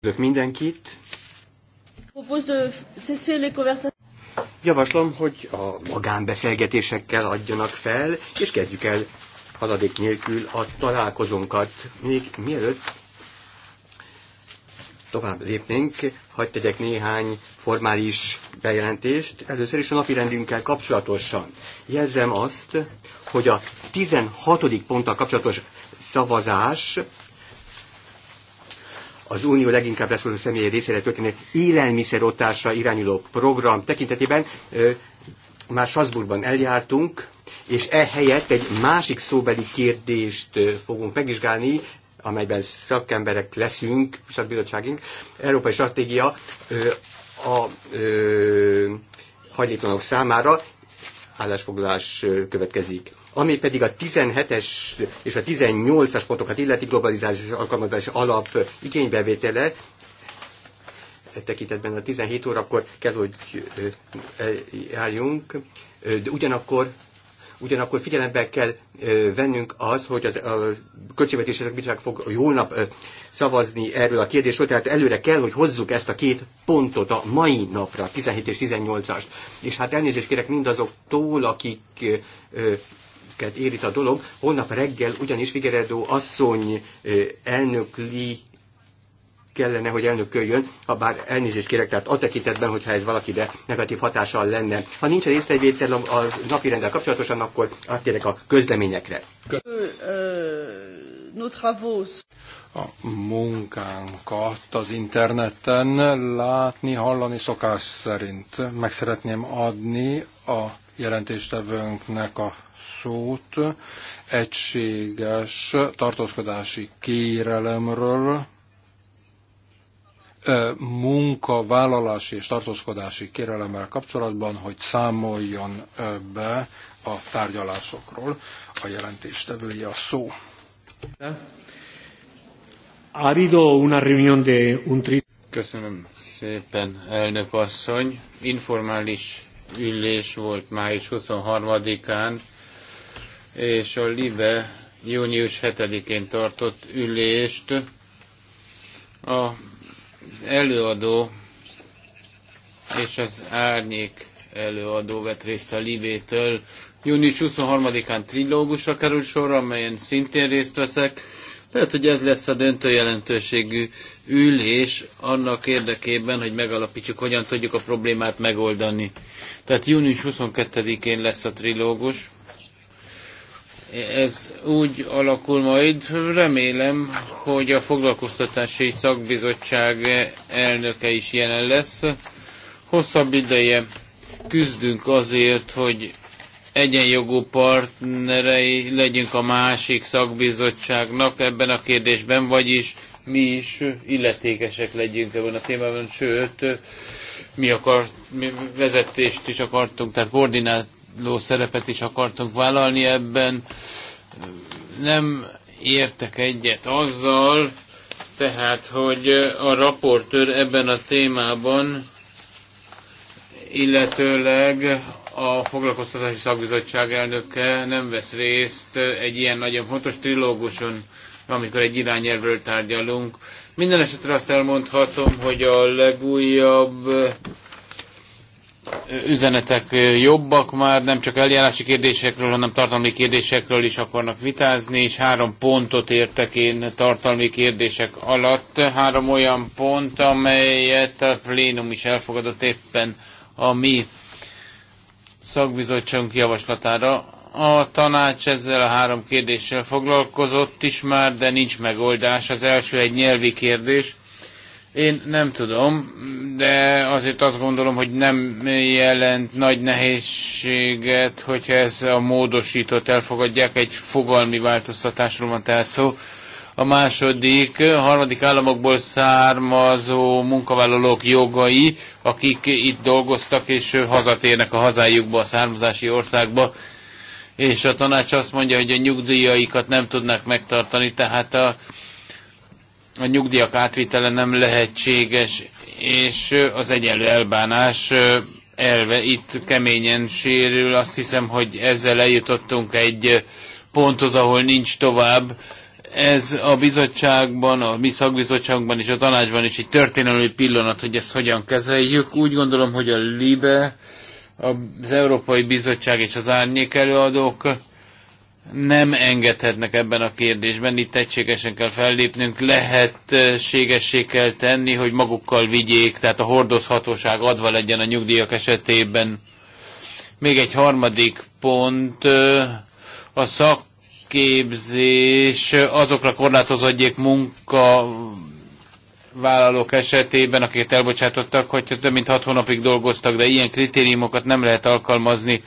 Üdvözlök mindenkit! Javaslom, hogy a magánbeszélgetésekkel adjanak fel, és kezdjük el haladék nélkül a találkozónkat. Még mielőtt tovább lépnénk, hagyd tegyek néhány formális bejelentést. Először is a napirendünkkel kapcsolatosan. Jelzem azt, hogy a 16. ponttal kapcsolatos szavazás az unió leginkább leszóló személyi részére történő élelmiszerotásra irányuló program tekintetében már Salzburgban eljártunk, és ehelyett egy másik szóbeli kérdést fogunk megvizsgálni, amelyben szakemberek leszünk, szakbizottságunk, Európai Stratégia a hajléktalanok számára állásfoglalás következik. Ami pedig a 17-es és a 18-as pontokat illeti globalizációs alkalmazás alap igénybevétele, e tekintetben a 17 órakor kell, hogy e, álljunk, de ugyanakkor Ugyanakkor figyelembe kell ö, vennünk az, hogy az, a Költségvetési Bizottság fog jól nap szavazni erről a kérdésről, tehát előre kell, hogy hozzuk ezt a két pontot a mai napra, 17 és 18 as És hát elnézést kérek mindazoktól, akik ö, minket érít a dolog. Holnap reggel ugyanis Figueredo asszony elnökli kellene, hogy elnököljön, ha bár elnézést kérek, tehát a tekintetben, hogyha ez valakire negatív hatással lenne. Ha nincs részrevétel a napi rendel kapcsolatosan, akkor áttérek a közleményekre. A munkánkat az interneten látni, hallani szokás szerint. Meg szeretném adni a jelentéstevőnknek a szót egységes tartózkodási kérelemről, munkavállalási és tartózkodási kérelemmel kapcsolatban, hogy számoljon be a tárgyalásokról. A jelentéstevője a szó. Köszönöm szépen, elnök asszony. Informális ülés volt május 23-án és a LIBE június 7-én tartott ülést az előadó és az árnyék előadó vett részt a LIBE-től. Június 23-án trilógusra kerül sor, amelyen szintén részt veszek. Lehet, hogy ez lesz a döntő jelentőségű ülés annak érdekében, hogy megalapítsuk, hogyan tudjuk a problémát megoldani. Tehát június 22-én lesz a trilógus ez úgy alakul majd, remélem, hogy a foglalkoztatási szakbizottság elnöke is jelen lesz. Hosszabb ideje küzdünk azért, hogy egyenjogú partnerei legyünk a másik szakbizottságnak ebben a kérdésben, vagyis mi is illetékesek legyünk ebben a témában, sőt, mi, akart, mi vezetést is akartunk, tehát koordinált ló szerepet is akartunk vállalni ebben. Nem értek egyet azzal, tehát, hogy a raportőr ebben a témában, illetőleg a foglalkoztatási szakbizottság elnöke nem vesz részt egy ilyen nagyon fontos trilóguson, amikor egy irányelvről tárgyalunk. Minden esetre azt elmondhatom, hogy a legújabb üzenetek jobbak már, nem csak eljárási kérdésekről, hanem tartalmi kérdésekről is akarnak vitázni, és három pontot értek én tartalmi kérdések alatt. Három olyan pont, amelyet a plénum is elfogadott éppen a mi szakbizottságunk javaslatára. A tanács ezzel a három kérdéssel foglalkozott is már, de nincs megoldás. Az első egy nyelvi kérdés én nem tudom, de azért azt gondolom, hogy nem jelent nagy nehézséget, hogyha ez a módosítót elfogadják, egy fogalmi változtatásról van tehát szó. A második, a harmadik államokból származó munkavállalók jogai, akik itt dolgoztak és hazatérnek a hazájukba, a származási országba, és a tanács azt mondja, hogy a nyugdíjaikat nem tudnak megtartani, tehát a a nyugdíjak átvitele nem lehetséges, és az egyenlő elbánás elve itt keményen sérül. Azt hiszem, hogy ezzel eljutottunk egy ponthoz, ahol nincs tovább. Ez a bizottságban, a mi szakbizottságban és a tanácsban is egy történelmi pillanat, hogy ezt hogyan kezeljük. Úgy gondolom, hogy a LIBE, az Európai Bizottság és az árnyék előadók nem engedhetnek ebben a kérdésben, itt egységesen kell fellépnünk, lehetségessé kell tenni, hogy magukkal vigyék, tehát a hordozhatóság adva legyen a nyugdíjak esetében. Még egy harmadik pont, a szakképzés azokra korlátozódjék munka vállalók esetében, akiket elbocsátottak, hogy több mint hat hónapig dolgoztak, de ilyen kritériumokat nem lehet alkalmazni.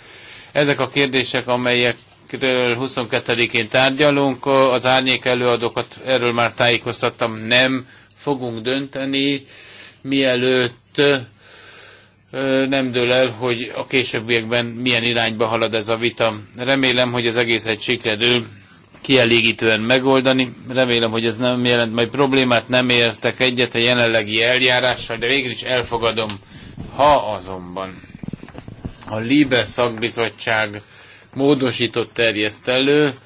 Ezek a kérdések, amelyek ezekről 22-én tárgyalunk, az árnyék előadókat erről már tájékoztattam, nem fogunk dönteni, mielőtt nem dől el, hogy a későbbiekben milyen irányba halad ez a vita. Remélem, hogy az egész egy sikerül kielégítően megoldani. Remélem, hogy ez nem jelent majd problémát, nem értek egyet a jelenlegi eljárással, de végül is elfogadom. Ha azonban a LIBE szakbizottság módosított terjeszt elő,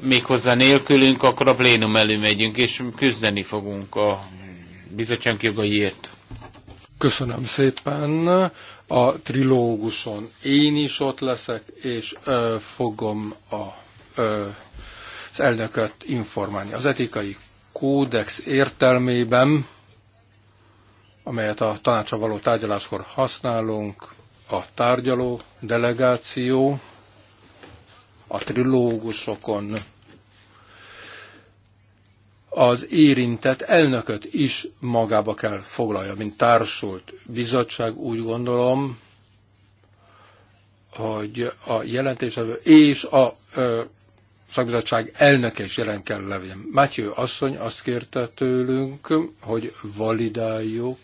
méghozzá nélkülünk, akkor a plénum elő megyünk, és küzdeni fogunk a bizottság jogaiért. Köszönöm szépen. A trilóguson én is ott leszek, és ö, fogom a, ö, az elnököt informálni. Az etikai kódex értelmében, amelyet a tanácsa való tárgyaláskor használunk, a tárgyaló delegáció a trilógusokon az érintett elnököt is magába kell foglalja, mint társult bizottság, úgy gondolom, hogy a jelentéslevő és a ö, szakbizottság elnöke is jelen kell legyen. Mátyő asszony azt kérte tőlünk, hogy validáljuk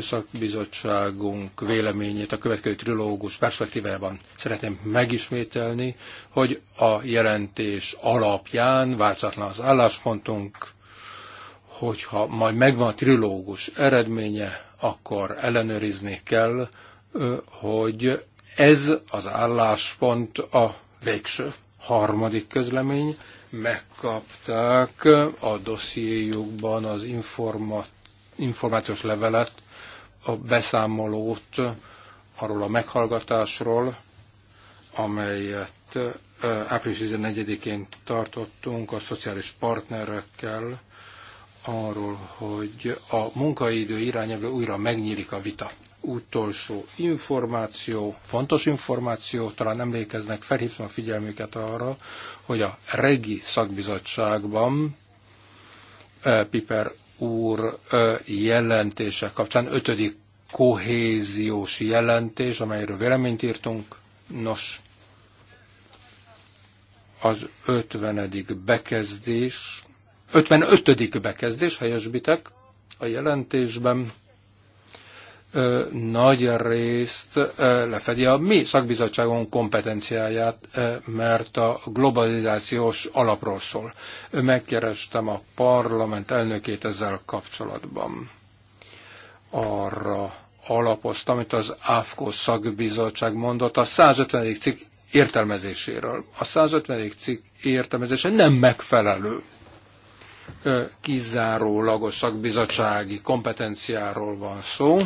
szakbizottságunk véleményét a következő trilógus perspektívában szeretném megismételni, hogy a jelentés alapján változatlan az álláspontunk, hogyha majd megvan a trilógus eredménye, akkor ellenőrizni kell, hogy ez az álláspont a végső harmadik közlemény. Megkapták a dossziéjukban az informat információs levelet, a beszámolót arról a meghallgatásról, amelyet április 14-én tartottunk a szociális partnerekkel, arról, hogy a munkaidő irányelve újra megnyílik a vita. Utolsó információ, fontos információ, talán emlékeznek, felhívtam a figyelmüket arra, hogy a Regi szakbizottságban Piper úr jelentése kapcsán, ötödik kohéziós jelentés, amelyről véleményt írtunk. Nos, az ötvenedik bekezdés, ötvenötödik bekezdés helyesbitek a jelentésben nagy részt lefedi a mi szakbizottságon kompetenciáját, mert a globalizációs alapról szól. Megkerestem a parlament elnökét ezzel kapcsolatban. Arra alapoztam, amit az AFKO szakbizottság mondott a 150. cikk értelmezéséről. A 150. cikk értelmezése nem megfelelő kizárólagos szakbizottsági kompetenciáról van szó,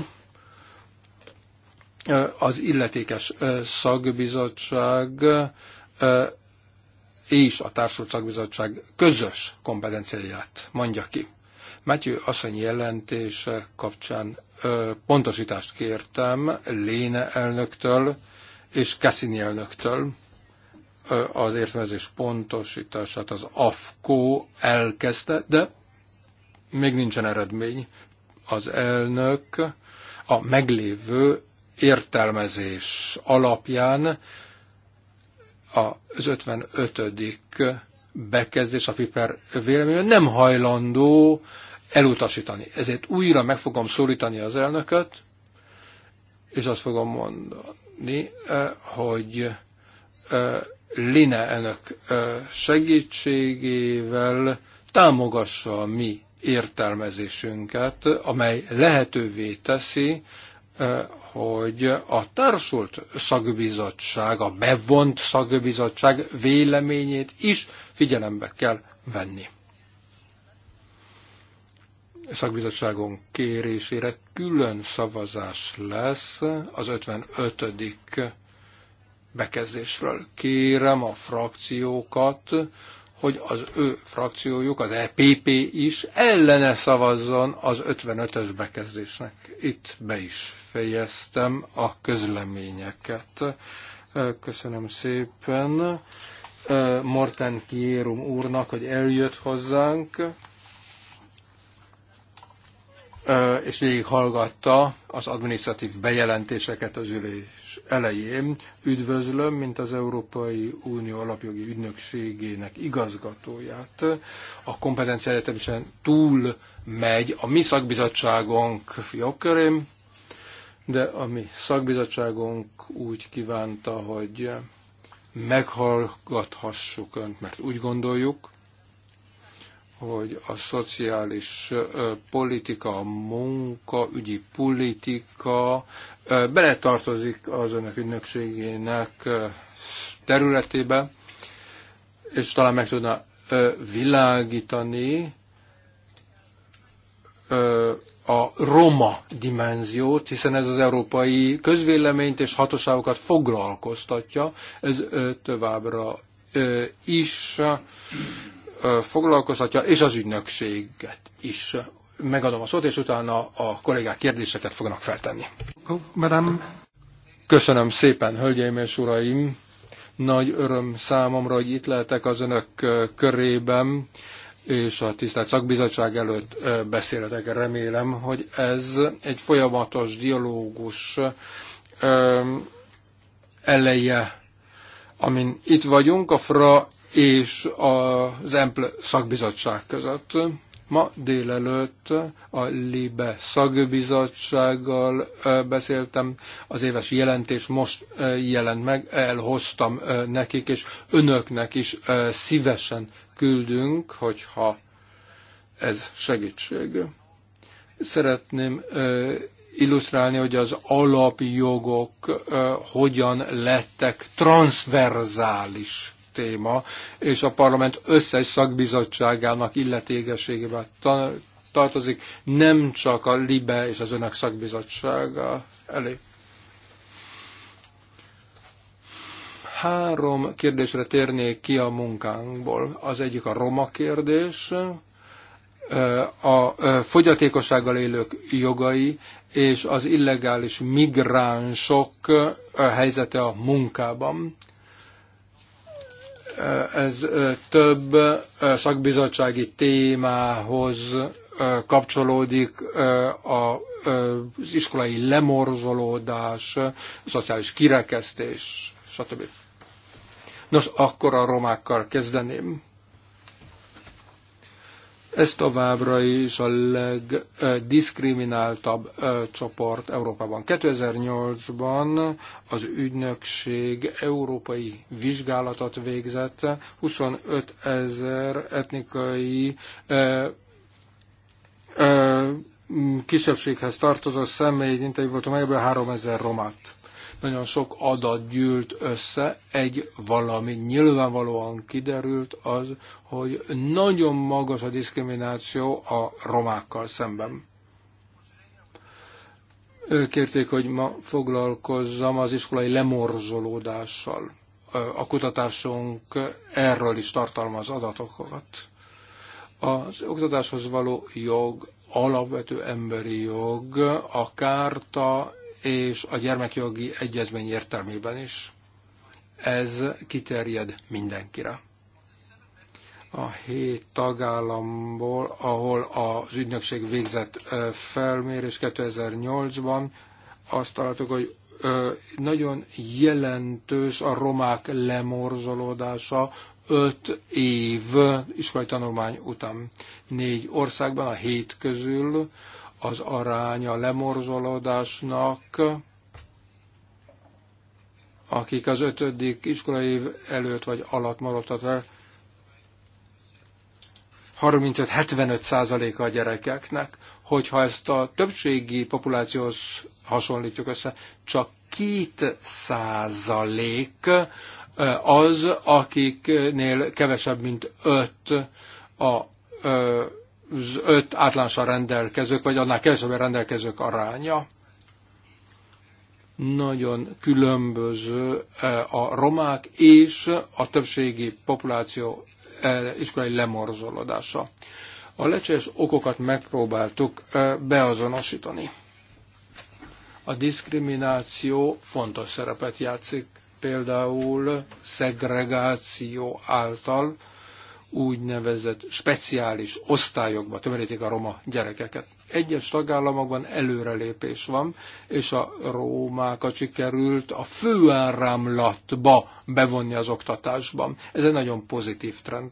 az illetékes szakbizottság és a társult szakbizottság közös kompetenciáját mondja ki. Matthew asszony jelentése kapcsán pontosítást kértem Léne elnöktől és Cassini elnöktől az értelmezés pontosítását az AFKO elkezdte, de még nincsen eredmény. Az elnök a meglévő értelmezés alapján az 55. bekezdés a Piper véleménye nem hajlandó elutasítani. Ezért újra meg fogom szólítani az elnököt, és azt fogom mondani, eh, hogy eh, Line elnök eh, segítségével támogassa a mi értelmezésünket, amely lehetővé teszi, hogy a társult szakbizottság, a bevont szakbizottság véleményét is figyelembe kell venni. A szakbizottságon kérésére külön szavazás lesz az 55 bekezdésről. Kérem a frakciókat, hogy az ő frakciójuk, az EPP is ellene szavazzon az 55-ös bekezdésnek. Itt be is fejeztem a közleményeket. Köszönöm szépen Morten Kierum úrnak, hogy eljött hozzánk és hallgatta az administratív bejelentéseket az ülés elején üdvözlöm, mint az Európai Unió Alapjogi Ügynökségének igazgatóját. A kompetencia természetesen túl megy a mi szakbizottságunk jogkörén, de a mi szakbizottságunk úgy kívánta, hogy meghallgathassuk Önt, mert úgy gondoljuk, hogy a szociális politika, a munka, ügyi politika beletartozik az önök ügynökségének területébe, és talán meg tudna világítani a roma dimenziót, hiszen ez az európai közvéleményt és hatóságokat foglalkoztatja. Ez továbbra is foglalkozhatja, és az ügynökséget is. Megadom a szót, és utána a kollégák kérdéseket fognak feltenni. Köszönöm szépen, hölgyeim és uraim! Nagy öröm számomra, hogy itt lehetek az önök körében, és a tisztelt szakbizottság előtt beszéletek. Remélem, hogy ez egy folyamatos dialógus eleje amin itt vagyunk, a FRA és az EMPL szakbizottság között. Ma délelőtt a LIBE szakbizottsággal beszéltem, az éves jelentés most jelent meg, elhoztam nekik, és önöknek is szívesen küldünk, hogyha ez segítség. Szeretném illusztrálni, hogy az alapjogok hogyan lettek transzverzális téma, és a parlament összes szakbizottságának illetégességében tartozik, nem csak a LIBE és az önök szakbizottsága elé. Három kérdésre térnék ki a munkánkból. Az egyik a roma kérdés, a fogyatékossággal élők jogai és az illegális migránsok helyzete a munkában ez több szakbizottsági témához kapcsolódik az iskolai lemorzsolódás, szociális kirekesztés, stb. Nos, akkor a romákkal kezdeném. Ez továbbra is a legdiskrimináltabb csoport Európában. 2008-ban az ügynökség európai vizsgálatot végzett, 25 ezer etnikai ö, ö, kisebbséghez tartozó személyt interjúvoltam, ebből ezer romát nagyon sok adat gyűlt össze, egy valami nyilvánvalóan kiderült az, hogy nagyon magas a diszkrimináció a romákkal szemben. Ők kérték, hogy ma foglalkozzam az iskolai lemorzsolódással. A kutatásunk erről is tartalmaz adatokat. Az oktatáshoz való jog alapvető emberi jog, a kárta és a gyermekjogi egyezmény értelmében is ez kiterjed mindenkire. A hét tagállamból, ahol az ügynökség végzett felmérés 2008-ban, azt találtuk, hogy nagyon jelentős a romák lemorzsolódása öt év iskolai tanulmány után. Négy országban, a hét közül az aránya lemorzsolódásnak, akik az ötödik iskolai év előtt vagy alatt maradtak, 35-75 százaléka a gyerekeknek, hogyha ezt a többségi populációhoz hasonlítjuk össze, csak 2 százalék eh, az, akiknél kevesebb, mint 5 a eh, az öt általánosan rendelkezők, vagy annál kevesebben rendelkezők aránya nagyon különböző e, a romák és a többségi populáció e, iskolai lemorzsolódása. A lecses okokat megpróbáltuk e, beazonosítani. A diszkrimináció fontos szerepet játszik, például szegregáció által úgynevezett speciális osztályokba tömörítik a roma gyerekeket. Egyes tagállamokban előrelépés van, és a rómákat sikerült a főáramlatba bevonni az oktatásban. Ez egy nagyon pozitív trend.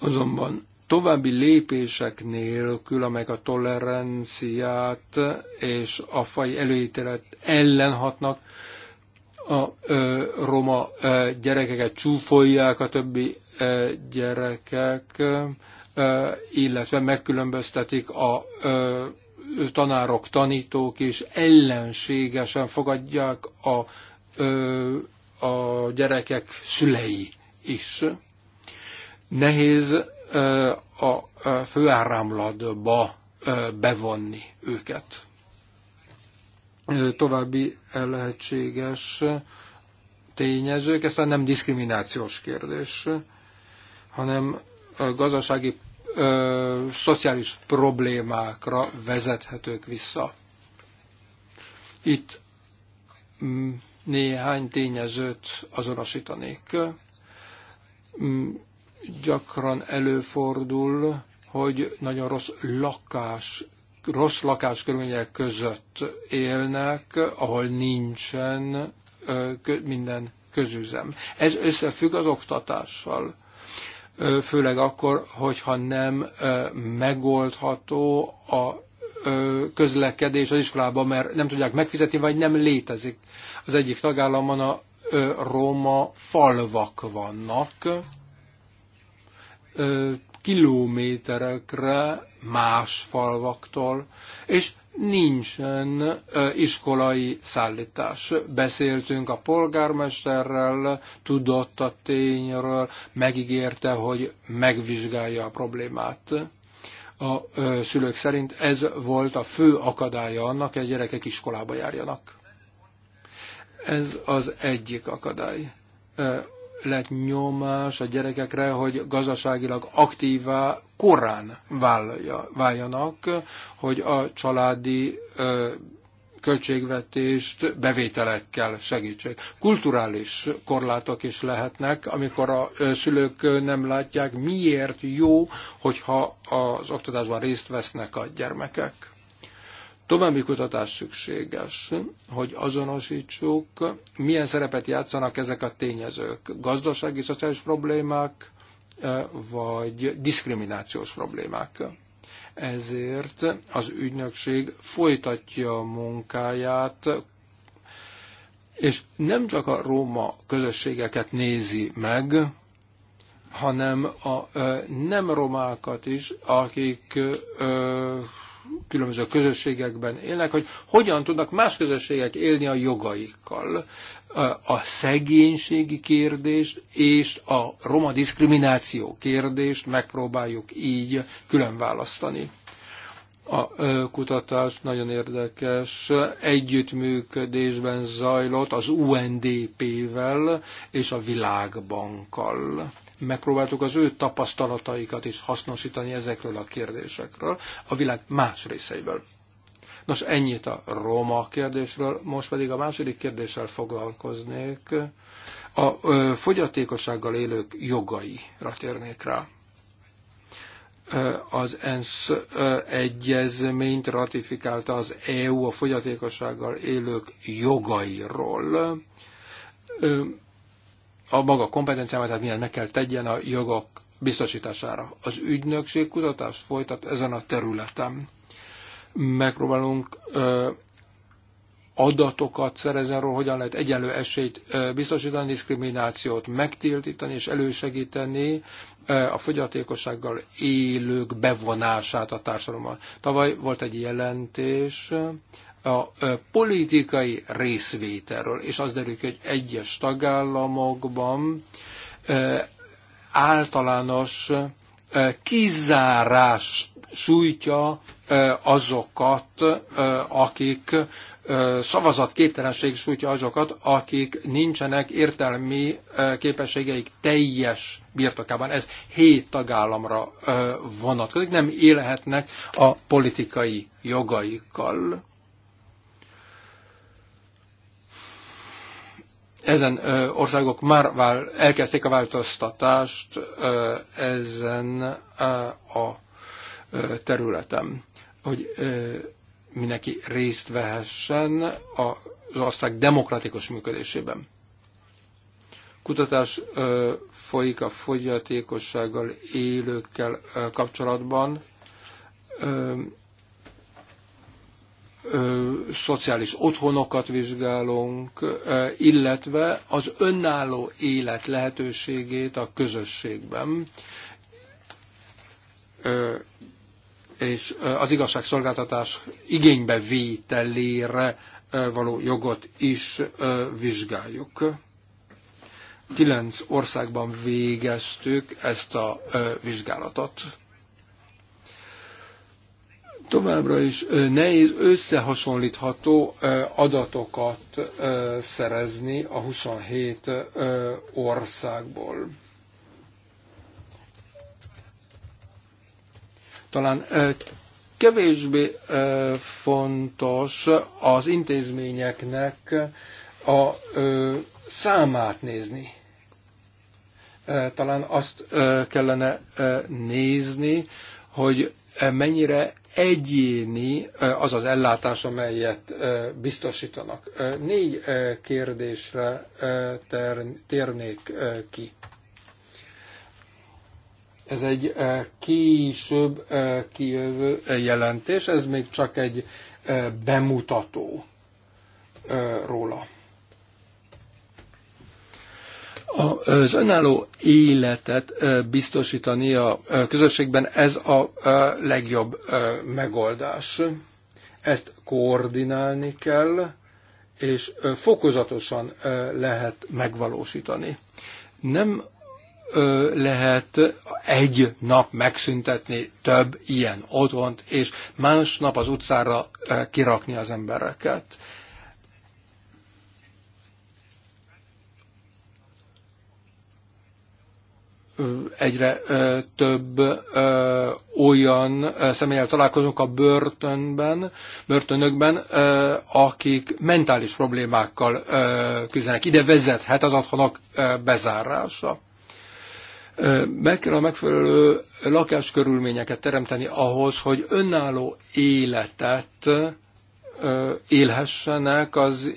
Azonban további lépések nélkül, amelyek a toleranciát és a faj előítélet ellen hatnak, a ö, roma ö, gyerekeket csúfolják a többi ö, gyerekek, ö, illetve megkülönböztetik a ö, tanárok, tanítók, és ellenségesen fogadják a, ö, a gyerekek szülei is. Nehéz ö, a, a bevonni őket további lehetséges tényezők, ez nem diszkriminációs kérdés, hanem gazdasági, ö, szociális problémákra vezethetők vissza. Itt mm, néhány tényezőt azonosítanék. Mm, gyakran előfordul, hogy nagyon rossz lakás rossz lakáskörülmények között élnek, ahol nincsen minden közüzem. Ez összefügg az oktatással, főleg akkor, hogyha nem megoldható a közlekedés az iskolában, mert nem tudják megfizetni, vagy nem létezik. Az egyik tagállamban a roma falvak vannak, kilométerekre más falvaktól, és nincsen iskolai szállítás. Beszéltünk a polgármesterrel, tudott a tényről, megígérte, hogy megvizsgálja a problémát. A szülők szerint ez volt a fő akadálya annak, hogy a gyerekek iskolába járjanak. Ez az egyik akadály lett nyomás a gyerekekre, hogy gazdaságilag aktívá korán válja, váljanak, hogy a családi ö, költségvetést bevételekkel segítsék. Kulturális korlátok is lehetnek, amikor a szülők nem látják, miért jó, hogyha az oktatásban részt vesznek a gyermekek. További kutatás szükséges, hogy azonosítsuk, milyen szerepet játszanak ezek a tényezők. Gazdasági, szociális problémák, e, vagy diszkriminációs problémák. Ezért az ügynökség folytatja a munkáját, és nem csak a Róma közösségeket nézi meg, hanem a e, nem romákat is, akik e, különböző közösségekben élnek, hogy hogyan tudnak más közösségek élni a jogaikkal. A szegénységi kérdést és a roma diszkrimináció kérdést megpróbáljuk így külön választani. A kutatás nagyon érdekes, együttműködésben zajlott az UNDP-vel és a Világbankkal megpróbáltuk az ő tapasztalataikat is hasznosítani ezekről a kérdésekről a világ más részeiből. Nos, ennyit a Róma kérdésről, most pedig a második kérdéssel foglalkoznék. A fogyatékossággal élők jogaira térnék rá az ENSZ egyezményt ratifikálta az EU a fogyatékossággal élők jogairól a maga kompetenciáját, tehát milyen meg kell tegyen a jogok biztosítására. Az ügynökség kutatás folytat ezen a területen. Megpróbálunk ö, adatokat szerezni arról, hogyan lehet egyenlő esélyt biztosítani, diszkriminációt megtiltítani és elősegíteni a fogyatékossággal élők bevonását a társadalomban. Tavaly volt egy jelentés a politikai részvételről, és az derül hogy egyes tagállamokban általános kizárás sújtja azokat, akik szavazatképtelenség sújtja azokat, akik nincsenek értelmi képességeik teljes birtokában. Ez hét tagállamra vonatkozik, nem élhetnek a politikai jogaikkal. ezen országok már vál, elkezdték a változtatást ezen a területen, hogy mindenki részt vehessen az ország demokratikus működésében. Kutatás folyik a fogyatékossággal élőkkel kapcsolatban szociális otthonokat vizsgálunk, illetve az önálló élet lehetőségét a közösségben. és az igazságszolgáltatás igénybevételére való jogot is vizsgáljuk. Kilenc országban végeztük ezt a vizsgálatot Továbbra is nehéz összehasonlítható adatokat szerezni a 27 országból. Talán kevésbé fontos az intézményeknek a számát nézni. Talán azt kellene nézni, hogy mennyire egyéni az az ellátás, amelyet biztosítanak. Négy kérdésre térnék ki. Ez egy később kijövő jelentés, ez még csak egy bemutató róla az önálló életet biztosítani a közösségben, ez a legjobb megoldás. Ezt koordinálni kell, és fokozatosan lehet megvalósítani. Nem lehet egy nap megszüntetni több ilyen otthont, és másnap az utcára kirakni az embereket. egyre több olyan személyel találkozunk a börtönben, börtönökben, akik mentális problémákkal küzdenek. Ide vezethet az otthonok bezárása. Meg kell a megfelelő lakáskörülményeket teremteni ahhoz, hogy önálló életet élhessenek az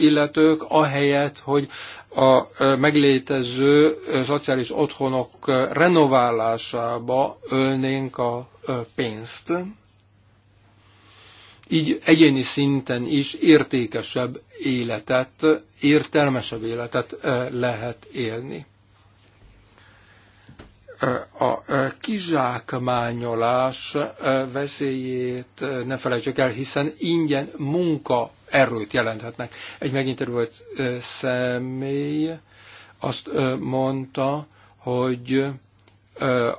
illetők, ahelyett, hogy a meglétező szociális otthonok renoválásába ölnénk a pénzt. Így egyéni szinten is értékesebb életet, értelmesebb életet lehet élni a kizsákmányolás veszélyét ne felejtsük el, hiszen ingyen munka erőt jelenthetnek. Egy meginterült személy azt mondta, hogy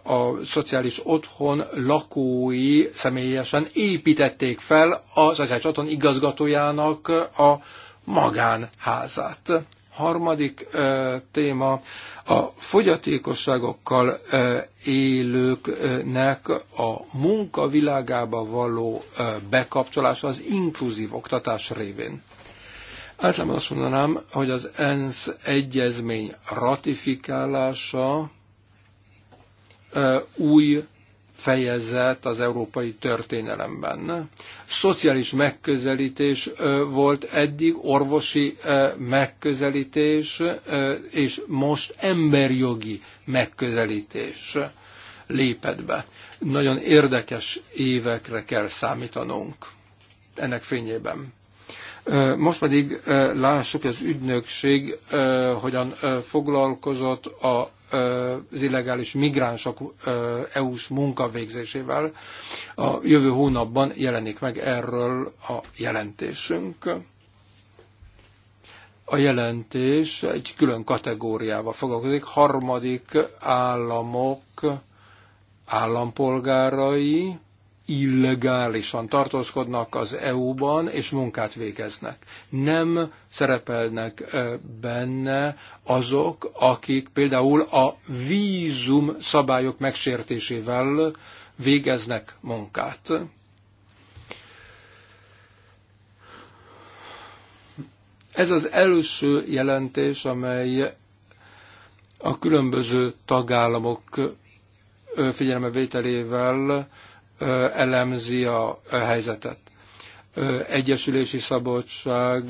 a szociális otthon lakói személyesen építették fel az egy otthon igazgatójának a magánházát. Harmadik téma a fogyatékosságokkal élőknek a munkavilágába való bekapcsolása az inkluzív oktatás révén. Általában azt mondanám, hogy az ENSZ egyezmény ratifikálása új fejezet az európai történelemben. Szociális megközelítés volt eddig, orvosi megközelítés, és most emberjogi megközelítés lépett be. Nagyon érdekes évekre kell számítanunk ennek fényében. Most pedig lássuk, az ügynökség hogyan foglalkozott a az illegális migránsok EU-s munkavégzésével. A jövő hónapban jelenik meg erről a jelentésünk. A jelentés egy külön kategóriával foglalkozik, harmadik államok állampolgárai, illegálisan tartózkodnak az EU-ban, és munkát végeznek. Nem szerepelnek benne azok, akik például a vízum szabályok megsértésével végeznek munkát. Ez az első jelentés, amely a különböző tagállamok figyelembevételével elemzi a helyzetet. Egyesülési szabadság,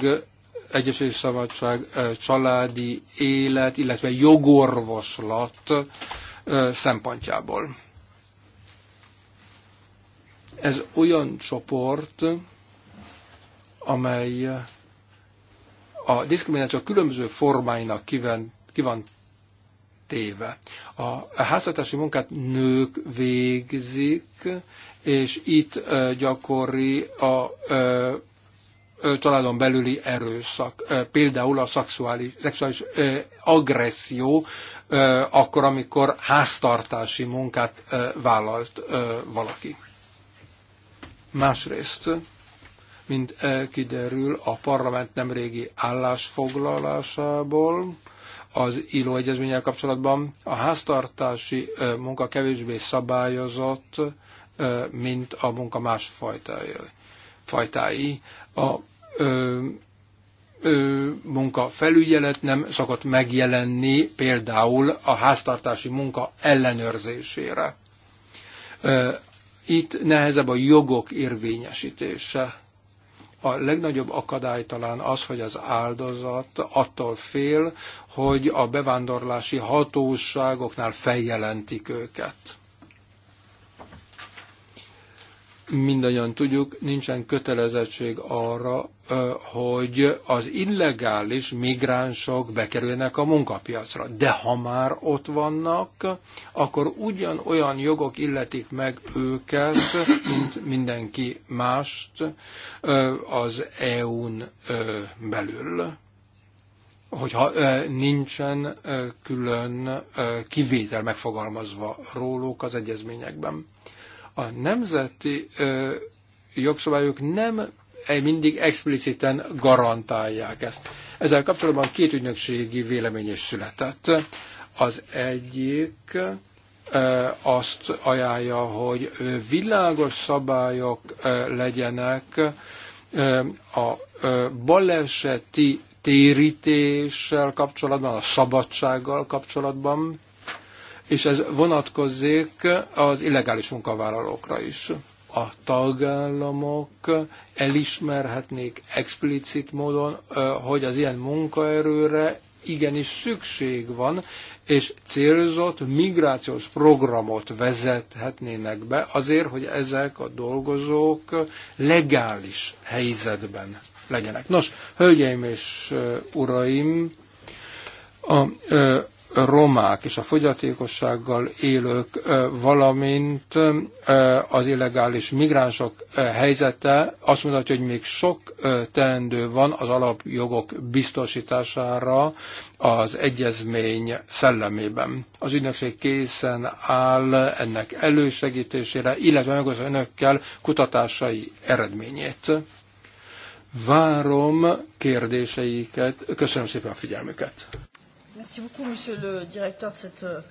egyesülési szabadság, családi élet, illetve jogorvoslat szempontjából. Ez olyan csoport, amely a diszkrimináció különböző formáinak kiven, ki van téve. A háztartási munkát nők végzik, és itt gyakori a családon belüli erőszak, például a szexuális, szexuális agresszió, akkor, amikor háztartási munkát vállalt valaki. Másrészt, mint kiderül a parlament nemrégi állásfoglalásából, az ILO egyezménnyel kapcsolatban. A háztartási munka kevésbé szabályozott, mint a munka más fajtái. A munka felügyelet nem szokott megjelenni például a háztartási munka ellenőrzésére. Itt nehezebb a jogok érvényesítése. A legnagyobb akadály talán az, hogy az áldozat attól fél, hogy a bevándorlási hatóságoknál feljelentik őket mindannyian tudjuk, nincsen kötelezettség arra, hogy az illegális migránsok bekerüljenek a munkapiacra. De ha már ott vannak, akkor ugyanolyan jogok illetik meg őket, mint mindenki mást az EU-n belül hogyha nincsen külön kivétel megfogalmazva róluk az egyezményekben. A nemzeti jogszabályok nem mindig expliciten garantálják ezt. Ezzel kapcsolatban két ügynökségi vélemény is született. Az egyik azt ajánlja, hogy világos szabályok legyenek a baleseti térítéssel kapcsolatban, a szabadsággal kapcsolatban, és ez vonatkozik az illegális munkavállalókra is. A tagállamok elismerhetnék explicit módon, hogy az ilyen munkaerőre igenis szükség van, és célzott migrációs programot vezethetnének be azért, hogy ezek a dolgozók legális helyzetben legyenek. Nos, hölgyeim és uraim, a romák és a fogyatékossággal élők, valamint az illegális migránsok helyzete azt mutatja, hogy még sok teendő van az alapjogok biztosítására az egyezmény szellemében. Az ügynökség készen áll ennek elősegítésére, illetve megosztja önökkel kutatásai eredményét. Várom kérdéseiket. Köszönöm szépen a figyelmüket. Merci beaucoup, Monsieur le Directeur, de cet euh,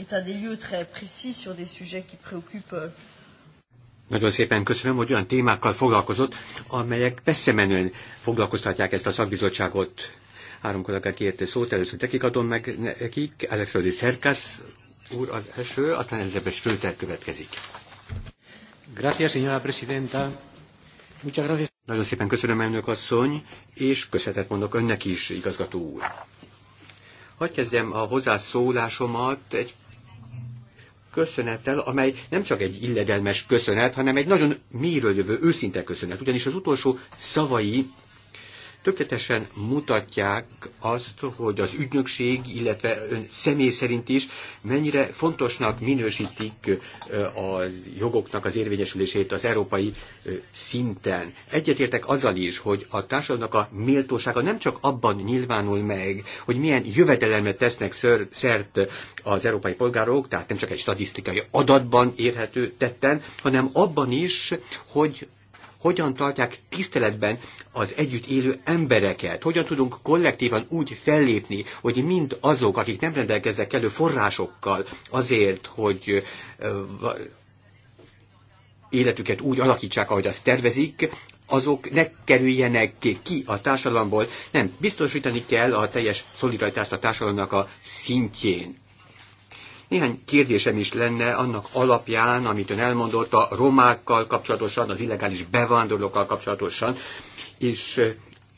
état des lieux très précis sur des sujets qui préoccupent. Euh, Nagyon szépen köszönöm, hogy olyan témákkal foglalkozott, amelyek messze menően foglalkoztatják ezt a szakbizottságot. Három kollega kérte szót, először nekik adom meg nekik, Alexandri Szerkász úr az első, aztán Elizabeth Schröter következik. Gracias, señora presidenta. Muchas gracias. Nagyon szépen köszönöm, elnök asszony, és köszönetet mondok önnek is, igazgató úr. Hagy kezdjem a hozzászólásomat egy köszönettel, amely nem csak egy illedelmes köszönet, hanem egy nagyon mélyről jövő, őszinte köszönet. Ugyanis az utolsó szavai tökéletesen mutatják azt, hogy az ügynökség, illetve ön személy szerint is mennyire fontosnak minősítik a jogoknak az érvényesülését az európai szinten. Egyetértek azzal is, hogy a társadalomnak a méltósága nem csak abban nyilvánul meg, hogy milyen jövedelemre tesznek szert az európai polgárok, tehát nem csak egy statisztikai adatban érhető tetten, hanem abban is, hogy hogyan tartják tiszteletben az együtt élő embereket, hogyan tudunk kollektívan úgy fellépni, hogy mind azok, akik nem rendelkeznek elő forrásokkal azért, hogy életüket úgy alakítsák, ahogy azt tervezik, azok ne kerüljenek ki a társadalomból. Nem, biztosítani kell a teljes szolidaritást a társadalomnak a szintjén. Néhány kérdésem is lenne annak alapján, amit ön elmondott a romákkal kapcsolatosan, az illegális bevándorlókkal kapcsolatosan, és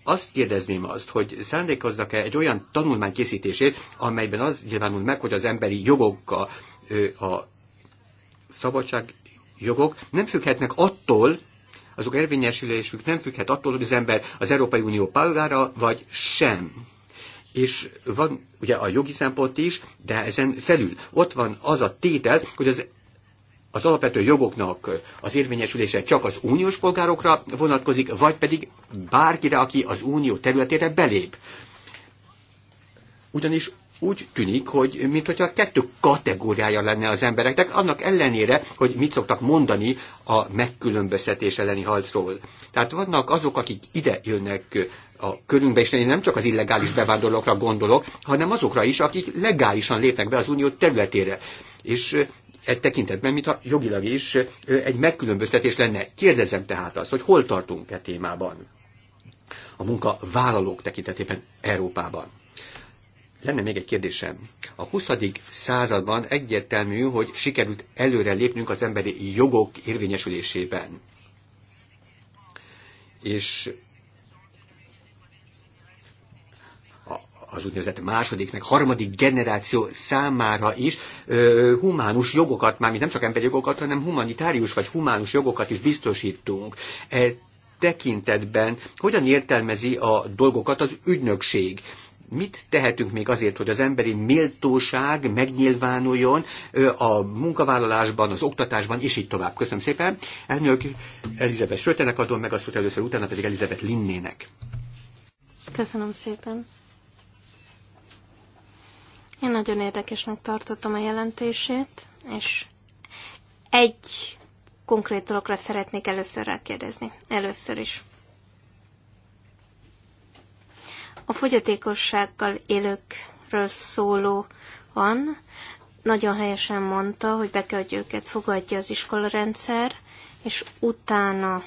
azt kérdezném azt, hogy szándékoznak-e egy olyan tanulmány készítését, amelyben az nyilvánul meg, hogy az emberi jogokkal a szabadság jogok nem függhetnek attól, azok érvényesülésük nem függhet attól, hogy az ember az Európai Unió pályára vagy sem és van ugye a jogi szempont is, de ezen felül ott van az a tétel, hogy az az alapvető jogoknak az érvényesülése csak az uniós polgárokra vonatkozik, vagy pedig bárkire, aki az unió területére belép. Ugyanis úgy tűnik, hogy mintha kettő kategóriája lenne az embereknek, annak ellenére, hogy mit szoktak mondani a megkülönböztetés elleni harcról. Tehát vannak azok, akik ide jönnek a körünkbe, és én nem csak az illegális bevándorlókra gondolok, hanem azokra is, akik legálisan lépnek be az unió területére. És egy tekintetben, mintha jogilag is egy megkülönböztetés lenne. Kérdezem tehát azt, hogy hol tartunk e témában? A munkavállalók tekintetében Európában. Lenne még egy kérdésem. A 20. században egyértelmű, hogy sikerült előre lépnünk az emberi jogok érvényesülésében. És az úgynevezett második, meg harmadik generáció számára is ö, humánus jogokat, mármint nem csak emberi jogokat, hanem humanitárius vagy humánus jogokat is biztosítunk. E tekintetben hogyan értelmezi a dolgokat az ügynökség? mit tehetünk még azért, hogy az emberi méltóság megnyilvánuljon a munkavállalásban, az oktatásban, és így tovább. Köszönöm szépen. Elnök Elizabeth Sötenek adom meg azt, hogy először utána pedig Elizabeth Linnének. Köszönöm szépen. Én nagyon érdekesnek tartottam a jelentését, és egy konkrét dologra szeretnék először rákérdezni. Először is. A fogyatékossággal élőkről szóló van, nagyon helyesen mondta, hogy be kell, hogy őket fogadja az iskolarendszer, és utána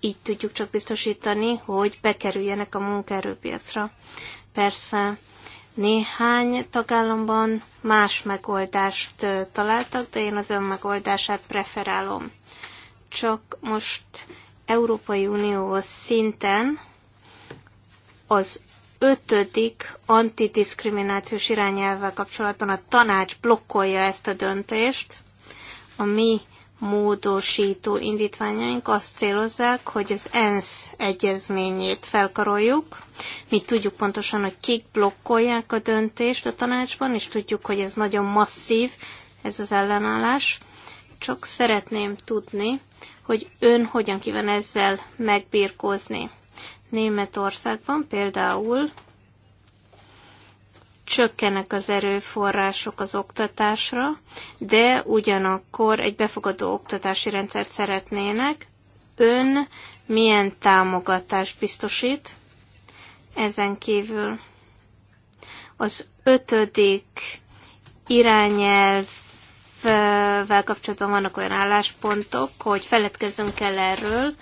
így tudjuk csak biztosítani, hogy bekerüljenek a munkaerőpiacra. Persze néhány tagállamban más megoldást találtak, de én az ön megoldását preferálom. Csak most Európai Unió szinten az ötödik antidiszkriminációs irányelvvel kapcsolatban a tanács blokkolja ezt a döntést. ami mi módosító indítványaink azt célozzák, hogy az ENSZ egyezményét felkaroljuk. Mi tudjuk pontosan, hogy kik blokkolják a döntést a tanácsban, és tudjuk, hogy ez nagyon masszív, ez az ellenállás. Csak szeretném tudni, hogy ön hogyan kíván ezzel megbírkozni. Németországban például csökkenek az erőforrások az oktatásra, de ugyanakkor egy befogadó oktatási rendszert szeretnének. Ön milyen támogatást biztosít ezen kívül? Az ötödik irányelvvel kapcsolatban vannak olyan álláspontok, hogy feledkezzünk el erről.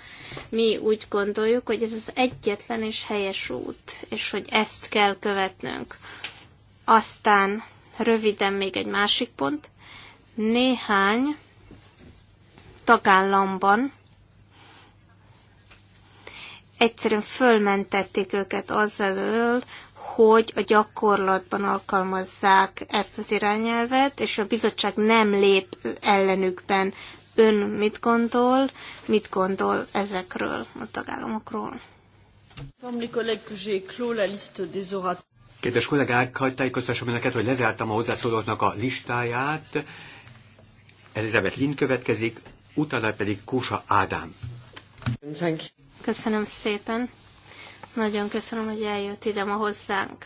Mi úgy gondoljuk, hogy ez az egyetlen és helyes út, és hogy ezt kell követnünk. Aztán röviden még egy másik pont. Néhány tagállamban egyszerűen fölmentették őket elől, hogy a gyakorlatban alkalmazzák ezt az irányelvet, és a bizottság nem lép ellenükben. Ön mit gondol, mit gondol ezekről a tagállamokról? Comme les collègues que j'ai clos la liste des orateurs. Kedves kollégák, hagyd tájékoztassam önöket, hogy lezártam a hozzászólóknak a listáját. Elizabeth Lind következik, utána pedig Kusa Ádám. Köszönöm szépen. Nagyon köszönöm, hogy eljött ide ma hozzánk.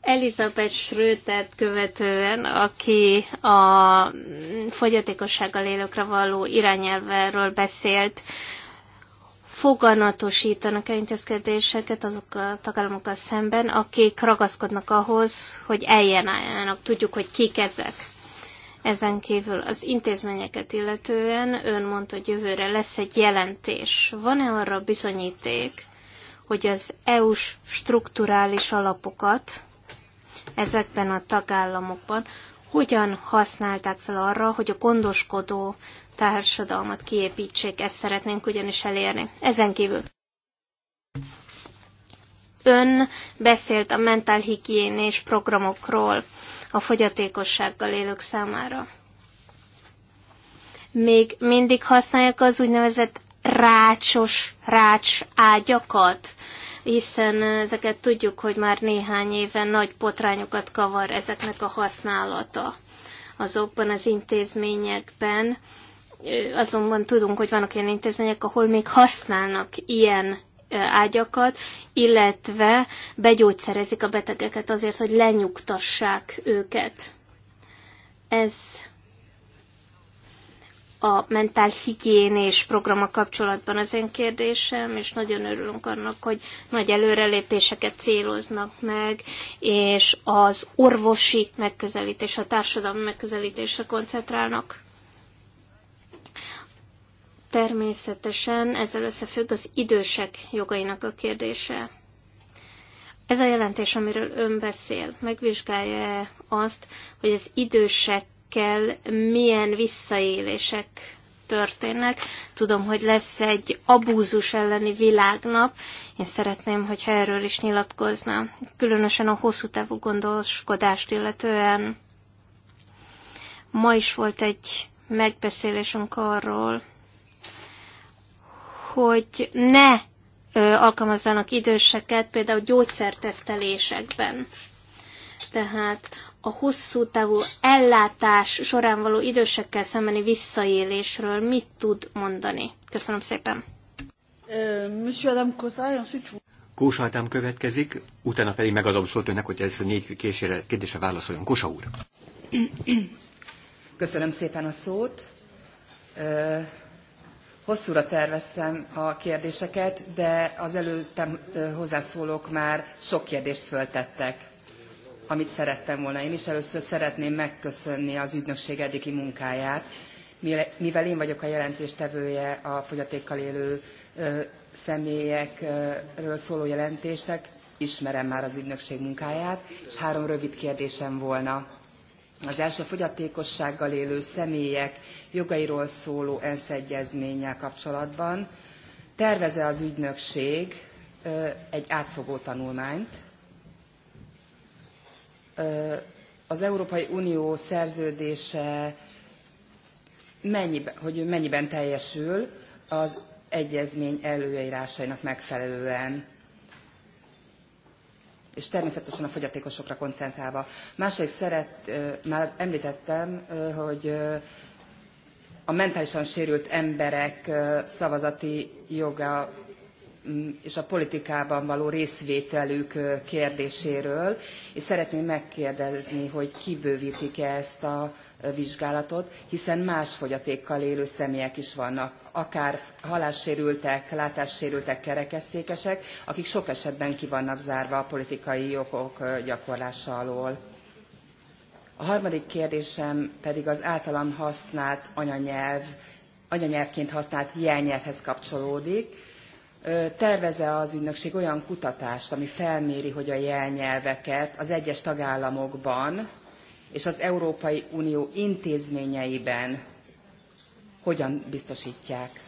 Elizabeth schröter követően, aki a fogyatékossággal élőkre való irányelvről beszélt, foganatosítanak a intézkedéseket azokkal a tagállamokkal szemben, akik ragaszkodnak ahhoz, hogy eljelenáljanak, tudjuk, hogy kik ezek. Ezen kívül az intézményeket illetően ön mondta, hogy jövőre lesz egy jelentés. Van-e arra bizonyíték, hogy az EU-s strukturális alapokat ezekben a tagállamokban hogyan használták fel arra, hogy a gondoskodó társadalmat kiépítsék, ezt szeretnénk ugyanis elérni. Ezen kívül ön beszélt a mentálhigiénés programokról a fogyatékossággal élők számára. Még mindig használják az úgynevezett rácsos, rács ágyakat, hiszen ezeket tudjuk, hogy már néhány éve nagy potrányokat kavar ezeknek a használata azokban az intézményekben, azonban tudunk, hogy vannak olyan intézmények, ahol még használnak ilyen ágyakat, illetve begyógyszerezik a betegeket azért, hogy lenyugtassák őket. Ez a mentál higiénés programa kapcsolatban az én kérdésem, és nagyon örülünk annak, hogy nagy előrelépéseket céloznak meg, és az orvosi megközelítés, a társadalmi megközelítésre koncentrálnak. Természetesen ezzel összefügg az idősek jogainak a kérdése. Ez a jelentés, amiről ön beszél, megvizsgálja -e azt, hogy az idősekkel milyen visszaélések történnek. Tudom, hogy lesz egy abúzus elleni világnap. Én szeretném, hogyha erről is nyilatkozna. Különösen a hosszú távú gondoskodást illetően ma is volt egy megbeszélésünk arról, hogy ne ö, alkalmazzanak időseket például gyógyszertesztelésekben. Tehát a hosszú távú ellátás során való idősekkel szembeni visszaélésről mit tud mondani? Köszönöm szépen. Monsieur Adam következik, utána pedig megadom szót önnek, hogy a négy késére kérdésre válaszoljon. Kósa úr. Köszönöm szépen a szót. Hosszúra terveztem a kérdéseket, de az előttem hozzászólók már sok kérdést föltettek, amit szerettem volna. Én is először szeretném megköszönni az ügynökség eddigi munkáját, mivel én vagyok a jelentéstevője a fogyatékkal élő személyekről szóló jelentésnek, ismerem már az ügynökség munkáját, és három rövid kérdésem volna az első fogyatékossággal élő személyek jogairól szóló ENSZ egyezménnyel kapcsolatban terveze az ügynökség egy átfogó tanulmányt. Az Európai Unió szerződése mennyiben, hogy mennyiben teljesül az egyezmény előírásainak megfelelően és természetesen a fogyatékosokra koncentrálva. Másrészt szeret, már említettem, hogy a mentálisan sérült emberek szavazati joga mm, és a politikában való részvételük kérdéséről, és szeretném megkérdezni, hogy kibővítik-e ezt a vizsgálatot, hiszen más fogyatékkal élő személyek is vannak, akár halássérültek, látássérültek, kerekesszékesek, akik sok esetben ki vannak zárva a politikai jogok gyakorlása alól. A harmadik kérdésem pedig az általam használt anyanyelv, anyanyelvként használt jelnyelvhez kapcsolódik. Terveze az ügynökség olyan kutatást, ami felméri, hogy a jelnyelveket az egyes tagállamokban és az Európai Unió intézményeiben hogyan biztosítják.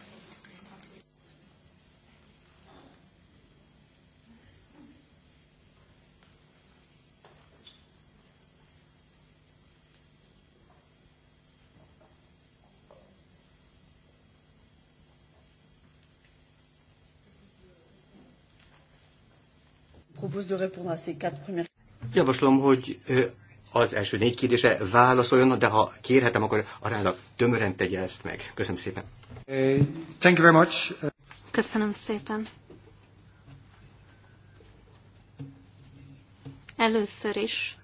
Javaslom, hogy az első négy kérdése válaszoljon, de ha kérhetem, akkor aránylag tömören tegye ezt meg. Köszönöm szépen. Eh, thank you very much. Köszönöm szépen. Először is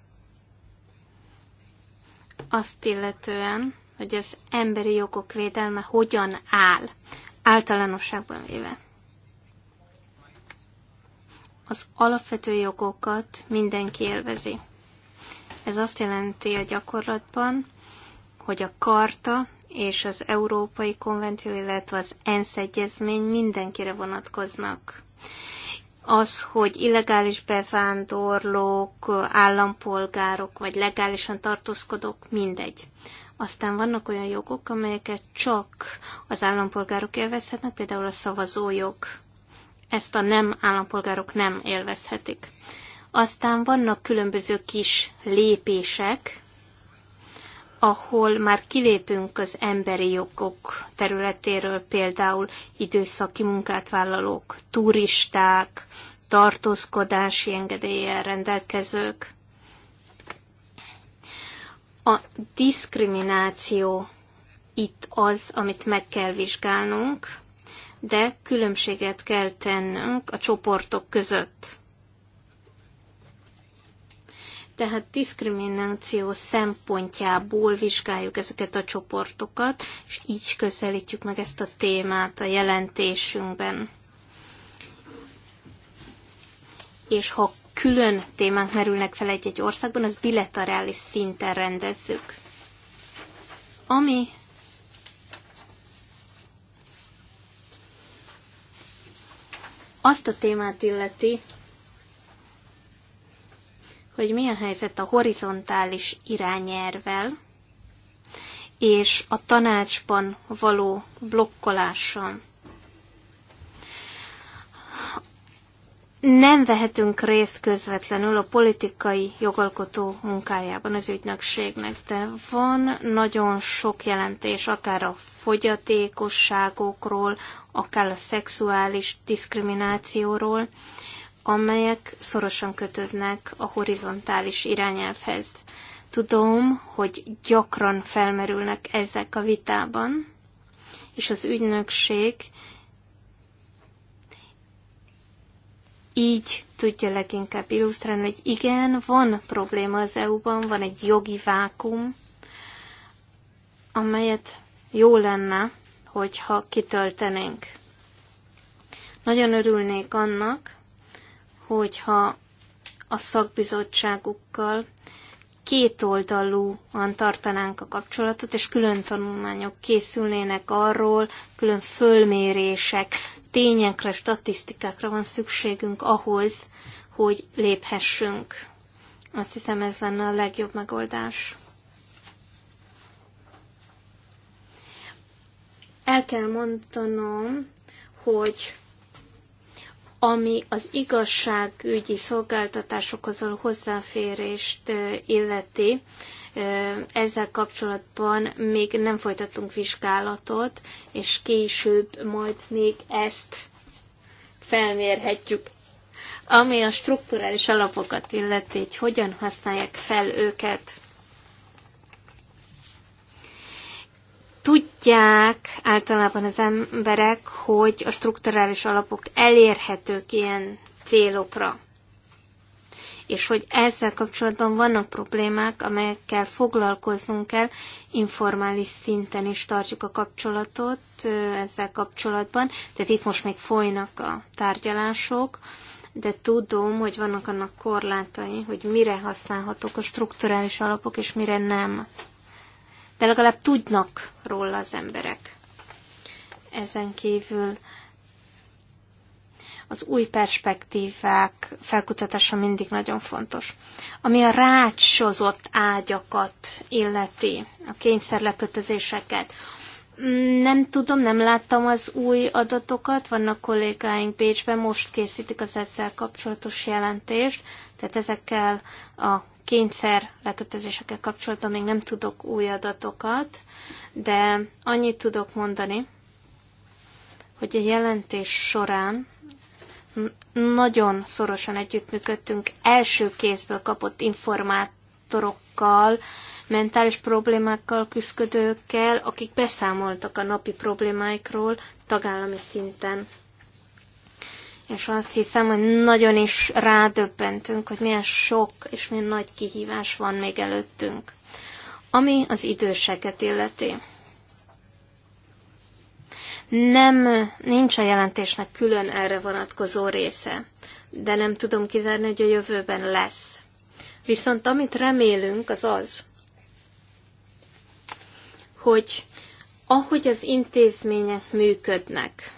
azt illetően, hogy az emberi jogok védelme hogyan áll általánosságban véve. Az alapvető jogokat mindenki élvezi. Ez azt jelenti a gyakorlatban, hogy a karta és az Európai Konvenció, illetve az ENSZ egyezmény mindenkire vonatkoznak. Az, hogy illegális bevándorlók, állampolgárok vagy legálisan tartózkodók, mindegy. Aztán vannak olyan jogok, amelyeket csak az állampolgárok élvezhetnek, például a szavazójog. Ezt a nem állampolgárok nem élvezhetik. Aztán vannak különböző kis lépések, ahol már kilépünk az emberi jogok területéről, például időszaki munkát vállalók, turisták, tartózkodási engedéllyel rendelkezők. A diszkrimináció itt az, amit meg kell vizsgálnunk, de különbséget kell tennünk a csoportok között tehát diszkrimináció szempontjából vizsgáljuk ezeket a csoportokat, és így közelítjük meg ezt a témát a jelentésünkben. És ha külön témák merülnek fel egy-egy országban, az bilaterális szinten rendezzük. Ami azt a témát illeti, hogy mi a helyzet a horizontális irányelvel és a tanácsban való blokkolással. Nem vehetünk részt közvetlenül a politikai jogalkotó munkájában az ügynökségnek, de van nagyon sok jelentés, akár a fogyatékosságokról, akár a szexuális diszkriminációról, amelyek szorosan kötődnek a horizontális irányelvhez. Tudom, hogy gyakran felmerülnek ezek a vitában, és az ügynökség így tudja leginkább illusztrálni, hogy igen, van probléma az EU-ban, van egy jogi vákum, amelyet jó lenne, hogyha kitöltenénk. Nagyon örülnék annak, hogyha a szakbizottságukkal kétoldalúan tartanánk a kapcsolatot, és külön tanulmányok készülnének arról, külön fölmérések, tényekre, statisztikákra van szükségünk ahhoz, hogy léphessünk. Azt hiszem ez lenne a legjobb megoldás. El kell mondanom, hogy ami az igazságügyi szolgáltatásokhoz való hozzáférést illeti, ezzel kapcsolatban még nem folytattunk vizsgálatot, és később majd még ezt felmérhetjük. Ami a strukturális alapokat illeti, hogy hogyan használják fel őket. tudják általában az emberek, hogy a strukturális alapok elérhetők ilyen célokra. És hogy ezzel kapcsolatban vannak problémák, amelyekkel foglalkoznunk kell, informális szinten is tartjuk a kapcsolatot ezzel kapcsolatban. Tehát itt most még folynak a tárgyalások, de tudom, hogy vannak annak korlátai, hogy mire használhatók a strukturális alapok, és mire nem de legalább tudnak róla az emberek. Ezen kívül az új perspektívák felkutatása mindig nagyon fontos. Ami a rácsozott ágyakat illeti, a kényszerlekötözéseket, nem tudom, nem láttam az új adatokat, vannak kollégáink Bécsben, most készítik az ezzel kapcsolatos jelentést, tehát ezekkel a kényszer lekötözésekkel kapcsolatban még nem tudok új adatokat, de annyit tudok mondani, hogy a jelentés során nagyon szorosan együttműködtünk első kézből kapott informátorokkal, mentális problémákkal küzdködőkkel, akik beszámoltak a napi problémáikról tagállami szinten és azt hiszem, hogy nagyon is rádöbbentünk, hogy milyen sok és milyen nagy kihívás van még előttünk, ami az időseket illeti. Nem, nincs a jelentésnek külön erre vonatkozó része, de nem tudom kizárni, hogy a jövőben lesz. Viszont amit remélünk, az az, hogy ahogy az intézmények működnek,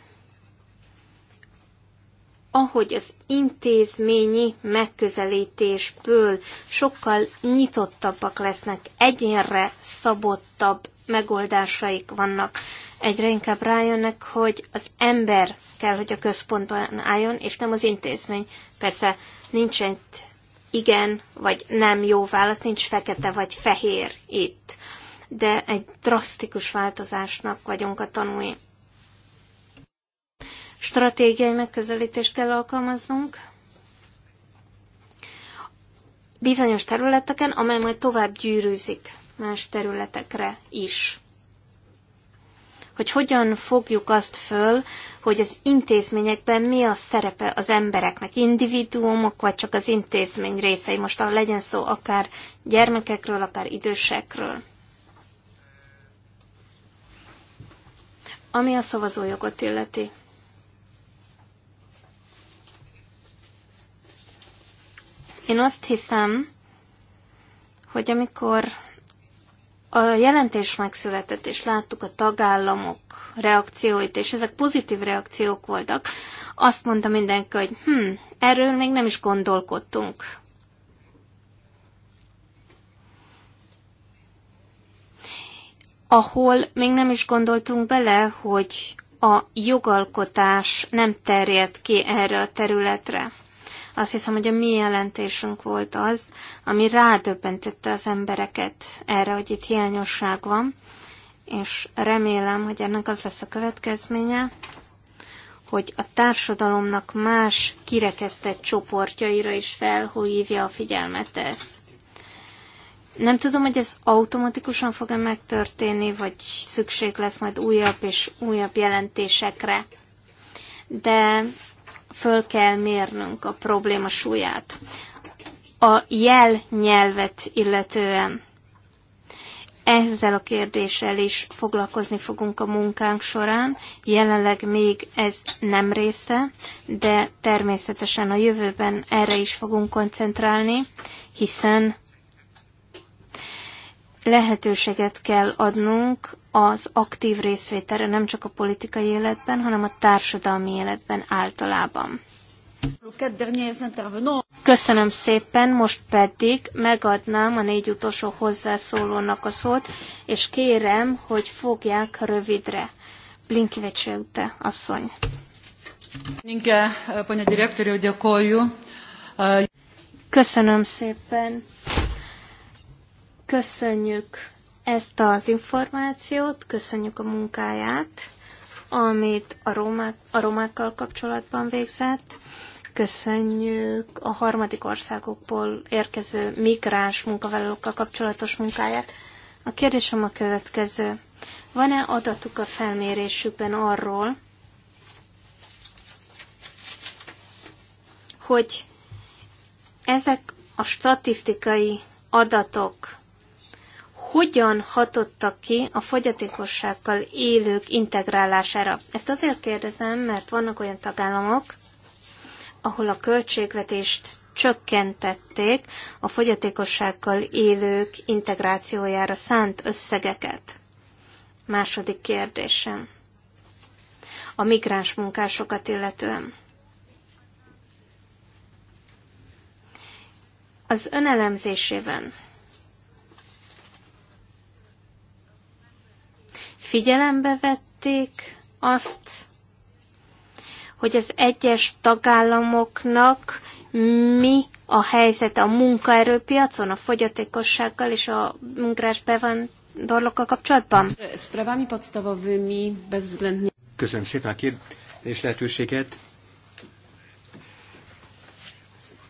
ahogy az intézményi megközelítésből sokkal nyitottabbak lesznek, egyénre szabottabb megoldásaik vannak. Egyre inkább rájönnek, hogy az ember kell, hogy a központban álljon, és nem az intézmény. Persze nincs egy igen vagy nem jó válasz, nincs fekete vagy fehér itt. De egy drasztikus változásnak vagyunk a tanúi stratégiai megközelítést kell alkalmaznunk bizonyos területeken, amely majd tovább gyűrűzik más területekre is. Hogy hogyan fogjuk azt föl, hogy az intézményekben mi a szerepe az embereknek, individuumok, vagy csak az intézmény részei, most legyen szó akár gyermekekről, akár idősekről. Ami a szavazójogot illeti. Én azt hiszem, hogy amikor a jelentés megszületett, és láttuk a tagállamok reakcióit, és ezek pozitív reakciók voltak, azt mondta mindenki, hogy hm, erről még nem is gondolkodtunk. Ahol még nem is gondoltunk bele, hogy a jogalkotás nem terjed ki erre a területre. Azt hiszem, hogy a mi jelentésünk volt az, ami rádöbbentette az embereket erre, hogy itt hiányosság van, és remélem, hogy ennek az lesz a következménye, hogy a társadalomnak más kirekesztett csoportjaira is felhívja a figyelmet ez. Nem tudom, hogy ez automatikusan fog-e megtörténni, vagy szükség lesz majd újabb és újabb jelentésekre. De föl kell mérnünk a probléma súlyát. A jel nyelvet illetően ezzel a kérdéssel is foglalkozni fogunk a munkánk során. Jelenleg még ez nem része, de természetesen a jövőben erre is fogunk koncentrálni, hiszen lehetőséget kell adnunk az aktív részvételre, nem csak a politikai életben, hanem a társadalmi életben általában. Köszönöm szépen, most pedig megadnám a négy utolsó hozzászólónak a szót, és kérem, hogy fogják rövidre. Blinkivecse ute, asszony. Eh, eh, Köszönöm szépen, Köszönjük ezt az információt, köszönjük a munkáját, amit a, romák, a romákkal kapcsolatban végzett. Köszönjük a harmadik országokból érkező migráns munkavállalókkal kapcsolatos munkáját. A kérdésem a következő. Van-e adatuk a felmérésükben arról, hogy ezek a statisztikai adatok hogyan hatottak ki a fogyatékossággal élők integrálására. Ezt azért kérdezem, mert vannak olyan tagállamok, ahol a költségvetést csökkentették a fogyatékossággal élők integrációjára szánt összegeket. Második kérdésem. A migráns munkásokat illetően. Az önelemzésében figyelembe vették azt, hogy az egyes tagállamoknak mi a helyzet a munkaerőpiacon, a fogyatékossággal és a munkás bevándorlókkal kapcsolatban? Köszönöm szépen a kérdés lehetőséget.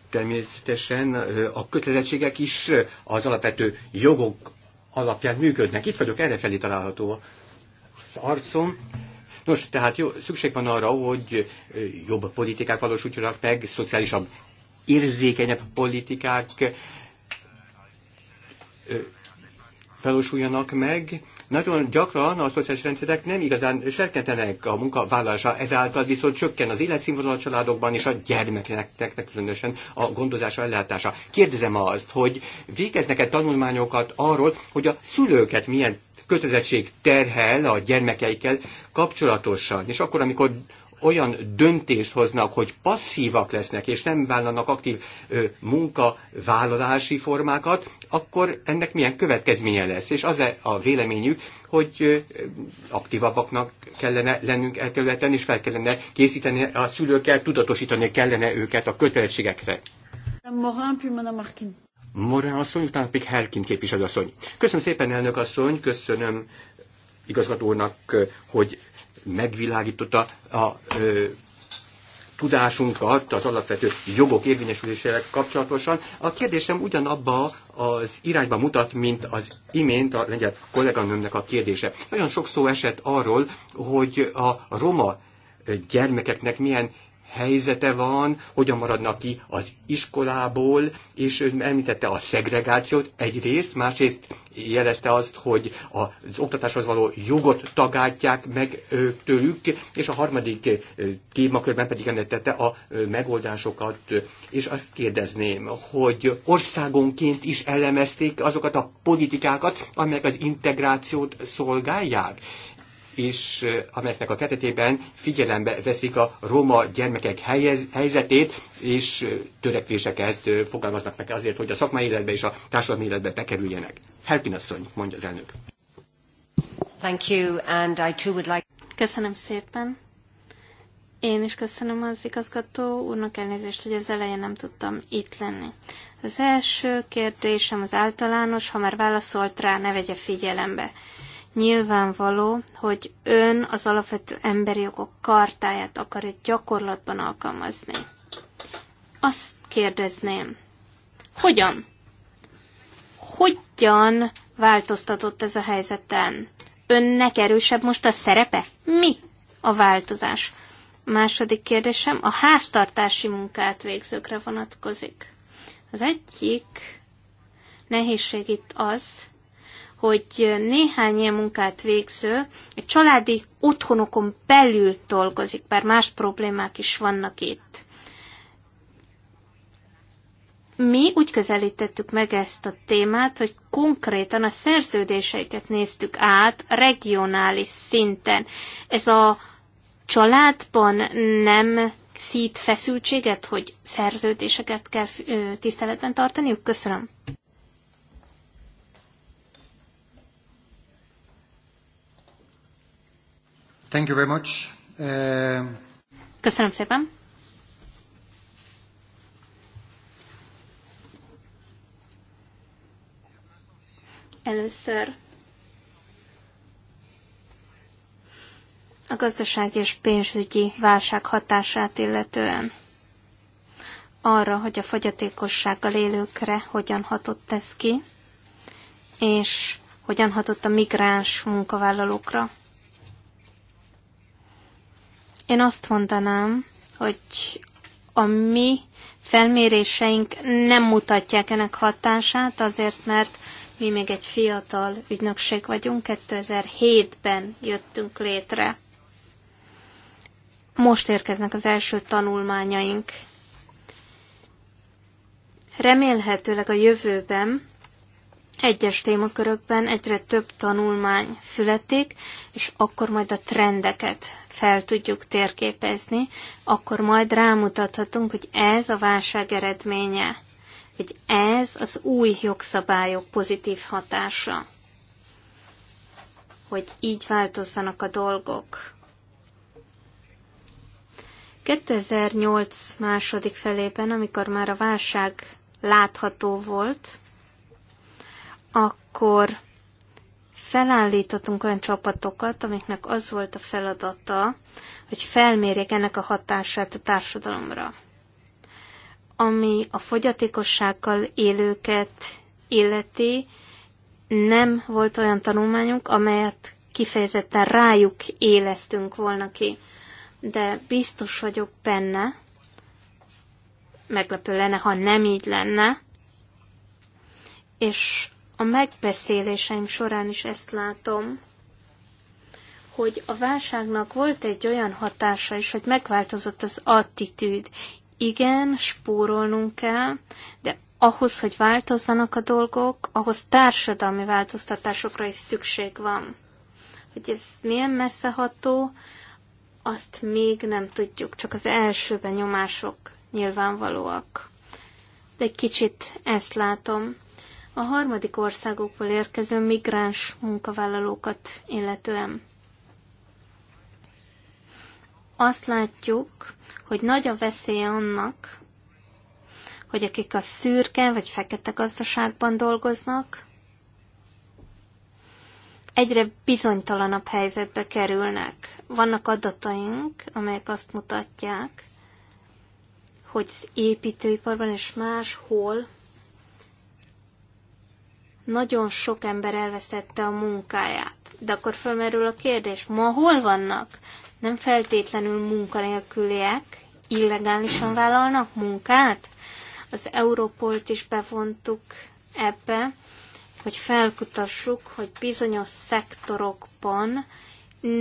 Természetesen a kötelezettségek is az alapvető jogok alapján működnek. Itt vagyok, erre felé található az arcom. Nos, tehát jó, szükség van arra, hogy jobb politikák valósuljanak meg, szociálisabb, érzékenyebb politikák felosuljanak meg. Nagyon gyakran a szociális rendszerek nem igazán serkentenek a munkavállalása, ezáltal viszont csökken az életszínvonal a családokban és a gyermekeknek különösen a gondozása, ellátása. Kérdezem azt, hogy végeznek-e tanulmányokat arról, hogy a szülőket milyen kötelezettség terhel a gyermekeikkel kapcsolatosan. És akkor, amikor olyan döntést hoznak, hogy passzívak lesznek, és nem vállalnak aktív ö, munkavállalási formákat, akkor ennek milyen következménye lesz. És az a véleményük, hogy ö, aktívabbaknak kellene lennünk elterületen, és fel kellene készíteni a szülőket, tudatosítani kellene őket a kötelezettségekre. Morin, puis Madame Morán asszony, utána pedig Herkin képviselő asszony. Köszönöm szépen, elnök asszony, köszönöm igazgatónak, hogy megvilágította a ö, tudásunkat az alapvető jogok érvényesülésével kapcsolatosan. A kérdésem ugyanabba az irányba mutat, mint az imént a lengyel kolléganőmnek a kérdése. Nagyon sok szó esett arról, hogy a roma gyermekeknek milyen helyzete van, hogyan maradnak ki az iskolából, és ön említette a szegregációt egyrészt, másrészt jelezte azt, hogy az oktatáshoz való jogot tagátják meg tőlük, és a harmadik témakörben pedig említette a megoldásokat, és azt kérdezném, hogy országonként is elemezték azokat a politikákat, amelyek az integrációt szolgálják, és eh, amelyeknek a keretében figyelembe veszik a roma gyermekek helyez, helyzetét, és eh, törekvéseket eh, fogalmaznak meg azért, hogy a szakmai életbe és a társadalmi életbe bekerüljenek. Helpin asszony, mondja az elnök. Thank you, and I too would like... Köszönöm szépen. Én is köszönöm az igazgató úrnak elnézést, hogy az elején nem tudtam itt lenni. Az első kérdésem az általános, ha már válaszolt rá, ne vegye figyelembe. Nyilvánvaló, hogy ön az alapvető emberi jogok kartáját akar egy gyakorlatban alkalmazni. Azt kérdezném, hogyan? Hogyan változtatott ez a helyzeten? Önnek erősebb most a szerepe? Mi a változás? Második kérdésem a háztartási munkát végzőkre vonatkozik. Az egyik nehézség itt az, hogy néhány ilyen munkát végző egy családi otthonokon belül dolgozik, bár más problémák is vannak itt. Mi úgy közelítettük meg ezt a témát, hogy konkrétan a szerződéseiket néztük át regionális szinten. Ez a családban nem szít feszültséget, hogy szerződéseket kell tiszteletben tartaniuk? Köszönöm. Thank you very much. Um, Köszönöm szépen. Először a gazdaság és pénzügyi válság hatását illetően arra, hogy a fogyatékossággal élőkre hogyan hatott ez ki, és hogyan hatott a migráns munkavállalókra. Én azt mondanám, hogy a mi felméréseink nem mutatják ennek hatását, azért mert mi még egy fiatal ügynökség vagyunk, 2007-ben jöttünk létre. Most érkeznek az első tanulmányaink. Remélhetőleg a jövőben egyes témakörökben egyre több tanulmány születik, és akkor majd a trendeket fel tudjuk térképezni, akkor majd rámutathatunk, hogy ez a válság eredménye, hogy ez az új jogszabályok pozitív hatása, hogy így változzanak a dolgok. 2008 második felében, amikor már a válság látható volt, akkor felállítottunk olyan csapatokat, amiknek az volt a feladata, hogy felmérjék ennek a hatását a társadalomra. Ami a fogyatékossággal élőket illeti, nem volt olyan tanulmányunk, amelyet kifejezetten rájuk élesztünk volna ki. De biztos vagyok benne, meglepő lenne, ha nem így lenne, és a megbeszéléseim során is ezt látom, hogy a válságnak volt egy olyan hatása is, hogy megváltozott az attitűd. Igen, spórolnunk kell, de ahhoz, hogy változzanak a dolgok, ahhoz társadalmi változtatásokra is szükség van. Hogy ez milyen messzeható, azt még nem tudjuk, csak az első benyomások nyilvánvalóak. De egy kicsit ezt látom a harmadik országokból érkező migráns munkavállalókat illetően. Azt látjuk, hogy nagy a veszélye annak, hogy akik a szürke vagy fekete gazdaságban dolgoznak, egyre bizonytalanabb helyzetbe kerülnek. Vannak adataink, amelyek azt mutatják, hogy az építőiparban és máshol nagyon sok ember elvesztette a munkáját. De akkor felmerül a kérdés, ma hol vannak? Nem feltétlenül munkanélküliek, illegálisan vállalnak munkát? Az Európolt is bevontuk ebbe, hogy felkutassuk, hogy bizonyos szektorokban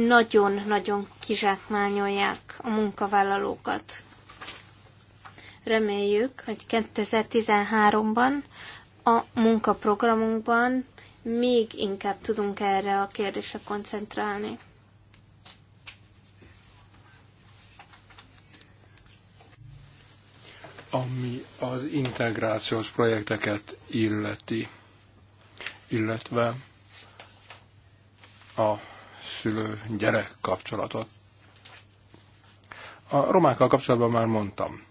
nagyon-nagyon kizsákmányolják a munkavállalókat. Reméljük, hogy 2013-ban a munkaprogramunkban még inkább tudunk erre a kérdésre koncentrálni. Ami az integrációs projekteket illeti, illetve a szülő-gyerek kapcsolatot. A romákkal kapcsolatban már mondtam,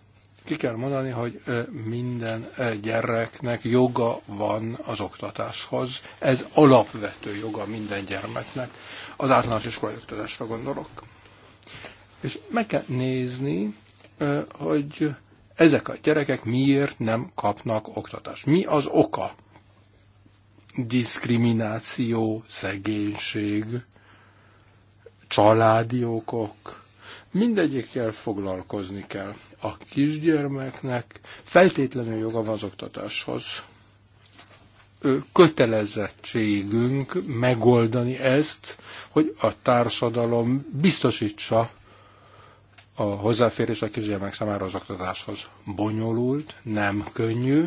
ki kell mondani, hogy minden gyereknek joga van az oktatáshoz. Ez alapvető joga minden gyermeknek. Az általános iskolai oktatásra gondolok. És meg kell nézni, hogy ezek a gyerekek miért nem kapnak oktatást. Mi az oka? Diszkrimináció, szegénység, családi okok, Mindegyikkel foglalkozni kell. A kisgyermeknek feltétlenül joga van az oktatáshoz. Kötelezettségünk megoldani ezt, hogy a társadalom biztosítsa a hozzáférés a kisgyermek számára az oktatáshoz. Bonyolult, nem könnyű,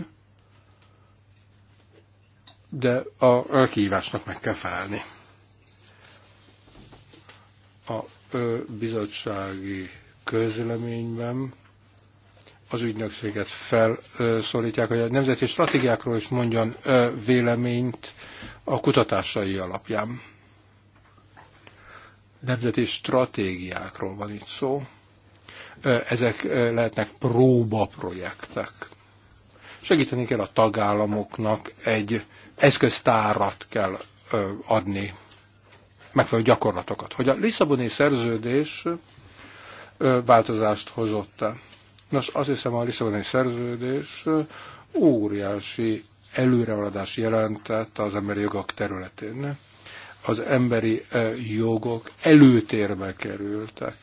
de a, a kihívásnak meg kell felelni. A bizottsági közleményben az ügynökséget felszólítják, hogy a nemzeti stratégiákról is mondjon véleményt a kutatásai alapján. Nemzeti stratégiákról van itt szó. Ezek lehetnek próbaprojektek. Segíteni kell a tagállamoknak, egy eszköztárat kell adni megfelelő gyakorlatokat. Hogy a Lisszaboni szerződés változást hozott. Nos, azt hiszem a Lisszaboni szerződés óriási előrehaladás jelentett az emberi jogok területén. Az emberi jogok előtérbe kerültek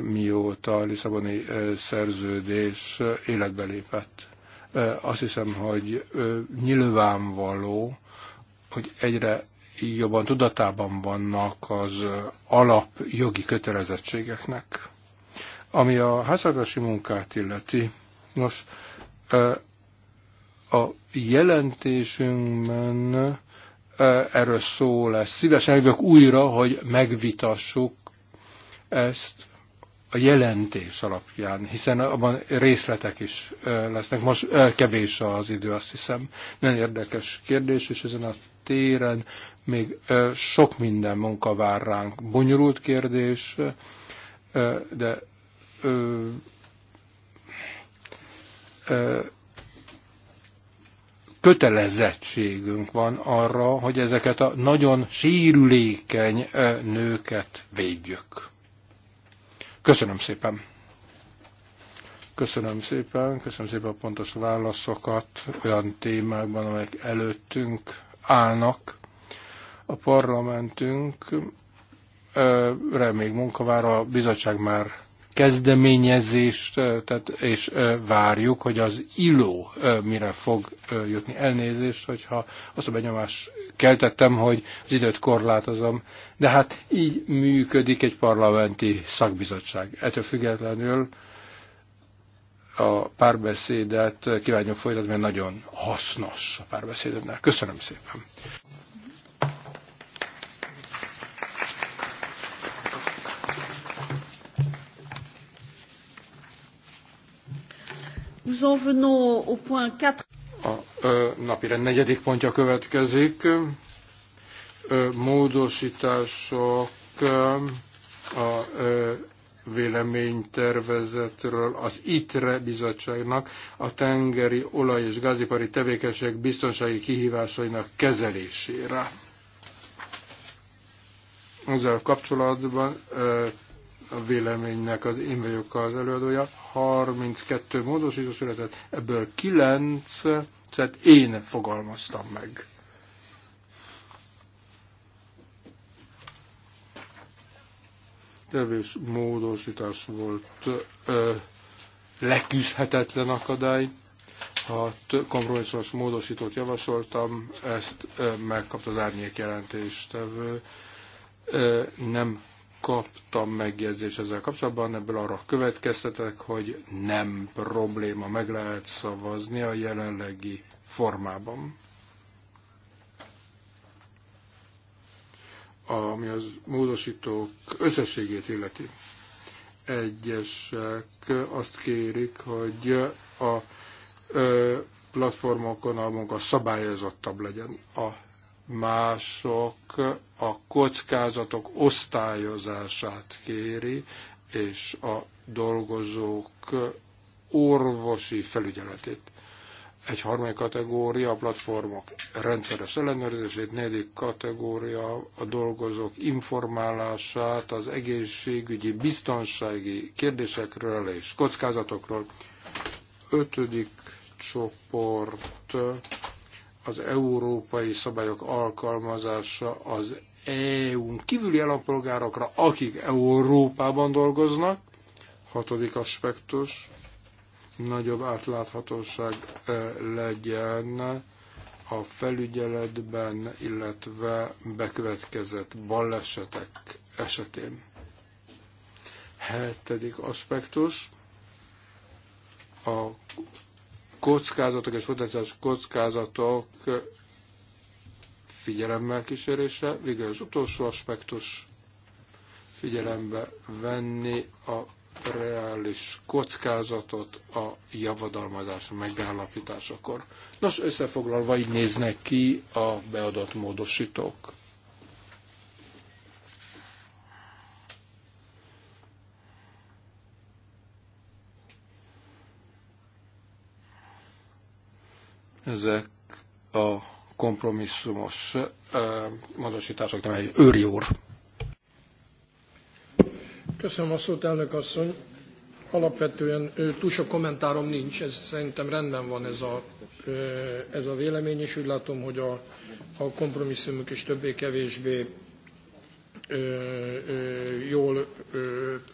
mióta a Lisszaboni szerződés életbe lépett. Azt hiszem, hogy nyilvánvaló, hogy egyre jobban tudatában vannak az alapjogi kötelezettségeknek. Ami a házadási munkát illeti, nos, a jelentésünkben erről szó lesz. Szívesen jövök újra, hogy megvitassuk ezt a jelentés alapján, hiszen abban részletek is lesznek. Most kevés az idő, azt hiszem. Nagyon érdekes kérdés, és ezen a téren még sok minden munka vár ránk. Bonyolult kérdés, de kötelezettségünk van arra, hogy ezeket a nagyon sérülékeny nőket védjük. Köszönöm szépen! Köszönöm szépen, köszönöm szépen a pontos válaszokat olyan témákban, amelyek előttünk állnak. A parlamentünk remély munkavára a bizottság már kezdeményezést, tehát, és várjuk, hogy az illó mire fog jutni. Elnézést, hogyha azt a benyomást keltettem, hogy az időt korlátozom, de hát így működik egy parlamenti szakbizottság. Ettől függetlenül a párbeszédet kívánjuk folytatni, mert nagyon hasznos a párbeszédednek. Köszönöm szépen! 4. A ö, rend negyedik pontja következik. Ö, módosítások ö, a ö, véleménytervezetről az ITRE bizottságnak a tengeri olaj- és gázipari tevékenység biztonsági kihívásainak kezelésére. Ezzel kapcsolatban a véleménynek az én vagyok az előadója. 32 módosító született, ebből 9-et én fogalmaztam meg. kevés módosítás volt ö, leküzdhetetlen akadály. Hat kompromisszumos módosítót javasoltam, ezt ö, megkapta az árnyék jelentéstevő. Ö, nem kaptam megjegyzést ezzel kapcsolatban, ebből arra következtetek, hogy nem probléma, meg lehet szavazni a jelenlegi formában. ami az módosítók összességét illeti. Egyesek azt kérik, hogy a platformokon a munka szabályozottabb legyen. A mások a kockázatok osztályozását kéri, és a dolgozók orvosi felügyeletét. Egy harmadik kategória a platformok rendszeres ellenőrzését, negyedik kategória a dolgozók informálását az egészségügyi, biztonsági kérdésekről és kockázatokról. Ötödik csoport az európai szabályok alkalmazása az EU-n kívüli állampolgárokra, akik Európában dolgoznak. Hatodik aspektus nagyobb átláthatóság eh, legyen a felügyeletben, illetve bekövetkezett balesetek esetén. Hetedik aspektus a kockázatok és potenciális kockázatok figyelemmel kísérése, végül az utolsó aspektus figyelembe venni a reális kockázatot a javadalmazás megállapításakor. Nos, összefoglalva így néznek ki a beadott módosítók. Ezek a kompromisszumos eh, módosítások, nem egy őri úr. Köszönöm a szót, elnök asszony. Alapvetően túl sok kommentárom nincs, ez szerintem rendben van ez a, ez a vélemény, és úgy látom, hogy a, a kompromisszumok is többé-kevésbé jól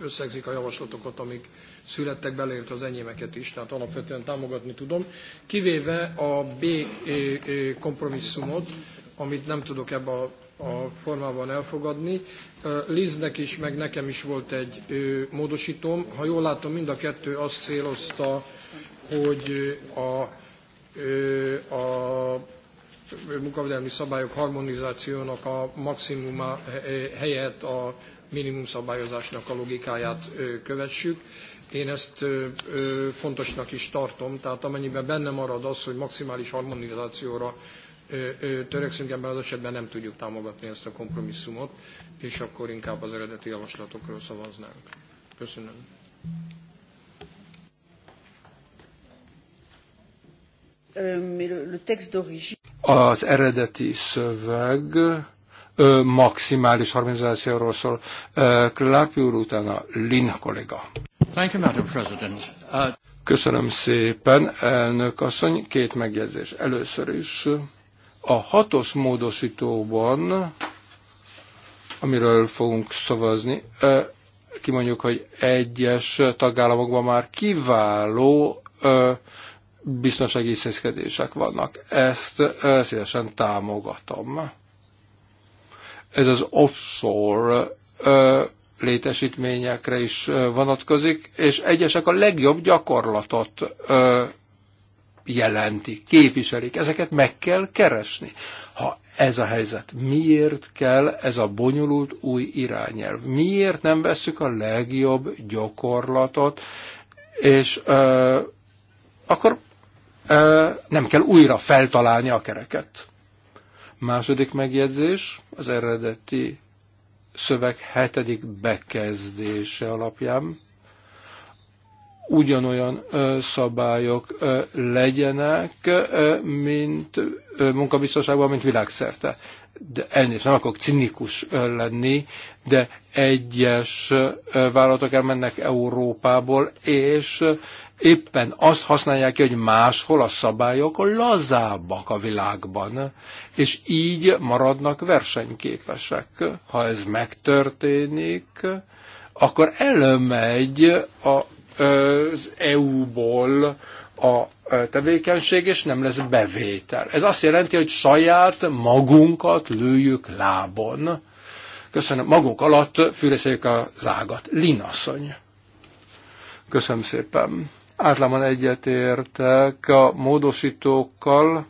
összegzik a javaslatokat, amik születtek, beleértve az enyémeket is, tehát alapvetően támogatni tudom. Kivéve a B kompromisszumot, amit nem tudok ebbe a a formában elfogadni. Liznek is, meg nekem is volt egy módosítom. Ha jól látom, mind a kettő azt célozta, hogy a, a munkavédelmi szabályok harmonizációnak a maximuma helyett a minimum szabályozásnak a logikáját kövessük. Én ezt fontosnak is tartom, tehát amennyiben benne marad az, hogy maximális harmonizációra törekszünk, ebben az esetben nem tudjuk támogatni ezt a kompromisszumot, és akkor inkább az eredeti javaslatokról szavaznánk. Köszönöm. Az eredeti szöveg ö, maximális euróról szól. Klápi úr, utána Lin kolléga. Thank you, Madam President. Uh... Köszönöm szépen, elnök asszony. Két megjegyzés. Először is a hatos módosítóban, amiről fogunk szavazni, kimondjuk, hogy egyes tagállamokban már kiváló biztonsági szeszkedések vannak. Ezt szívesen támogatom. Ez az offshore létesítményekre is vonatkozik, és egyesek a legjobb gyakorlatot jelenti, képviselik, ezeket meg kell keresni. Ha ez a helyzet, miért kell ez a bonyolult új irányelv? Miért nem vesszük a legjobb gyakorlatot, és ö, akkor ö, nem kell újra feltalálni a kereket. Második megjegyzés, az eredeti szöveg hetedik bekezdése alapján ugyanolyan szabályok legyenek, mint munkabiztonságban, mint világszerte. De elnézést, nem akarok cinikus lenni, de egyes vállalatok elmennek Európából, és éppen azt használják ki, hogy máshol a szabályok lazábbak a világban, és így maradnak versenyképesek. Ha ez megtörténik, akkor elmegy a az EU-ból a tevékenység, és nem lesz bevétel. Ez azt jelenti, hogy saját magunkat lőjük lábon. Köszönöm, magunk alatt fűrészeljük a zágat. Linasszony. Köszönöm szépen. Átlában egyetértek a módosítókkal,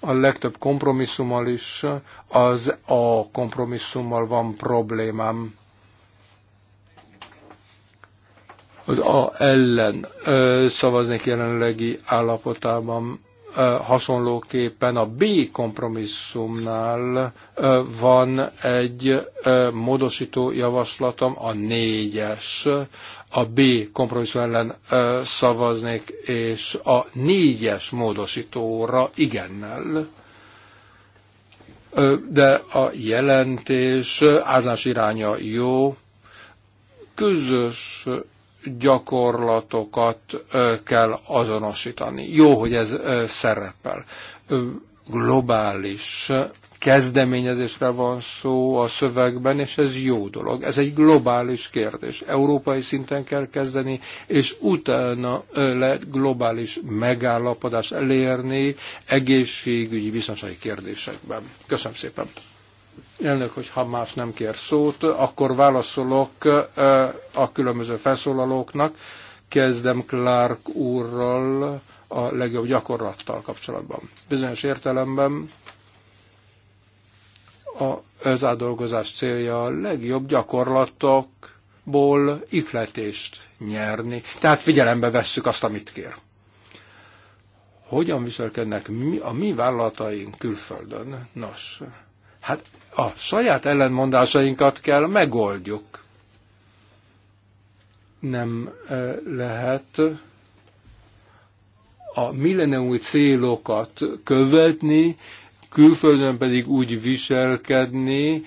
a legtöbb kompromisszummal is, az a kompromisszummal van problémám. az A ellen szavaznék jelenlegi állapotában hasonlóképpen a B kompromisszumnál van egy módosító javaslatom, a négyes. A B kompromisszum ellen szavaznék, és a négyes módosítóra igennel. De a jelentés ázás iránya jó, közös gyakorlatokat kell azonosítani. Jó, hogy ez szerepel. Globális kezdeményezésre van szó a szövegben, és ez jó dolog. Ez egy globális kérdés. Európai szinten kell kezdeni, és utána lehet globális megállapodást elérni egészségügyi biztonsági kérdésekben. Köszönöm szépen! Elnök, hogy ha más nem kér szót, akkor válaszolok a különböző felszólalóknak. Kezdem Clark úrral a legjobb gyakorlattal kapcsolatban. Bizonyos értelemben az átdolgozás célja a legjobb gyakorlatokból ikletést nyerni. Tehát figyelembe vesszük azt, amit kér. Hogyan viselkednek mi, a mi vállalataink külföldön? Nos, Hát a saját ellenmondásainkat kell megoldjuk. Nem lehet a milleniumi célokat követni, külföldön pedig úgy viselkedni,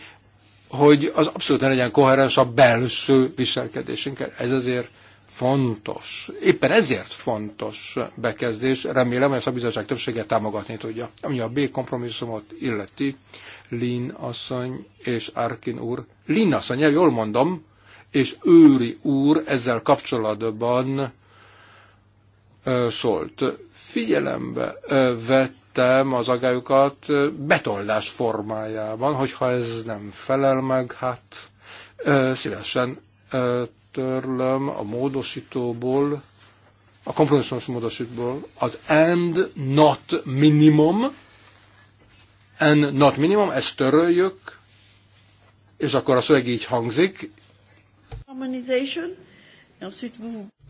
hogy az abszolút ne legyen koherens a belső viselkedésünkkel. Ez azért fontos, éppen ezért fontos bekezdés, remélem, hogy a bizottság többsége támogatni tudja. Ami a B kompromisszumot illeti, Lin asszony és Arkin úr, Lin asszony, jól mondom, és Őri úr ezzel kapcsolatban szólt. Figyelembe vettem az agályokat betoldás formájában, hogyha ez nem felel meg, hát szívesen törlöm a módosítóból, a kompromisszumos módosítóból az and not minimum, and not minimum, ezt töröljük, és akkor a szöveg így hangzik. Harmonization,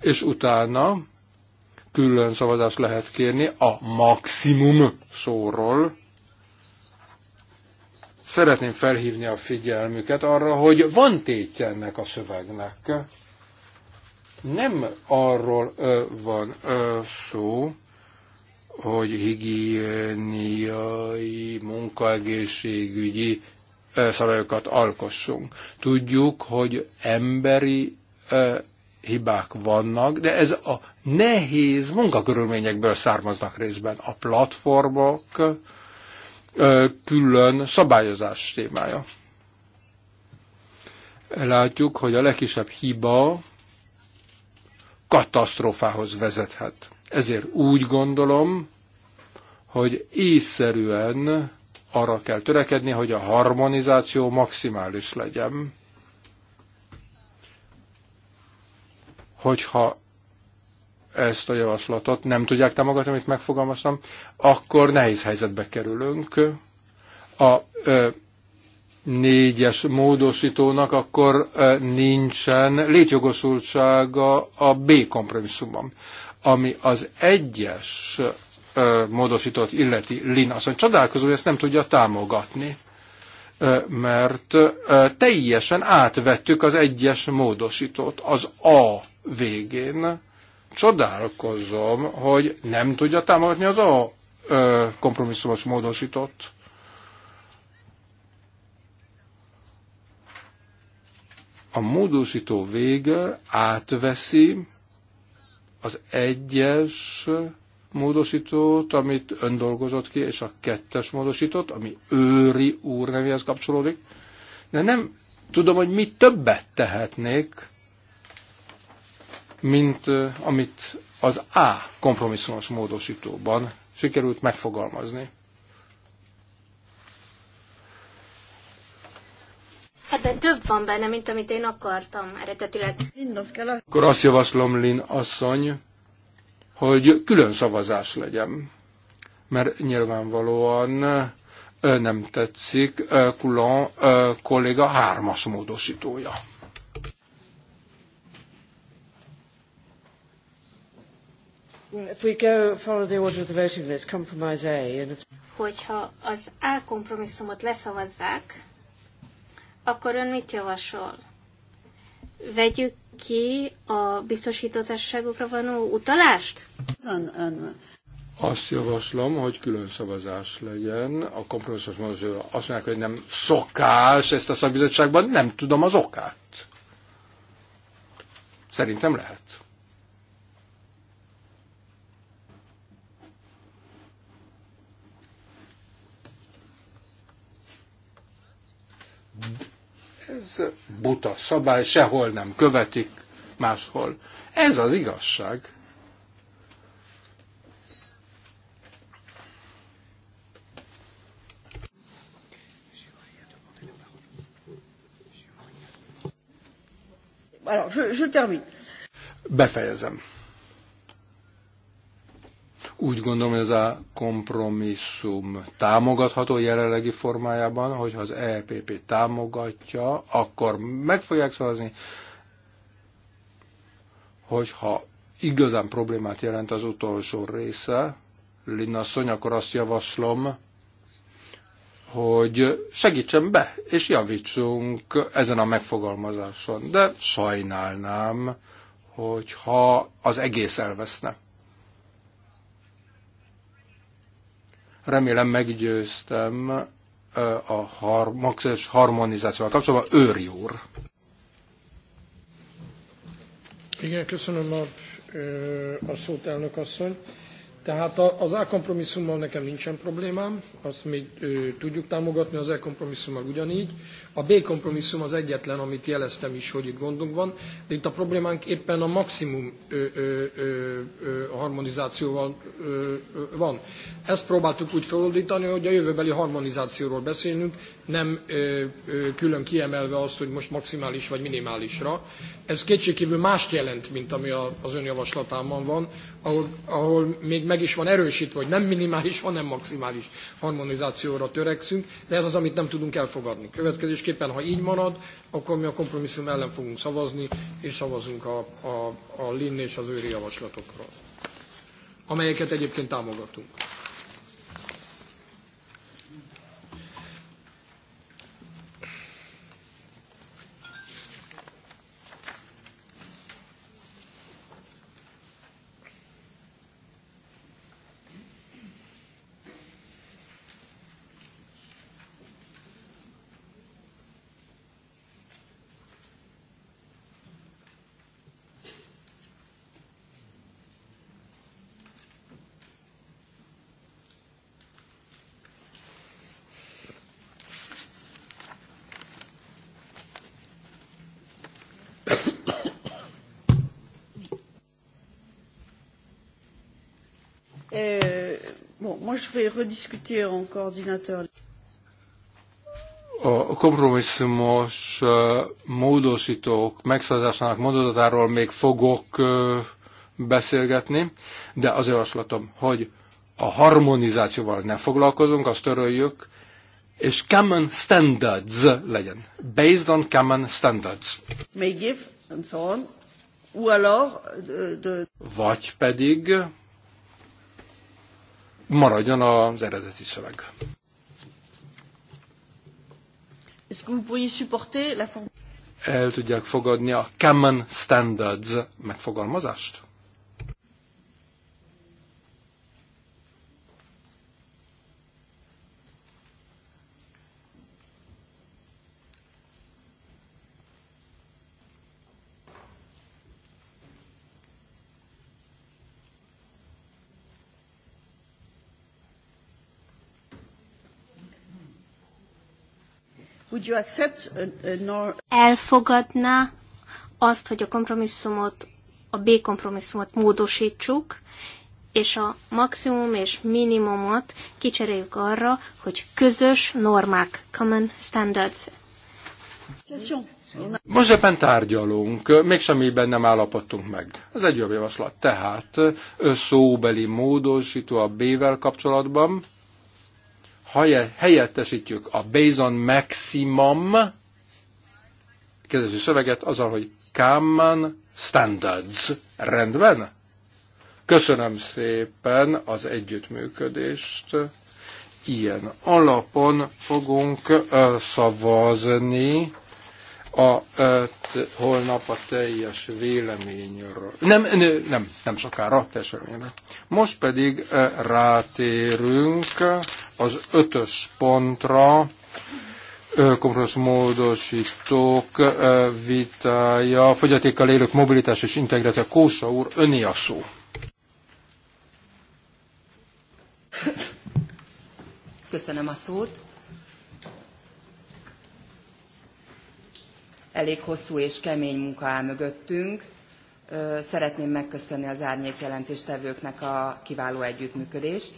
és utána külön szavazást lehet kérni a maximum szóról, Szeretném felhívni a figyelmüket arra, hogy van tétje ennek a szövegnek. Nem arról van szó, hogy higiéniai, munkaegészségügyi szabályokat alkossunk. Tudjuk, hogy emberi hibák vannak, de ez a nehéz munkakörülményekből származnak részben. A platformok külön szabályozás témája. Látjuk, hogy a legkisebb hiba katasztrófához vezethet. Ezért úgy gondolom, hogy észszerűen arra kell törekedni, hogy a harmonizáció maximális legyen. Hogyha ezt a javaslatot nem tudják támogatni, amit megfogalmaztam, akkor nehéz helyzetbe kerülünk. A ö, négyes módosítónak akkor ö, nincsen létjogosultsága a B kompromisszumban, ami az egyes ö, módosítót illeti Lina. Azt mondja, csodálkozó, hogy ezt nem tudja támogatni mert teljesen átvettük az egyes módosítót az A végén, Csodálkozom, hogy nem tudja támogatni az a ö, kompromisszumos módosított. A módosító vége átveszi az egyes módosítót, amit ön dolgozott ki, és a kettes módosítót, ami őri úr nevéhez kapcsolódik. De nem tudom, hogy mi többet tehetnék, mint amit az A kompromisszumos módosítóban sikerült megfogalmazni. Ebben több van benne, mint amit én akartam eredetileg. Akkor azt javaslom, Lin asszony, hogy külön szavazás legyen. Mert nyilvánvalóan nem tetszik Kulon kolléga hármas módosítója. Hogyha az A kompromisszumot leszavazzák, akkor ön mit javasol? Vegyük ki a biztosítótársaságokra való utalást? Azt javaslom, hogy külön szavazás legyen. A kompromisszum módosító azt mondják, hogy nem szokás ezt a szakbizottságban, nem tudom az okát. Szerintem lehet. ez buta szabály, sehol nem követik, máshol. Ez az igazság. Alors, je, je termine. Befejezem. Úgy gondolom, hogy ez a kompromisszum támogatható jelenlegi formájában, hogyha az EPP támogatja, akkor meg fogják szavazni, hogyha igazán problémát jelent az utolsó része, Linnasszony, akkor azt javaslom, hogy segítsen be, és javítsunk ezen a megfogalmazáson. De sajnálnám, hogyha az egész elveszne. Remélem meggyőztem a har- maximális harmonizációval kapcsolatban Őri úr. Igen, köszönöm a, a szót, elnök asszony. Tehát az elkompromisszummal nekem nincsen problémám, azt még tudjuk támogatni, az elkompromisszummal ugyanígy. A B kompromisszum az egyetlen, amit jeleztem is, hogy itt gondunk van, de itt a problémánk éppen a maximum ö, ö, ö, harmonizációval van. Ezt próbáltuk úgy feloldítani, hogy a jövőbeli harmonizációról beszélünk, nem külön kiemelve azt, hogy most maximális vagy minimálisra. Ez kétségkívül mást jelent, mint ami az ön javaslatában van, ahol, ahol még meg is van erősítve, hogy nem minimális, hanem maximális harmonizációra törekszünk, de ez az, amit nem tudunk elfogadni. Következés Különösképpen, ha így marad, akkor mi a kompromisszum ellen fogunk szavazni, és szavazunk a, a, a Linn és az őri javaslatokról, amelyeket egyébként támogatunk. Euh, bon, moi, je vais rediscuter en coordinateur. A kompromisszumos módosítók megszavazásának mondatáról még fogok beszélgetni, de az javaslatom, hogy a harmonizációval ne foglalkozunk, azt töröljük, és common standards legyen. Based on common standards. May give, and so on. Ou alors, de, de... Vagy pedig maradjon az eredeti szöveg. El tudják fogadni a Common Standards megfogalmazást? Would you accept a, a nor- Elfogadná azt, hogy a kompromisszumot, a B kompromisszumot módosítsuk, és a maximum és minimumot kicseréljük arra, hogy közös normák, common standards. Most éppen tárgyalunk, még semmiben nem állapodtunk meg. Ez egy jobb javaslat. Tehát szóbeli módosító a B-vel kapcsolatban, helyettesítjük a Bézon maximum kérdező szöveget azzal, hogy common standards. Rendben? Köszönöm szépen az együttműködést. Ilyen alapon fogunk szavazni a holnap a teljes véleményről. Nem, nem, nem sokára, teljes véleményről. Most pedig rátérünk az ötös pontra kompromisszumódosítók vitája, fogyatékkal élők mobilitás és integráció. Kósa úr, öné a szó. Köszönöm a szót. Elég hosszú és kemény munka áll mögöttünk. Szeretném megköszönni az árnyék jelentéstevőknek a kiváló együttműködést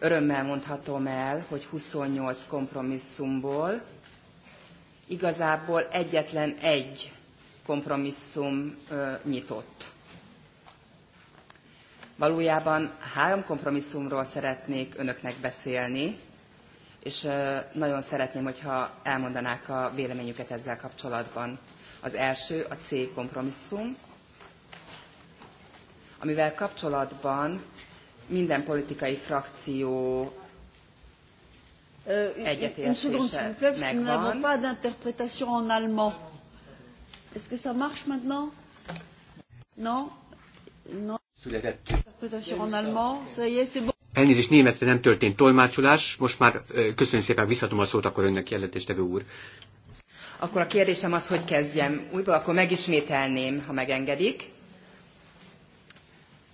örömmel mondhatom el, hogy 28 kompromisszumból igazából egyetlen egy kompromisszum nyitott. Valójában három kompromisszumról szeretnék önöknek beszélni, és nagyon szeretném, hogyha elmondanák a véleményüket ezzel kapcsolatban. Az első a C kompromisszum, amivel kapcsolatban minden politikai frakció euh, egyetértése megvan. Elnézést, németre nem történt tolmácsolás, most már köszönöm szépen, visszatom a szót akkor önnek jelentéstevő úr. Akkor a kérdésem az, hogy kezdjem újból, akkor megismételném, ha megengedik.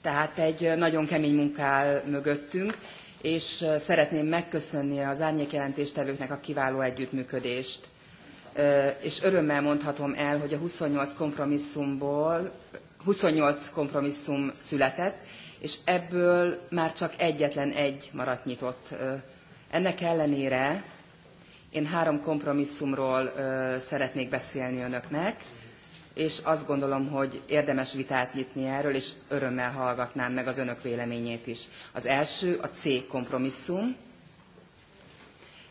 Tehát egy nagyon kemény munka áll mögöttünk, és szeretném megköszönni az árnyékjelentéstevőknek a kiváló együttműködést. És örömmel mondhatom el, hogy a 28 kompromisszumból 28 kompromisszum született, és ebből már csak egyetlen egy maradt nyitott. Ennek ellenére én három kompromisszumról szeretnék beszélni önöknek és azt gondolom, hogy érdemes vitát nyitni erről, és örömmel hallgatnám meg az önök véleményét is. Az első a C kompromisszum.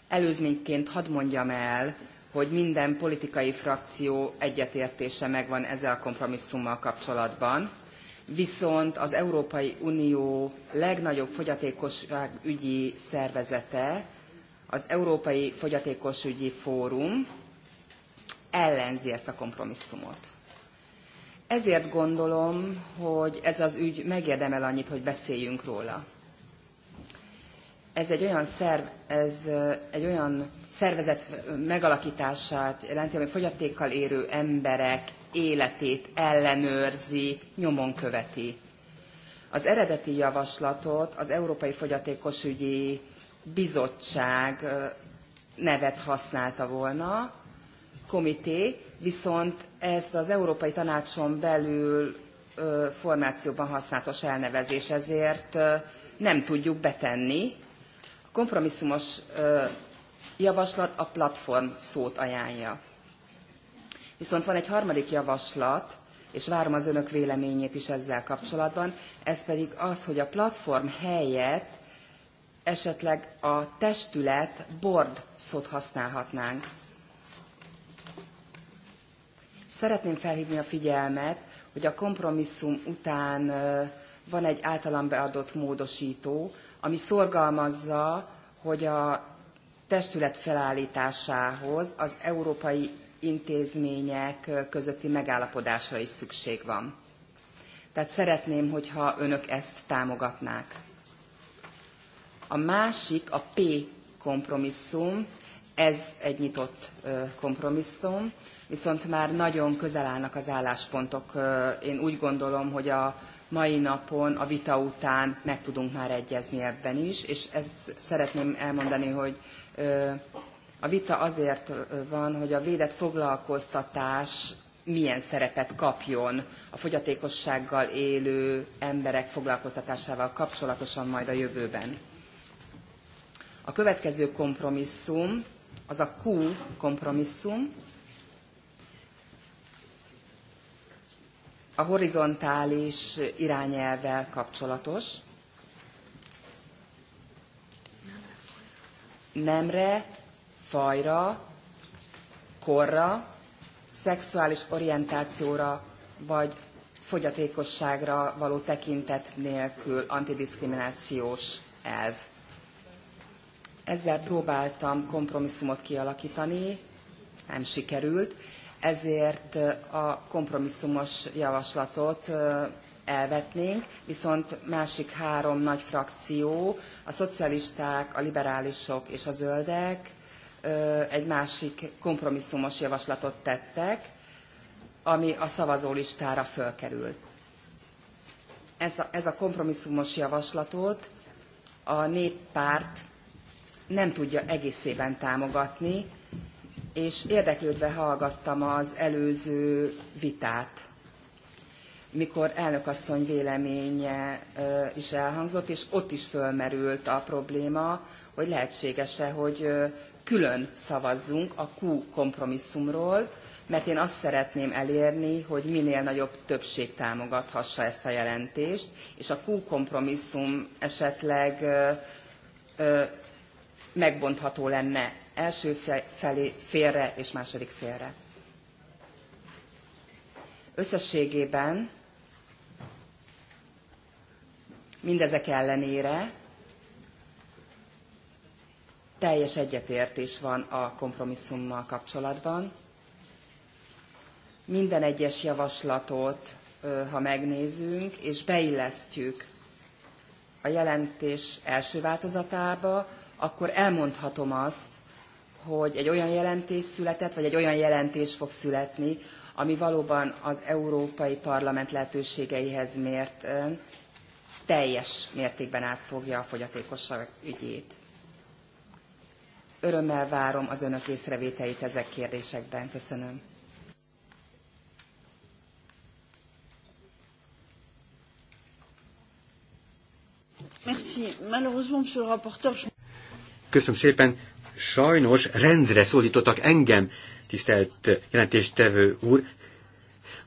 Előzményként hadd mondjam el, hogy minden politikai frakció egyetértése megvan ezzel a kompromisszummal kapcsolatban, viszont az Európai Unió legnagyobb fogyatékosságügyi szervezete, az Európai Fogyatékosügyi Fórum ellenzi ezt a kompromisszumot. Ezért gondolom, hogy ez az ügy megérdemel annyit, hogy beszéljünk róla. Ez egy olyan szerv, ez egy olyan szervezet megalakítását jelenti, ami fogyatékkal érő emberek életét ellenőrzi, nyomon követi. Az eredeti javaslatot az Európai Fogyatékos Ügyi Bizottság nevet használta volna, komité, viszont ezt az Európai Tanácson belül formációban használatos elnevezés, ezért nem tudjuk betenni. A kompromisszumos javaslat a platform szót ajánlja. Viszont van egy harmadik javaslat, és várom az önök véleményét is ezzel kapcsolatban, ez pedig az, hogy a platform helyett esetleg a testület board szót használhatnánk. Szeretném felhívni a figyelmet, hogy a kompromisszum után van egy általam beadott módosító, ami szorgalmazza, hogy a testület felállításához az európai intézmények közötti megállapodásra is szükség van. Tehát szeretném, hogyha önök ezt támogatnák. A másik, a P kompromisszum, ez egy nyitott kompromisszum, viszont már nagyon közel állnak az álláspontok. Én úgy gondolom, hogy a mai napon, a vita után meg tudunk már egyezni ebben is, és ezt szeretném elmondani, hogy a vita azért van, hogy a védett foglalkoztatás milyen szerepet kapjon a fogyatékossággal élő emberek foglalkoztatásával kapcsolatosan majd a jövőben. A következő kompromisszum, az a Q kompromisszum, a horizontális irányelvvel kapcsolatos. Nemre, fajra, korra, szexuális orientációra vagy fogyatékosságra való tekintet nélkül antidiszkriminációs elv. Ezzel próbáltam kompromisszumot kialakítani, nem sikerült ezért a kompromisszumos javaslatot elvetnénk, viszont másik három nagy frakció, a szocialisták, a liberálisok és a zöldek egy másik kompromisszumos javaslatot tettek, ami a szavazólistára fölkerült. Ez a, ez a kompromisszumos javaslatot a néppárt nem tudja egészében támogatni, és érdeklődve hallgattam az előző vitát, mikor elnökasszony véleménye is elhangzott, és ott is fölmerült a probléma, hogy lehetséges-e, hogy külön szavazzunk a Q kompromisszumról, mert én azt szeretném elérni, hogy minél nagyobb többség támogathassa ezt a jelentést, és a Q kompromisszum esetleg megbontható lenne első felé félre és második félre. Összességében mindezek ellenére teljes egyetértés van a kompromisszummal kapcsolatban. Minden egyes javaslatot, ha megnézünk és beillesztjük a jelentés első változatába, akkor elmondhatom azt, hogy egy olyan jelentés született, vagy egy olyan jelentés fog születni, ami valóban az Európai Parlament lehetőségeihez mért teljes mértékben átfogja a fogyatékosság ügyét. Örömmel várom az önök észrevételeit ezek kérdésekben. Köszönöm. Köszönöm szépen. Sajnos rendre szólítottak engem, tisztelt jelentéstevő úr,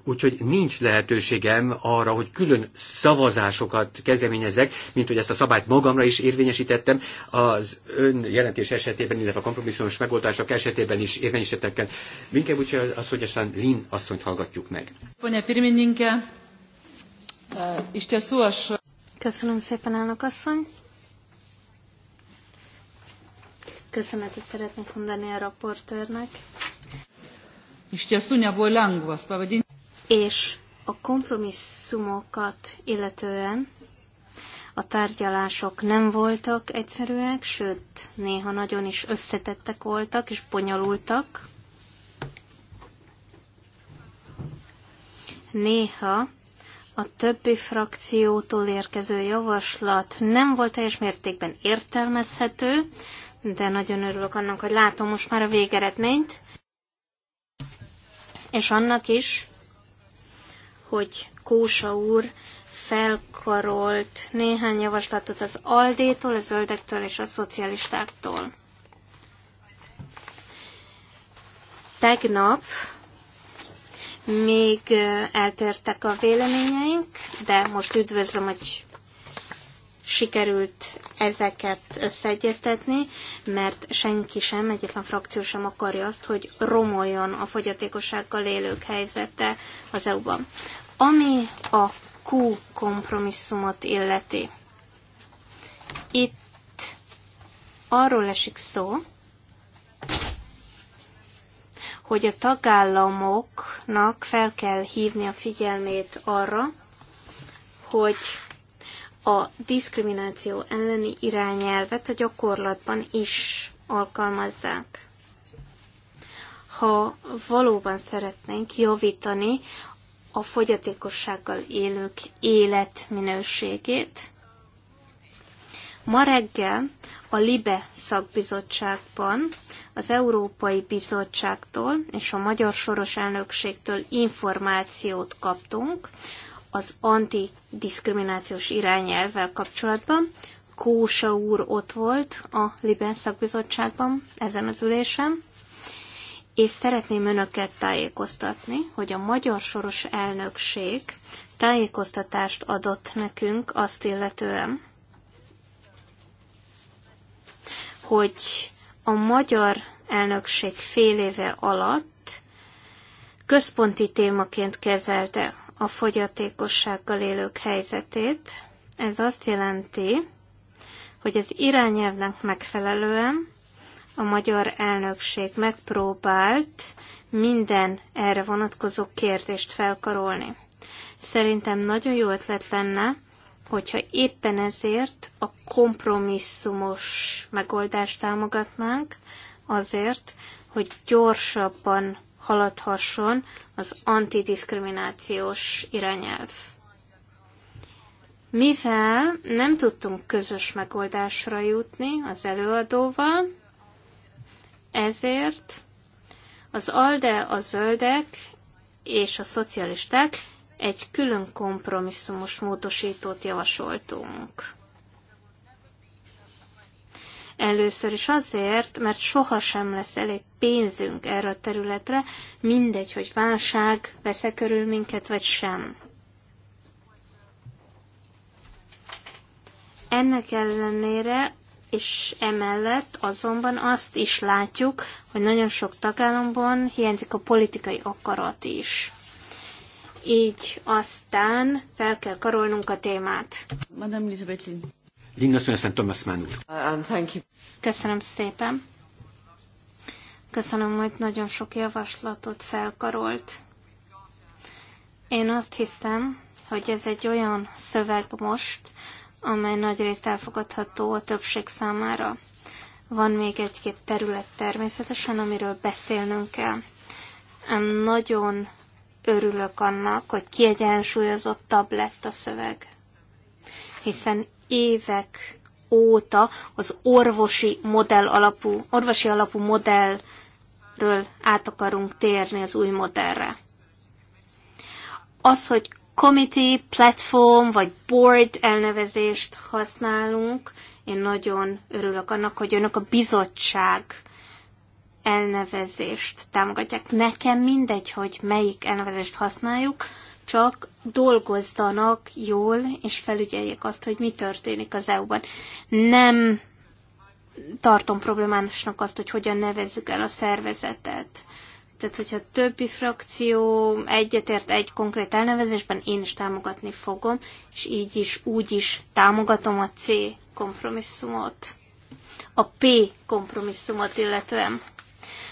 úgyhogy nincs lehetőségem arra, hogy külön szavazásokat kezdeményezek, mint hogy ezt a szabályt magamra is érvényesítettem, az ön jelentés esetében, illetve a kompromisszumos megoldások esetében is érvényesítettem. Minket úgy az, hogy aztán Lin asszonyt hallgatjuk meg. Köszönöm szépen, elnök asszony. köszönetet szeretnék mondani a raportőrnek. És a kompromisszumokat illetően a tárgyalások nem voltak egyszerűek, sőt, néha nagyon is összetettek voltak és bonyolultak. Néha a többi frakciótól érkező javaslat nem volt teljes mértékben értelmezhető, de nagyon örülök annak, hogy látom most már a végeredményt, és annak is, hogy Kósa úr felkarolt néhány javaslatot az Aldétól, a Zöldektől és a Szocialistáktól. Tegnap még eltértek a véleményeink, de most üdvözlöm, hogy sikerült ezeket összeegyeztetni, mert senki sem, egyetlen frakció sem akarja azt, hogy romoljon a fogyatékossággal élők helyzete az EU-ban. Ami a Q kompromisszumot illeti. Itt arról esik szó, hogy a tagállamoknak fel kell hívni a figyelmét arra, hogy a diszkrimináció elleni irányelvet a gyakorlatban is alkalmazzák. Ha valóban szeretnénk javítani a fogyatékossággal élők életminőségét, Ma reggel a LIBE szakbizottságban az Európai Bizottságtól és a Magyar Soros Elnökségtől információt kaptunk az antidiskriminációs irányelvvel kapcsolatban. Kósa úr ott volt a Liben szakbizottságban ezen az ülésen, és szeretném önöket tájékoztatni, hogy a magyar soros elnökség tájékoztatást adott nekünk azt illetően, hogy a magyar elnökség fél éve alatt központi témaként kezelte a fogyatékossággal élők helyzetét. Ez azt jelenti, hogy az irányelvnek megfelelően a magyar elnökség megpróbált minden erre vonatkozó kérdést felkarolni. Szerintem nagyon jó ötlet lenne, hogyha éppen ezért a kompromisszumos megoldást támogatnánk, azért, hogy gyorsabban haladhasson az antidiszkriminációs irányelv. Mivel nem tudtunk közös megoldásra jutni az előadóval, ezért az ALDE, a zöldek és a szocialisták egy külön kompromisszumos módosítót javasoltunk. Először is azért, mert sohasem lesz elég pénzünk erre a területre, mindegy, hogy válság vesze körül minket, vagy sem. Ennek ellenére és emellett azonban azt is látjuk, hogy nagyon sok tagállamban hiányzik a politikai akarat is. Így aztán fel kell karolnunk a témát. Madame Elizabeth Lynn. Linda Thomas Mann um, Köszönöm szépen. Köszönöm, hogy nagyon sok javaslatot felkarolt. Én azt hiszem, hogy ez egy olyan szöveg most, amely nagyrészt elfogadható a többség számára. Van még egy-két terület természetesen, amiről beszélnünk kell. Én nagyon örülök annak, hogy kiegyensúlyozottabb lett a szöveg. Hiszen évek óta az orvosi modell alapú, orvosi alapú modellről át akarunk térni az új modellre. Az, hogy committee, platform vagy board elnevezést használunk, én nagyon örülök annak, hogy önök a bizottság elnevezést támogatják. Nekem mindegy, hogy melyik elnevezést használjuk, csak dolgozzanak jól, és felügyeljék azt, hogy mi történik az EU-ban. Nem tartom problémásnak azt, hogy hogyan nevezzük el a szervezetet. Tehát, hogyha többi frakció egyetért egy konkrét elnevezésben, én is támogatni fogom, és így is, úgy is támogatom a C kompromisszumot, a P kompromisszumot illetően.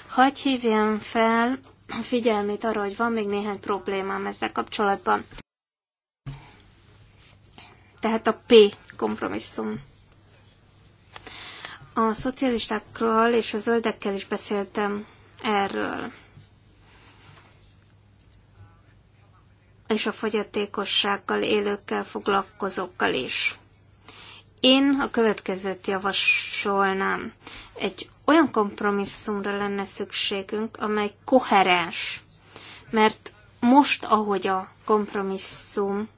Hagy hívjam fel figyelmét arra, hogy van még néhány problémám ezzel kapcsolatban. Tehát a P kompromisszum. A szocialistákról és a zöldekkel is beszéltem erről. És a fogyatékossággal élőkkel foglalkozókkal is. Én a következőt javasolnám. Egy olyan kompromisszumra lenne szükségünk, amely koherens. Mert most, ahogy a kompromisszum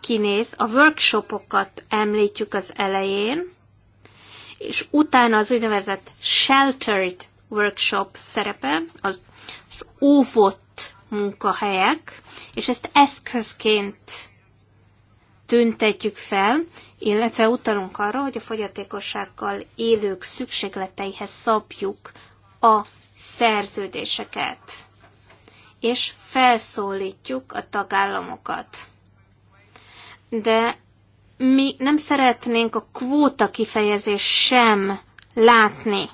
kinéz, a workshopokat említjük az elején, és utána az úgynevezett sheltered workshop szerepe, az, az óvott munkahelyek, és ezt eszközként tüntetjük fel, illetve utalunk arra, hogy a fogyatékossággal élők szükségleteihez szabjuk a szerződéseket, és felszólítjuk a tagállamokat. De mi nem szeretnénk a kvóta kifejezés sem látni.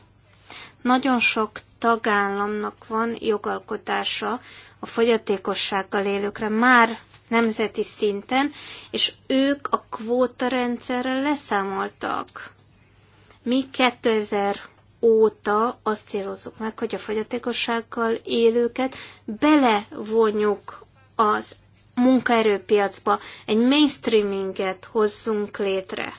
Nagyon sok tagállamnak van jogalkotása a fogyatékossággal élőkre már nemzeti szinten, és ők a kvóta rendszerrel leszámoltak. Mi 2000 óta azt célozzuk meg, hogy a fogyatékossággal élőket belevonjuk az munkaerőpiacba, egy mainstreaminget hozzunk létre.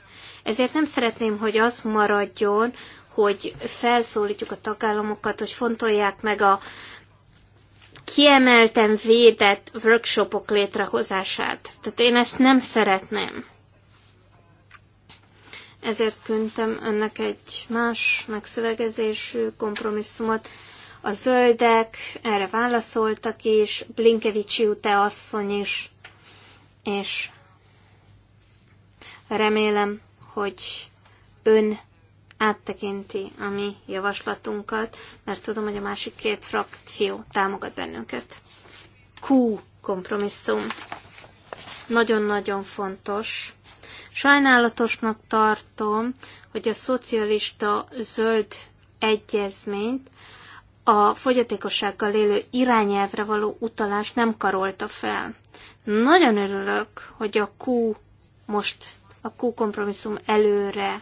Ezért nem szeretném, hogy az maradjon, hogy felszólítjuk a tagállamokat, hogy fontolják meg a kiemelten védett workshopok létrehozását. Tehát én ezt nem szeretném. Ezért küldtem önnek egy más megszövegezésű kompromisszumot. A zöldek erre válaszoltak is, Blinkevicsi te asszony is, és remélem, hogy ön áttekinti a mi javaslatunkat, mert tudom, hogy a másik két frakció támogat bennünket. Q kompromisszum. Nagyon-nagyon fontos. Sajnálatosnak tartom, hogy a szocialista zöld egyezményt a fogyatékossággal élő irányelvre való utalás nem karolta fel. Nagyon örülök, hogy a Q most a Q kompromisszum előre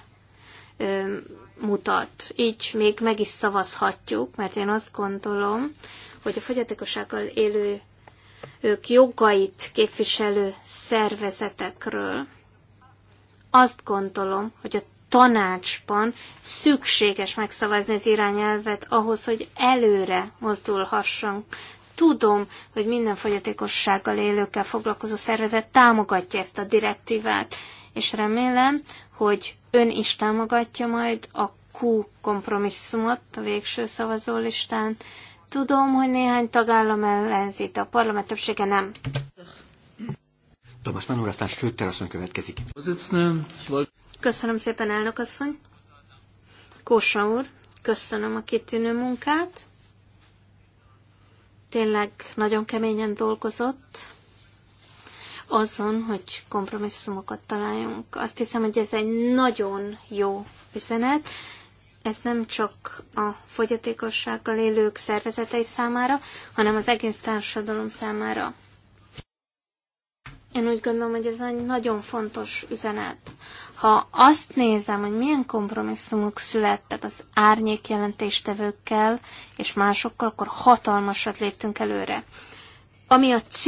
mutat. Így még meg is szavazhatjuk, mert én azt gondolom, hogy a fogyatékossággal élő ők jogait képviselő szervezetekről azt gondolom, hogy a tanácsban szükséges megszavazni az irányelvet ahhoz, hogy előre mozdulhassunk. Tudom, hogy minden fogyatékossággal élőkkel foglalkozó szervezet támogatja ezt a direktívát, és remélem, hogy ön is támogatja majd a Q kompromisszumot a végső szavazólistán. Tudom, hogy néhány tagállam ellenzi, de a parlament többsége nem. Thomas Mann úr, aztán Schröter asszony következik. Köszönöm szépen, elnök asszony. Kósa úr, köszönöm a kitűnő munkát. Tényleg nagyon keményen dolgozott azon, hogy kompromisszumokat találjunk. Azt hiszem, hogy ez egy nagyon jó üzenet. Ez nem csak a fogyatékossággal élők szervezetei számára, hanem az egész társadalom számára. Én úgy gondolom, hogy ez egy nagyon fontos üzenet. Ha azt nézem, hogy milyen kompromisszumok születtek az árnyék jelentéstevőkkel és másokkal, akkor hatalmasat léptünk előre. Ami a C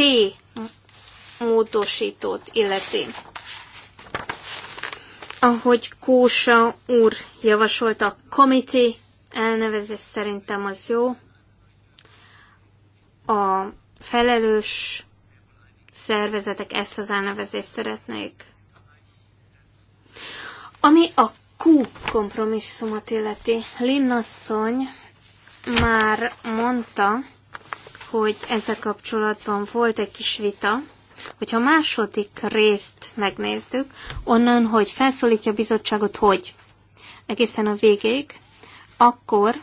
módosítót illeti. Ahogy Kósa úr javasolta, a komité elnevezés szerintem az jó. A felelős szervezetek ezt az elnevezést szeretnék. Ami a Q kompromisszumot illeti, Linnasszony már mondta, hogy ezzel kapcsolatban volt egy kis vita, Hogyha a második részt megnézzük, onnan, hogy felszólítja a bizottságot, hogy egészen a végéig, akkor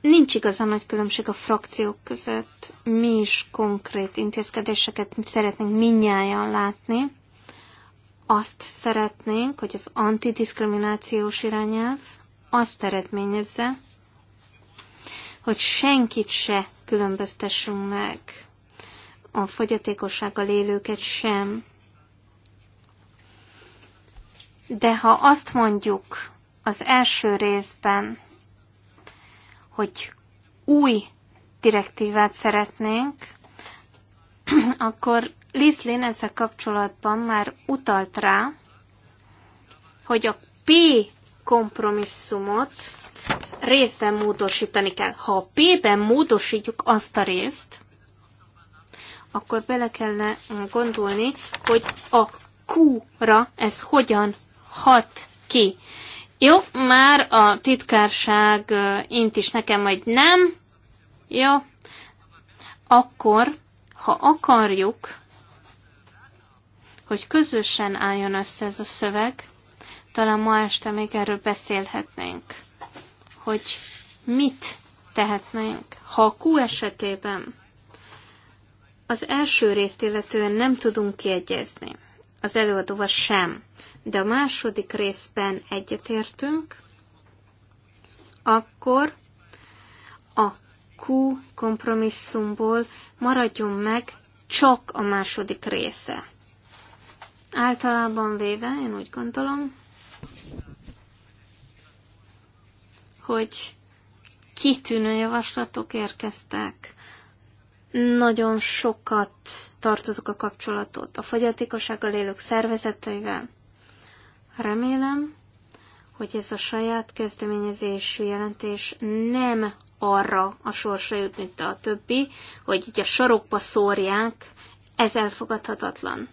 nincs igazán nagy különbség a frakciók között. Mi is konkrét intézkedéseket szeretnénk minnyáján látni. Azt szeretnénk, hogy az antidiskriminációs irányelv azt eredményezze, hogy senkit se különböztessünk meg a fogyatékossággal élőket sem. De ha azt mondjuk az első részben, hogy új direktívát szeretnénk, akkor Liszlin ezzel kapcsolatban már utalt rá, hogy a P kompromisszumot részben módosítani kell. Ha a P-ben módosítjuk azt a részt, akkor bele kellene gondolni, hogy a Q-ra ez hogyan hat ki. Jó, már a titkárság int is nekem, hogy nem. Jó, akkor, ha akarjuk, hogy közösen álljon össze ez a szöveg, talán ma este még erről beszélhetnénk, hogy mit tehetnénk, ha a Q esetében az első részt illetően nem tudunk kiegyezni, az előadóval sem, de a második részben egyetértünk, akkor a Q kompromisszumból maradjon meg csak a második része. Általában véve, én úgy gondolom, hogy kitűnő javaslatok érkeztek nagyon sokat tartozok a kapcsolatot a fogyatékossággal élők szervezeteivel. Remélem, hogy ez a saját kezdeményezésű jelentés nem arra a sorsa jut, mint a többi, hogy így a sarokba szórják, ez elfogadhatatlan.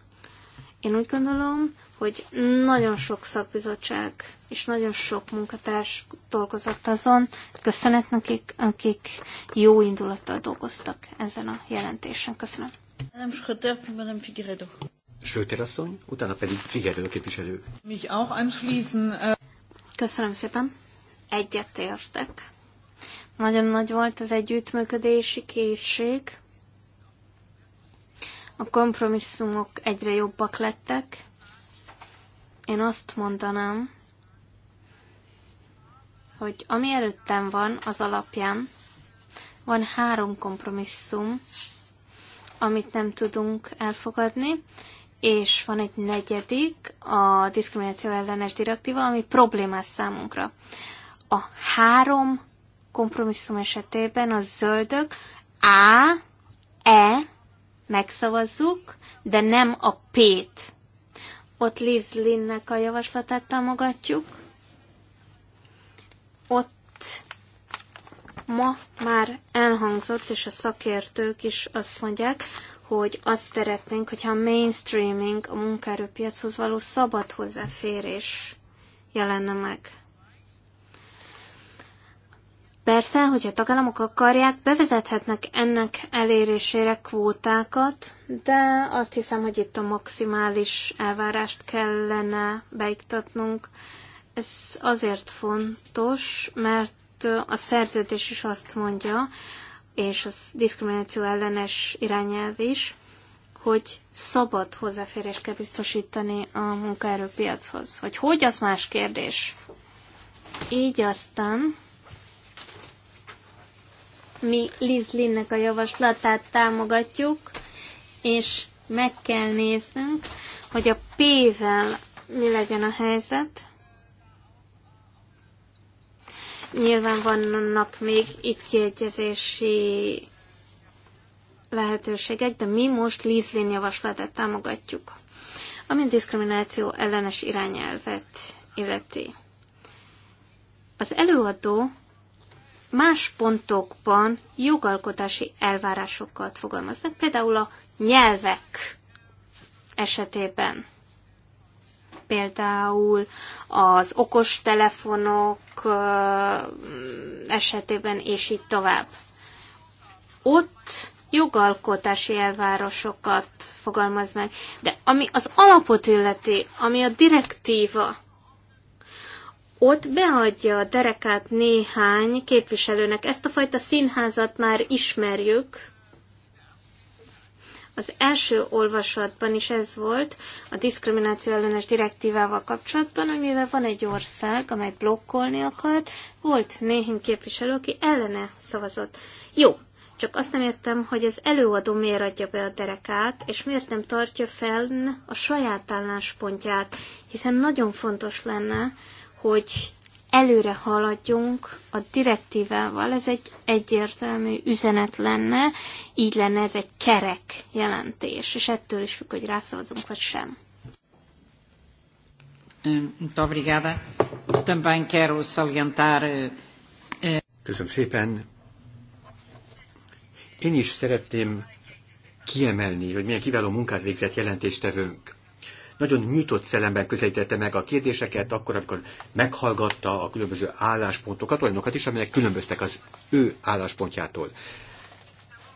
Én úgy gondolom, hogy nagyon sok szakbizottság és nagyon sok munkatárs dolgozott azon. Köszönet nekik, akik jó indulattal dolgoztak ezen a jelentésen. Köszönöm. Nem Schröter, nem Figueredo. Schröter asszony, utána pedig Figueredo képviselő. Mich auch anschließen. Äh, Köszönöm szépen. Egyet értek. Nagyon nagy volt az együttműködési készség. A kompromisszumok egyre jobbak lettek. Én azt mondanám, hogy ami előttem van, az alapján van három kompromisszum, amit nem tudunk elfogadni, és van egy negyedik, a diszkrimináció ellenes direktíva, ami problémás számunkra. A három kompromisszum esetében a zöldök A, E megszavazzuk, de nem a P-t. Ott Liz Linnek a javaslatát támogatjuk, ott ma már elhangzott, és a szakértők is azt mondják, hogy azt szeretnénk, hogyha a mainstreaming, a munkaerőpiachoz való szabad hozzáférés jelenne meg. Persze, hogy a tagállamok akarják, bevezethetnek ennek elérésére kvótákat, de azt hiszem, hogy itt a maximális elvárást kellene beiktatnunk, ez azért fontos, mert a szerződés is azt mondja, és a diszkrimináció ellenes irányelv is, hogy szabad hozzáférést kell biztosítani a munkaerőpiachoz. Hogy hogy, az más kérdés. Így aztán mi Liz Linnek a javaslatát támogatjuk, és meg kell néznünk, hogy a P-vel mi legyen a helyzet. Nyilván vannak még itt kiegyezési lehetőségek, de mi most Lizlin javaslatát támogatjuk, ami diszkrimináció ellenes irányelvet illeti. Az előadó más pontokban jogalkotási elvárásokat fogalmaz meg, például a nyelvek esetében például az okos telefonok esetében, és így tovább. Ott jogalkotási elvárosokat fogalmaz meg, de ami az alapot illeti, ami a direktíva, ott beadja a derekát néhány képviselőnek. Ezt a fajta színházat már ismerjük, az első olvasatban is ez volt a diszkrimináció ellenes direktívával kapcsolatban, hogy mivel van egy ország, amely blokkolni akar, volt néhány képviselő, aki ellene szavazott. Jó, csak azt nem értem, hogy az előadó miért adja be a derekát, és miért nem tartja fel a saját álláspontját, hiszen nagyon fontos lenne, hogy előre haladjunk a direktívával, ez egy egyértelmű üzenet lenne, így lenne ez egy kerek jelentés, és ettől is függ, hogy rászavazunk vagy sem. Muito obrigada. Também quero salientar. Eh, eh, Köszönöm szépen. Én is szeretném kiemelni, hogy milyen kiváló munkát végzett jelentéstevőnk nagyon nyitott szellemben közelítette meg a kérdéseket, akkor, amikor meghallgatta a különböző álláspontokat, olyanokat is, amelyek különböztek az ő álláspontjától.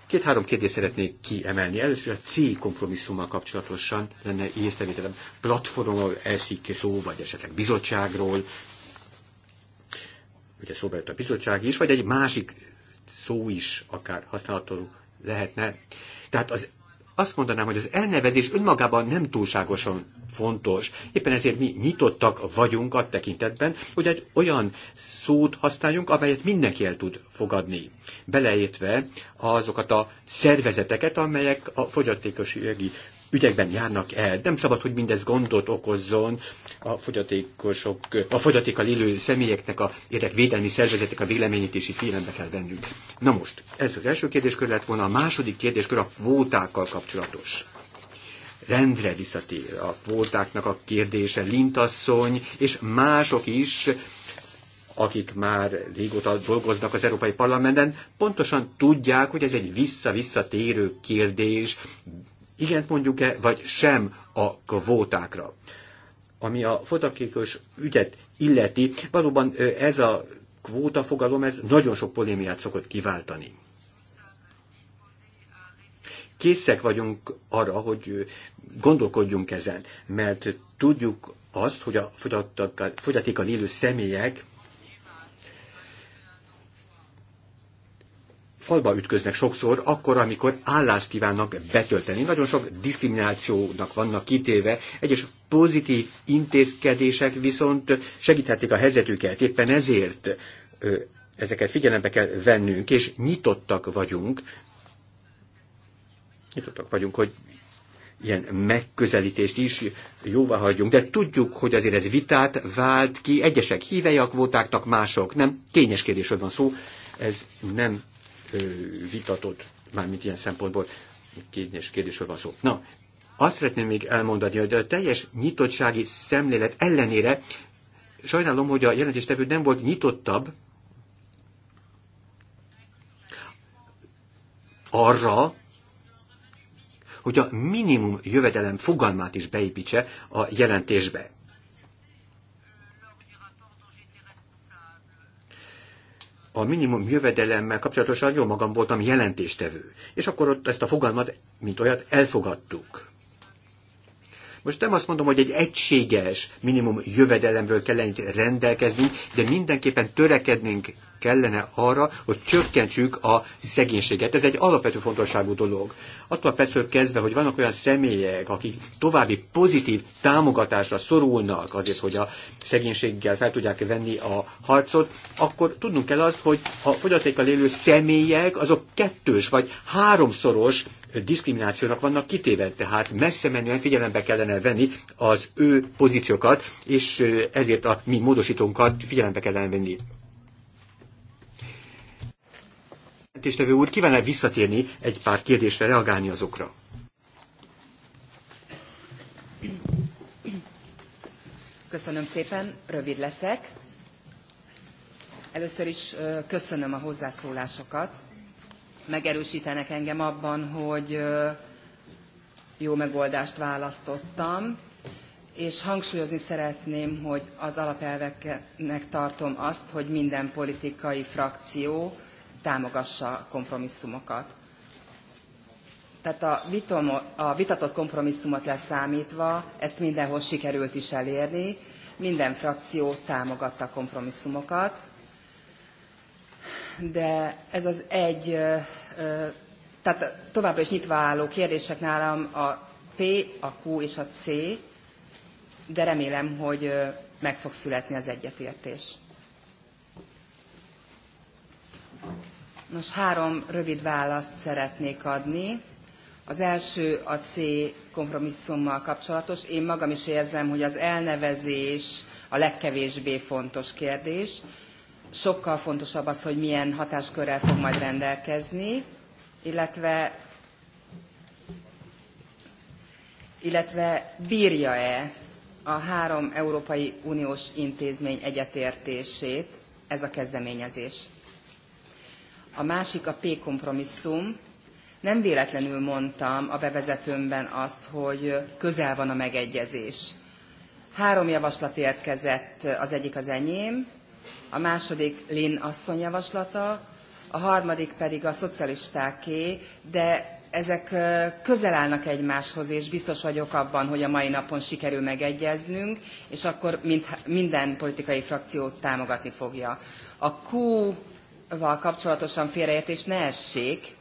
Két-három kérdést szeretnék kiemelni. Először a C kompromisszummal kapcsolatosan lenne észrevételem. Platformról eszik szó, vagy esetleg bizottságról. Ugye szóba jött a bizottság is, vagy egy másik szó is akár használható lehetne. Tehát az azt mondanám, hogy az elnevezés önmagában nem túlságosan fontos. Éppen ezért mi nyitottak vagyunk a tekintetben, hogy egy olyan szót használjunk, amelyet mindenki el tud fogadni, beleértve azokat a szervezeteket, amelyek a fogyatékossági ügyekben járnak el. Nem szabad, hogy mindez gondot okozzon a fogyatékosok, a fogyatékkal élő személyeknek, a érdekvédelmi szervezetek a véleményét is itt figyelembe kell vennünk. Na most, ez az első kérdéskör lett volna, a második kérdéskör a kvótákkal kapcsolatos rendre visszatér a kvótáknak a kérdése, Lintasszony és mások is, akik már régóta dolgoznak az Európai Parlamenten, pontosan tudják, hogy ez egy vissza-visszatérő kérdés, igent mondjuk-e, vagy sem a kvótákra. Ami a fotakékos ügyet illeti, valóban ez a kvóta fogalom, ez nagyon sok polémiát szokott kiváltani. Készek vagyunk arra, hogy gondolkodjunk ezen, mert tudjuk azt, hogy a fogyatékkal élő személyek falba ütköznek sokszor, akkor, amikor állást kívánnak betölteni. Nagyon sok diszkriminációnak vannak kitéve, egyes pozitív intézkedések viszont segíthetik a helyzetüket. Éppen ezért ezeket figyelembe kell vennünk, és nyitottak vagyunk, nyitottak vagyunk, hogy ilyen megközelítést is jóvá hagyjunk, de tudjuk, hogy azért ez vitát vált ki, egyesek hívei a kvótáknak, mások nem. Kényes kérdésről van szó, ez nem vitatott, mármint ilyen szempontból kérdés, kérdésről van szó. Na, azt szeretném még elmondani, hogy a teljes nyitottsági szemlélet ellenére sajnálom, hogy a jelentéstevő nem volt nyitottabb arra, hogy a minimum jövedelem fogalmát is beépítse a jelentésbe. a minimum jövedelemmel kapcsolatosan jó magam voltam jelentéstevő. És akkor ott ezt a fogalmat, mint olyat elfogadtuk. Most nem azt mondom, hogy egy egységes minimum jövedelemről kellene rendelkeznünk, de mindenképpen törekednénk kellene arra, hogy csökkentsük a szegénységet. Ez egy alapvető fontosságú dolog. Attól persze kezdve, hogy vannak olyan személyek, akik további pozitív támogatásra szorulnak azért, hogy a szegénységgel fel tudják venni a harcot, akkor tudnunk kell azt, hogy a fogyatékkal élő személyek azok kettős vagy háromszoros diszkriminációnak vannak kitéve, tehát messze menően figyelembe kellene venni az ő pozíciókat, és ezért a mi módosítónkat figyelembe kellene venni. Jelentéstevő úr, kívánál visszatérni egy pár kérdésre, reagálni azokra? Köszönöm szépen, rövid leszek. Először is köszönöm a hozzászólásokat megerősítenek engem abban, hogy jó megoldást választottam, és hangsúlyozni szeretném, hogy az alapelveknek tartom azt, hogy minden politikai frakció támogassa a kompromisszumokat. Tehát a, vitom, a vitatott kompromisszumot leszámítva ezt mindenhol sikerült is elérni, minden frakció támogatta a kompromisszumokat, de ez az egy tehát továbbra is nyitva álló kérdések nálam a P, a Q és a C, de remélem, hogy meg fog születni az egyetértés. Nos, három rövid választ szeretnék adni. Az első a C kompromisszummal kapcsolatos. Én magam is érzem, hogy az elnevezés a legkevésbé fontos kérdés sokkal fontosabb az, hogy milyen hatáskörrel fog majd rendelkezni, illetve illetve bírja-e a három Európai Uniós intézmény egyetértését ez a kezdeményezés. A másik a P-kompromisszum. Nem véletlenül mondtam a bevezetőmben azt, hogy közel van a megegyezés. Három javaslat érkezett, az egyik az enyém, a második Lin asszony javaslata, a harmadik pedig a szocialistáké, de ezek közel állnak egymáshoz, és biztos vagyok abban, hogy a mai napon sikerül megegyeznünk, és akkor mind minden politikai frakciót támogatni fogja. A Q-val kapcsolatosan félreértés ne essék.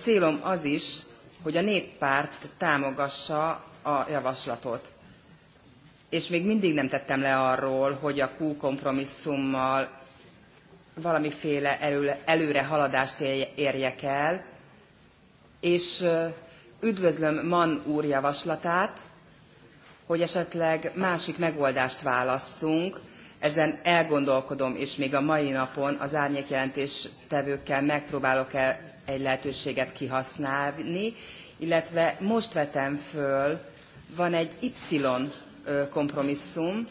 Célom az is, hogy a néppárt támogassa a javaslatot és még mindig nem tettem le arról, hogy a Q kompromisszummal valamiféle előre, haladást érjek el, és üdvözlöm Mann úr javaslatát, hogy esetleg másik megoldást válasszunk, ezen elgondolkodom, és még a mai napon az árnyékjelentés tevőkkel megpróbálok -e egy lehetőséget kihasználni, illetve most vetem föl, van egy Y kompromisszum,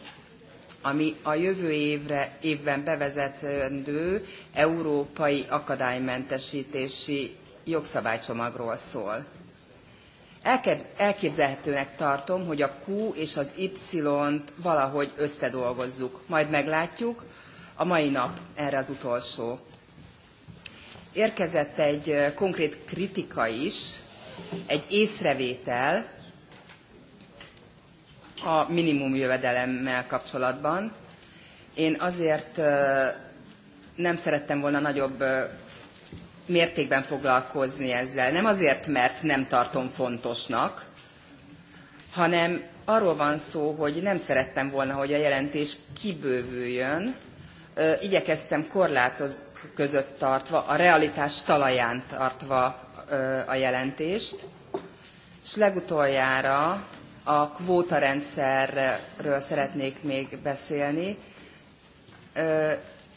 ami a jövő évre, évben bevezetendő európai akadálymentesítési jogszabálycsomagról szól. Elképzelhetőnek tartom, hogy a Q és az Y-t valahogy összedolgozzuk. Majd meglátjuk, a mai nap erre az utolsó. Érkezett egy konkrét kritika is, egy észrevétel, a minimum jövedelemmel kapcsolatban. Én azért nem szerettem volna nagyobb mértékben foglalkozni ezzel. Nem azért, mert nem tartom fontosnak, hanem arról van szó, hogy nem szerettem volna, hogy a jelentés kibővüljön. Igyekeztem korlátoz között tartva, a realitás talaján tartva a jelentést. És legutoljára a kvótarendszerről szeretnék még beszélni.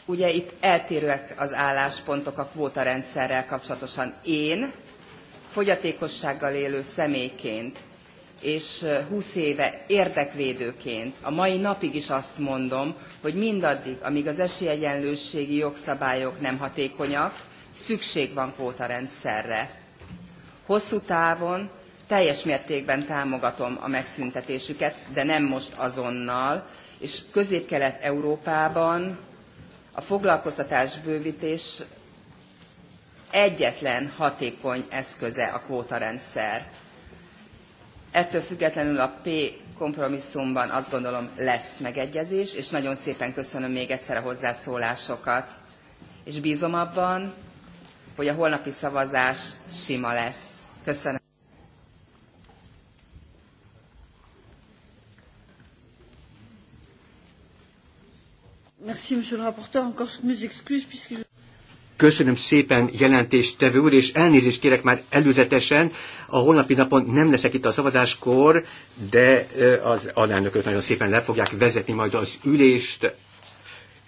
Ugye itt eltérőek az álláspontok a kvótarendszerrel kapcsolatosan. Én fogyatékossággal élő személyként és 20 éve érdekvédőként a mai napig is azt mondom, hogy mindaddig, amíg az esélyegyenlőségi jogszabályok nem hatékonyak, szükség van kvótarendszerre. Hosszú távon teljes mértékben támogatom a megszüntetésüket, de nem most azonnal, és Közép-Kelet-Európában a foglalkoztatás bővítés egyetlen hatékony eszköze a kvótarendszer. Ettől függetlenül a P kompromisszumban azt gondolom lesz megegyezés, és nagyon szépen köszönöm még egyszer a hozzászólásokat. És bízom abban, hogy a holnapi szavazás sima lesz. Köszönöm. Merci, monsieur le rapporteur. Encore mes excuses, puisque Köszönöm szépen, jelentéstevő úr, és elnézést kérek már előzetesen. A holnapi napon nem leszek itt a szavazáskor, de az alelnököt nagyon szépen le fogják vezetni majd az ülést.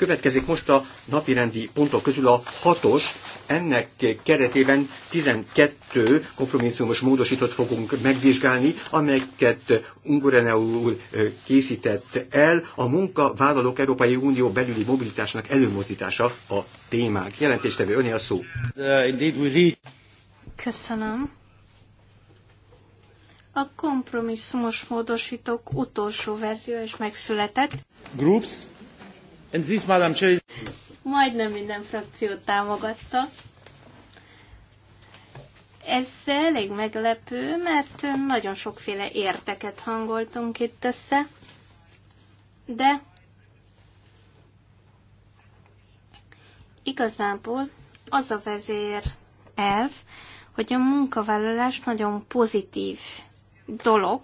Következik most a napirendi pontok közül a hatos, ennek keretében 12 kompromisszumos módosítót fogunk megvizsgálni, amelyeket Ungurene úr készített el a munkavállalók Európai Unió belüli mobilitásnak előmozdítása a témák. Jelentéstevő, öné a szó. Uh, Köszönöm. A kompromisszumos módosítók utolsó verzió is megszületett. Groups And this, Madam Chair, is... Majdnem minden frakció támogatta. Ez elég meglepő, mert nagyon sokféle érteket hangoltunk itt össze, de igazából az a vezér elv, hogy a munkavállalás nagyon pozitív dolog,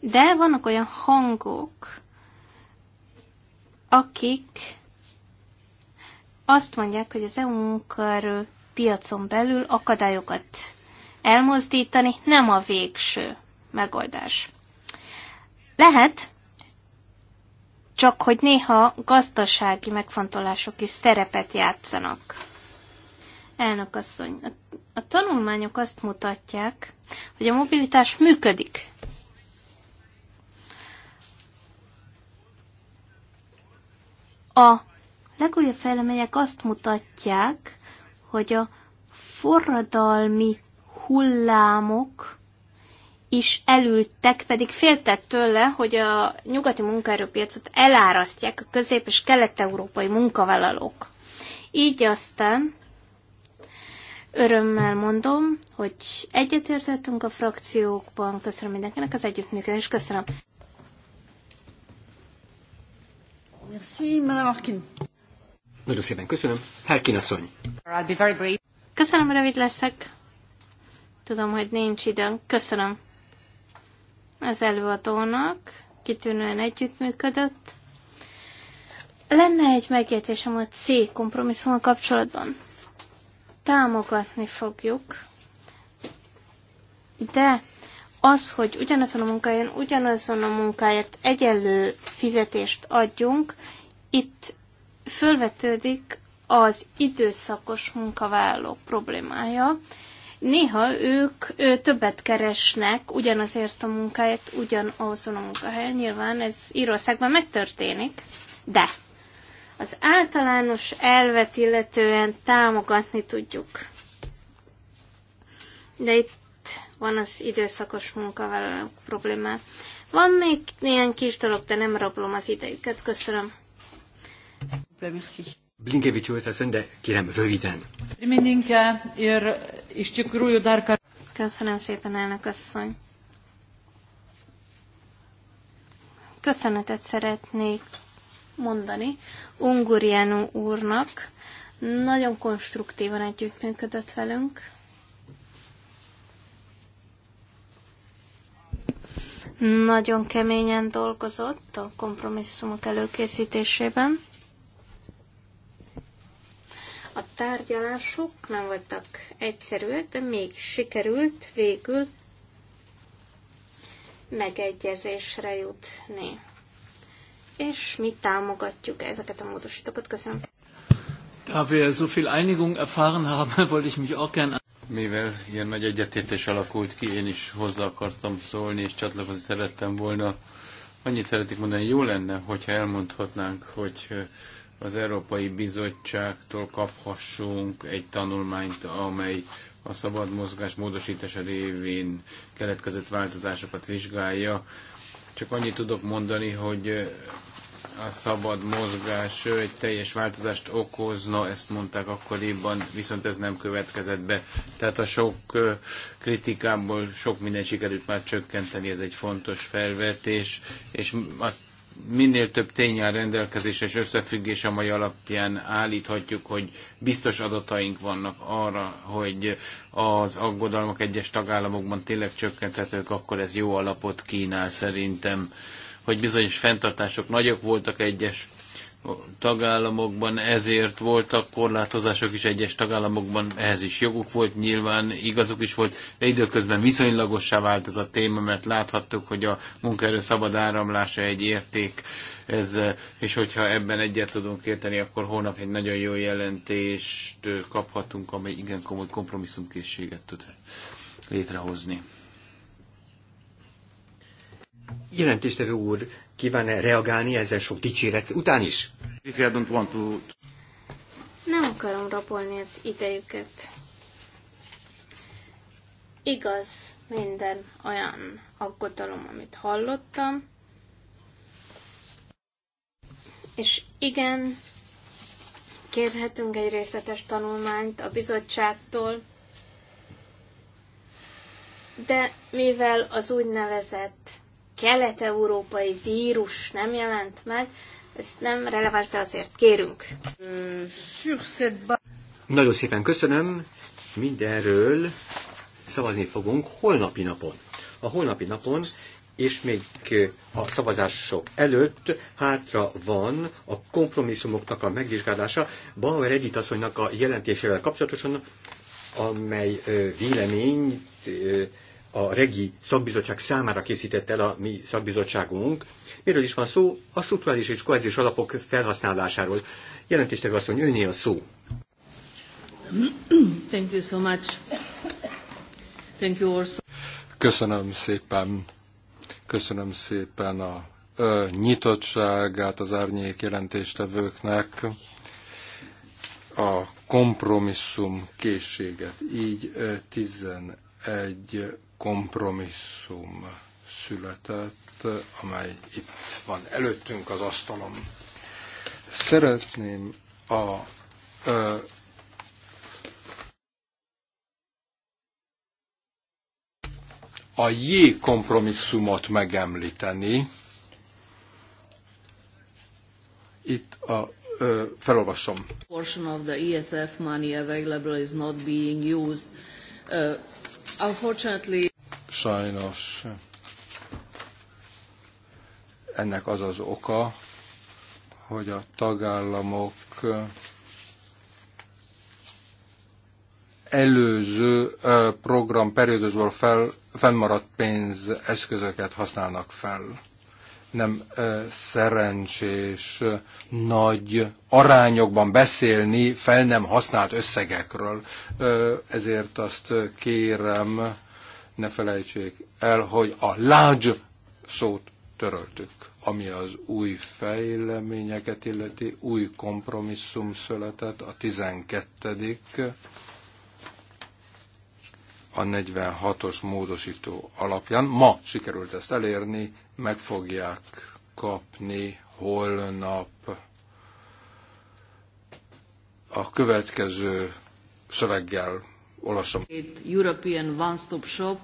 de vannak olyan hangok, akik azt mondják, hogy az EU munkaerő piacon belül akadályokat elmozdítani nem a végső megoldás. Lehet, csak hogy néha gazdasági megfontolások is szerepet játszanak. Elnök asszony, a tanulmányok azt mutatják, hogy a mobilitás működik. A legújabb fejlemények azt mutatják, hogy a forradalmi hullámok is elültek, pedig féltek tőle, hogy a nyugati munkaerőpiacot elárasztják a közép- és kelet-európai munkavállalók. Így aztán örömmel mondom, hogy egyetértettünk a frakciókban. Köszönöm mindenkinek az együttműködést, köszönöm. Merci, Madame Harkin. Nagyon szépen köszönöm. Harkin asszony. I'll be very brief. Köszönöm, rövid leszek. Tudom, hogy nincs időnk. Köszönöm az előadónak. Kitűnően együttműködött. Lenne egy megjegyzésem a C kompromisszum kapcsolatban. Támogatni fogjuk, de az, hogy ugyanazon a munkáján, ugyanazon a munkáért egyenlő fizetést adjunk, itt fölvetődik az időszakos munkavállalók problémája. Néha ők ő, többet keresnek ugyanazért a munkáért, ugyanazon a munkahelyen. Nyilván ez Írországban megtörténik, de az általános elvet illetően támogatni tudjuk. De itt van az időszakos munkavállalók probléma? Van még néhány kis dolog, de nem rablom az idejüket. Köszönöm. Blinkevics volt az de kérem röviden. Köszönöm szépen, elnök asszony. Köszönetet szeretnék mondani Ungurianu úrnak. Nagyon konstruktívan együttműködött velünk. Nagyon keményen dolgozott a kompromisszumok előkészítésében. A tárgyalások nem voltak egyszerűek, de még sikerült végül megegyezésre jutni. És mi támogatjuk ezeket a módosítókat. Köszönöm. Da wir so viel Einigung erfahren haben, wollte ich mich auch gerne mivel ilyen nagy egyetértés alakult ki, én is hozzá akartam szólni, és csatlakozni szerettem volna. Annyit szeretnék mondani, jó lenne, hogyha elmondhatnánk, hogy eh, az Európai Bizottságtól kaphassunk egy tanulmányt, amely a szabad mozgás módosítása révén keletkezett változásokat vizsgálja. Csak annyit tudok mondani, hogy eh, a szabad mozgás egy teljes változást okozna, ezt mondták akkoriban, viszont ez nem következett be. Tehát a sok kritikából sok minden sikerült már csökkenteni, ez egy fontos felvetés, és a minél több tényel rendelkezés és összefüggés, mai alapján állíthatjuk, hogy biztos adataink vannak arra, hogy az aggodalmak egyes tagállamokban tényleg csökkenthetők, akkor ez jó alapot kínál szerintem hogy bizonyos fenntartások nagyok voltak egyes tagállamokban, ezért voltak korlátozások is egyes tagállamokban, ehhez is joguk volt, nyilván igazuk is volt, de időközben viszonylagossá vált ez a téma, mert láthattuk, hogy a munkaerő szabad áramlása egy érték, ez, és hogyha ebben egyet tudunk érteni, akkor holnap egy nagyon jó jelentést kaphatunk, amely igen komoly kompromisszumkészséget tud létrehozni. Jelentéstevő úr, kíván-e reagálni ezzel sok dicséret után is? If you don't want to... Nem akarom rabolni az idejüket. Igaz minden olyan aggodalom, amit hallottam, és igen, kérhetünk egy részletes tanulmányt a bizottságtól, de mivel az úgynevezett kelet-európai vírus nem jelent meg, ez nem releváns, de azért kérünk. Nagyon szépen köszönöm mindenről szavazni fogunk holnapi napon. A holnapi napon, és még a szavazások előtt hátra van a kompromisszumoknak a megvizsgálása Bauer Edith asszonynak a jelentésével kapcsolatosan, amely véleményt a regi szakbizottság számára készített el a mi szakbizottságunk. Miről is van szó? A strukturális és kohezis alapok felhasználásáról. azt, hogy öné a szó. Thank you so much. Thank you also. Köszönöm szépen. Köszönöm szépen a ö, nyitottságát az árnyék jelentéstevőknek, a kompromisszum készséget. Így ö, 11 kompromisszum született, amely itt van előttünk az asztalon. Szeretném a ö, a J kompromisszumot megemlíteni. Itt a ö, felolvasom. Portion of the ESF money available is not being used. Uh, unfortunately Sajnos ennek az az oka, hogy a tagállamok előző program periódusból fel, fennmaradt eszközöket használnak fel. Nem szerencsés nagy arányokban beszélni fel nem használt összegekről. Ezért azt kérem, ne felejtsék el, hogy a lágy szót töröltük, ami az új fejleményeket illeti, új kompromisszum született, a 12 a 46-os módosító alapján. Ma sikerült ezt elérni, meg fogják kapni holnap a következő szöveggel olvasom. European One Stop Shop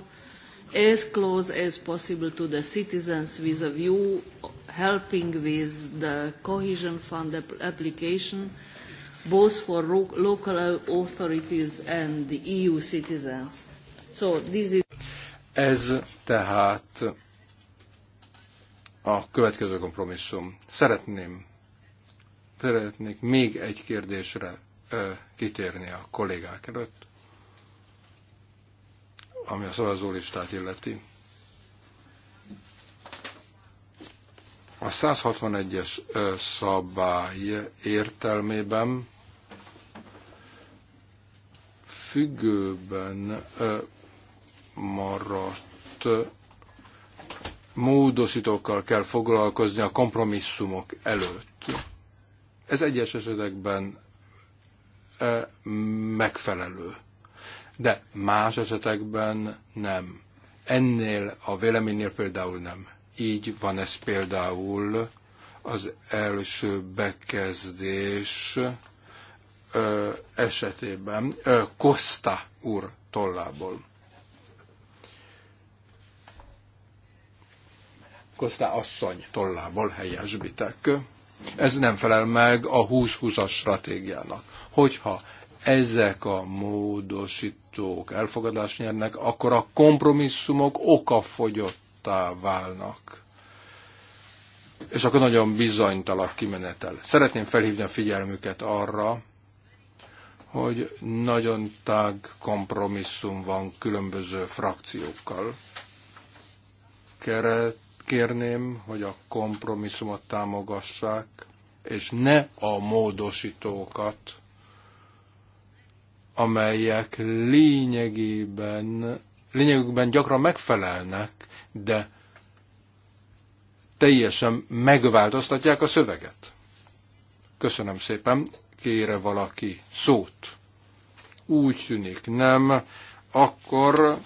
as close as possible to the citizens a view helping with the cohesion fund application both for local authorities and the EU citizens. So this is ez tehát a következő kompromisszum. Szeretném, szeretnék még egy kérdésre ö, kitérni a kollégák előtt ami a szavazólistát illeti. A 161-es szabály értelmében függőben maradt módosítókkal kell foglalkozni a kompromisszumok előtt. Ez egyes esetekben megfelelő de más esetekben nem. Ennél a véleménynél például nem. Így van ez például az első bekezdés ö, esetében ö, Costa úr tollából. Costa asszony tollából helyesbitek. Ez nem felel meg a 20-20-as stratégiának. Hogyha ezek a módosítók elfogadást nyernek, akkor a kompromisszumok okafogyottá válnak. És akkor nagyon bizonytalan kimenetel. Szeretném felhívni a figyelmüket arra, hogy nagyon tág kompromisszum van különböző frakciókkal. Kérném, hogy a kompromisszumot támogassák, és ne a módosítókat, amelyek lényegében, lényegükben gyakran megfelelnek, de teljesen megváltoztatják a szöveget. Köszönöm szépen, kére valaki szót. Úgy tűnik, nem, akkor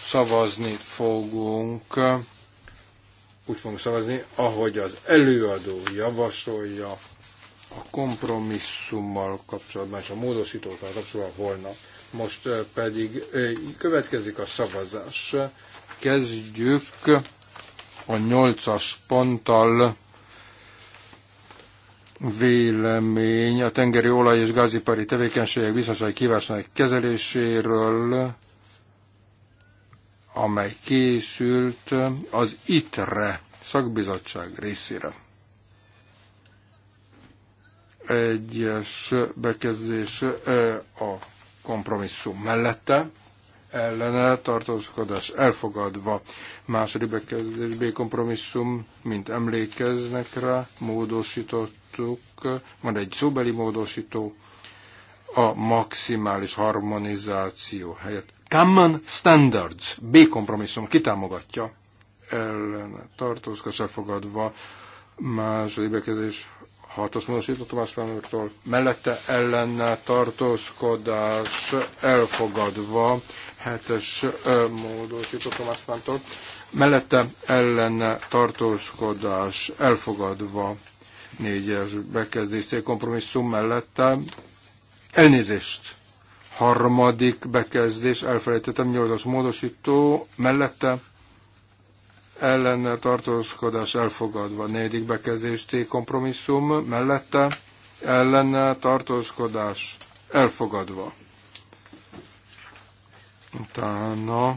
szavazni fogunk, úgy fogunk szavazni, ahogy az előadó javasolja a kompromisszummal kapcsolatban és a módosítókkal kapcsolatban volna. Most pedig következik a szavazás. Kezdjük a nyolcas ponttal vélemény a tengeri olaj és gázipari tevékenységek biztonsági kívásának kezeléséről, amely készült az ITRE szakbizottság részére egyes bekezdés a kompromisszum mellette, ellene tartózkodás elfogadva. Második bekezdés B kompromisszum, mint emlékeznek rá, módosítottuk, van egy szóbeli módosító, a maximális harmonizáció helyett. Common Standards, B kompromisszum, kitámogatja ellen tartózkodás elfogadva. Második bekezdés Hatos módosító Tomás Pánoktól, mellette ellenne tartózkodás elfogadva. Hetes módosító Tomás Fánortól mellette ellenne tartózkodás elfogadva. Négyes bekezdés kompromisszum mellette elnézést. Harmadik bekezdés, elfelejtettem, nyolcas módosító mellette ellene tartózkodás elfogadva. Negyedik bekezdés T kompromisszum mellette ellene tartózkodás elfogadva. Utána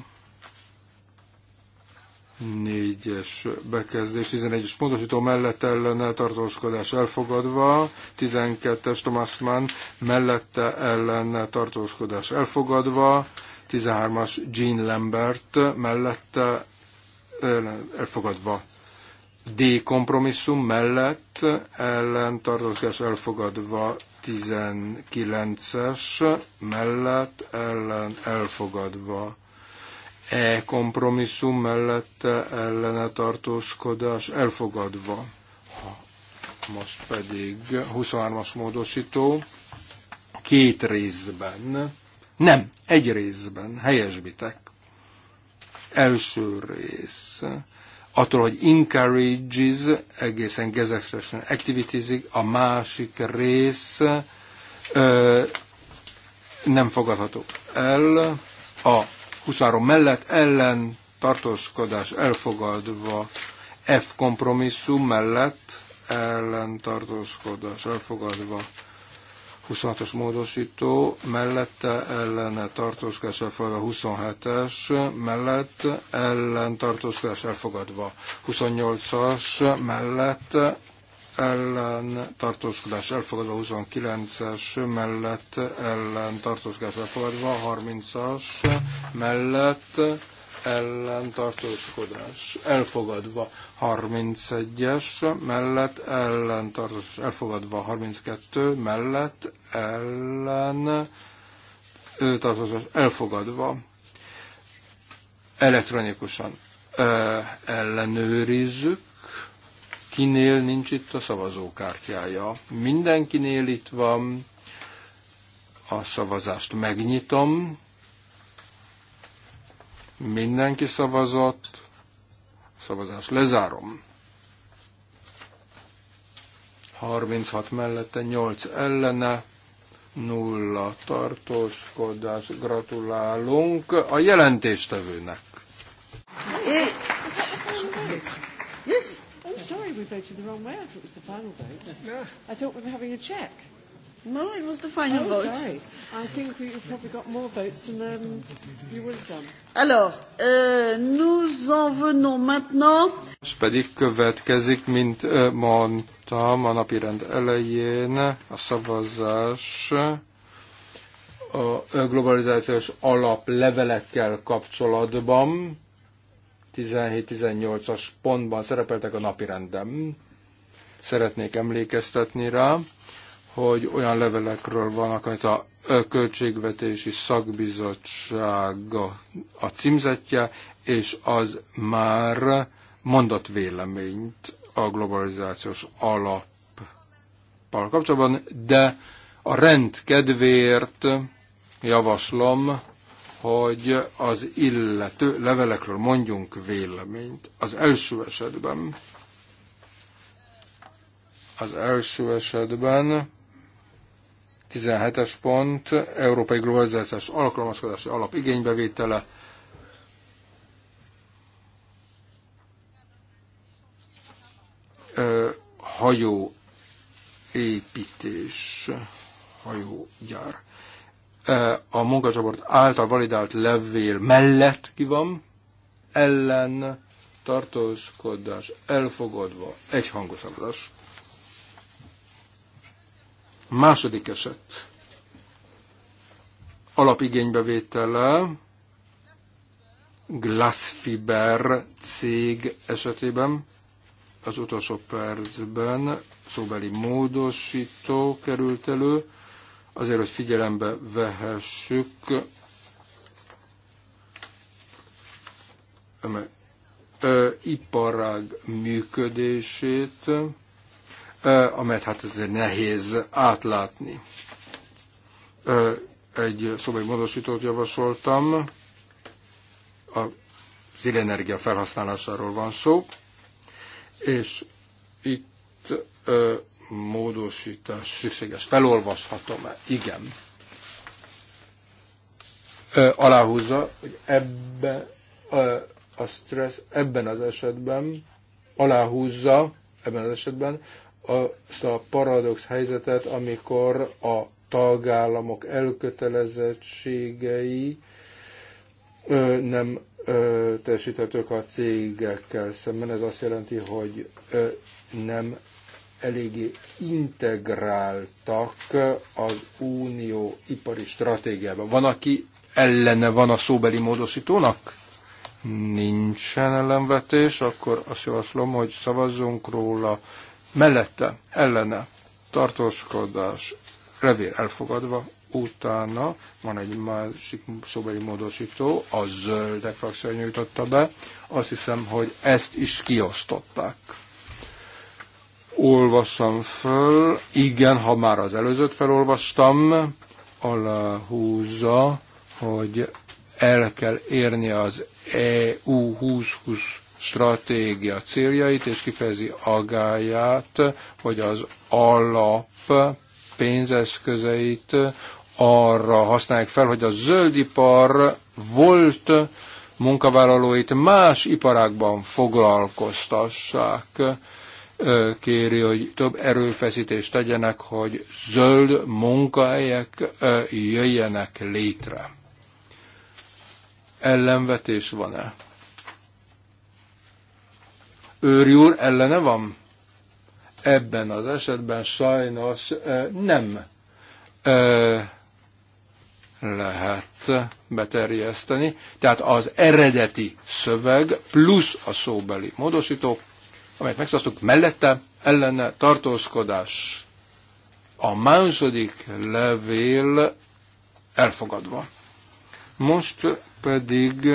négyes bekezdés, 11-es módosító mellett ellene tartózkodás elfogadva, 12-es Thomas Mann mellette ellene tartózkodás elfogadva, 13-as Jean Lambert mellette elfogadva. D kompromisszum mellett ellentartózkodás elfogadva 19-es mellett ellen elfogadva. E kompromisszum mellett ellene tartózkodás elfogadva. Most pedig 23-as módosító két részben, nem, egy részben helyesbitek. Első rész. Attól, hogy encourages, egészen gezetresen activitiesig, a másik rész ö, nem fogadható el. A 23 mellett ellen tartózkodás elfogadva F kompromisszum mellett ellen tartózkodás elfogadva 26-os módosító, mellette ellene tartózkodás elfogadva 27-es, mellett ellen tartózkodás elfogadva 28-as, mellett ellen tartózkodás elfogadva 29-es, mellett ellen tartózkodás elfogadva 30-as, mellett ellentartózkodás elfogadva 31-es, mellett ellentartózkodás elfogadva 32, mellett ellen tartózkodás elfogadva elektronikusan ö, ellenőrizzük, kinél nincs itt a szavazókártyája. Mindenkinél itt van, a szavazást megnyitom, Mindenki szavazott. szavazás lezárom. 36 mellette, 8 ellene, nulla tartózkodás. Gratulálunk a jelentéstevőnek. Yes? I'm sorry we voted the wrong way. I thought it was the final vote. Yeah. I thought we were having a check. No, it was the final oh, vote. Sorry. I think we probably got more votes than um, you would have done. Alors, euh, nous en venons maintenant. Most pedig következik, mint mondtam a napi rend elején, a szavazás a globalizációs alap levelekkel kapcsolatban 17-18-as pontban szerepeltek a napirendem. Szeretnék emlékeztetni rá hogy olyan levelekről vannak, amit a költségvetési szakbizottsága a címzetje, és az már mondott véleményt a globalizációs alappal kapcsolatban, de a rend kedvéért javaslom, hogy az illető levelekről mondjunk véleményt. Az első esetben az első esetben 17-es pont, Európai Globalizációs Alkalmazkodási Alap igénybevétele. hajó építés, hajógyár. A munkacsoport által validált levél mellett ki van, ellen tartózkodás elfogadva, egy hangoszabadás. Második eset. Alapigénybevétele Glassfiber cég esetében az utolsó percben szóbeli módosító került elő, azért, hogy figyelembe vehessük, iparág működését, amelyet hát ezért nehéz átlátni. Egy szobai módosítót javasoltam, a zilenergia felhasználásáról van szó, és itt módosítás szükséges. Felolvashatom -e? Igen. aláhúzza, hogy ebbe a stressz ebben az esetben aláhúzza, ebben az esetben azt a paradox helyzetet, amikor a tagállamok elkötelezettségei nem teljesíthetők a cégekkel szemben. Ez azt jelenti, hogy nem eléggé integráltak az unió ipari stratégiában. Van, aki ellene van a szóbeli módosítónak? Nincsen ellenvetés, akkor azt javaslom, hogy szavazzunk róla mellette, ellene, tartózkodás, levél elfogadva, utána van egy másik szobai módosító, a zöldek frakció nyújtotta be, azt hiszem, hogy ezt is kiosztották. Olvassam föl, igen, ha már az előzőt felolvastam, aláhúzza, hogy el kell érni az EU 2020 stratégia céljait, és kifejezi agáját, hogy az alap pénzeszközeit arra használják fel, hogy a zöldipar volt munkavállalóit más iparákban foglalkoztassák. Kéri, hogy több erőfeszítést tegyenek, hogy zöld munkahelyek jöjjenek létre. Ellenvetés van-e? Őri úr ellene van? Ebben az esetben sajnos nem lehet beterjeszteni. Tehát az eredeti szöveg plusz a szóbeli módosító, amelyet megszasztunk mellette, ellene tartózkodás. A második levél elfogadva. Most pedig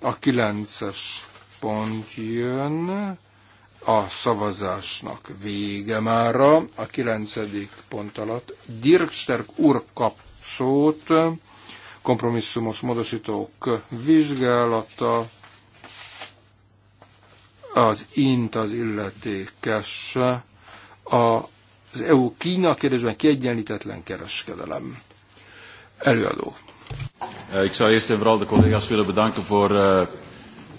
a kilences pont jön a szavazásnak vége mára, a kilencedik pont alatt. Dirk Sterk úr kap szót, kompromisszumos módosítók vizsgálata, az INT az illetékes, az EU-Kína kérdésben kiegyenlítetlen kereskedelem. Előadó. Eh, ik zou eerst en vooral de collega's willen bedanken voor eh,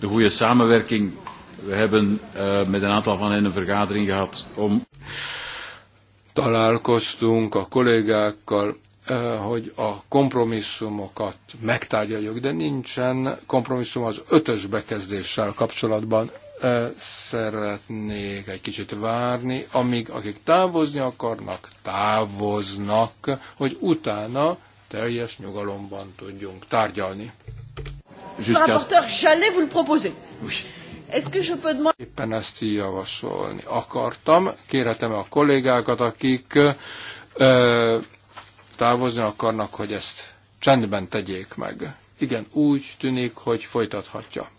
de goede samenwerking. We hebben uh, met een aantal van hen een vergadering gehad om. Találkoztunk a kollégákkal, eh, hogy a kompromisszumokat megtárgyaljuk, de nincsen kompromisszum az ötös bekezdéssel kapcsolatban. Eh, szeretnék egy kicsit várni, amíg akik távozni akarnak, távoznak, hogy utána teljes nyugalomban tudjunk tárgyalni. Monsieur le rapporteur, j'allais vous le proposer. Oui. Est-ce que je peux demander... Éppen ezt javasolni akartam. kérhetem a kollégákat, akik ö, távozni akarnak, hogy ezt csendben tegyék meg. Igen, úgy tűnik, hogy folytathatja.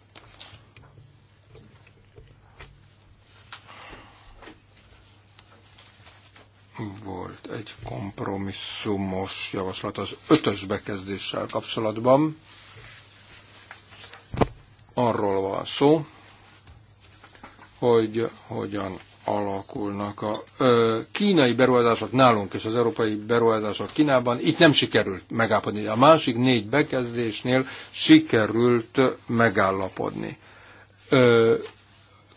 Volt egy kompromisszumos javaslat az ötös bekezdéssel kapcsolatban arról van szó, hogy hogyan alakulnak a ö, kínai beruházások nálunk és az európai beruházások Kínában. Itt nem sikerült megállapodni. A másik négy bekezdésnél sikerült megállapodni. Ö,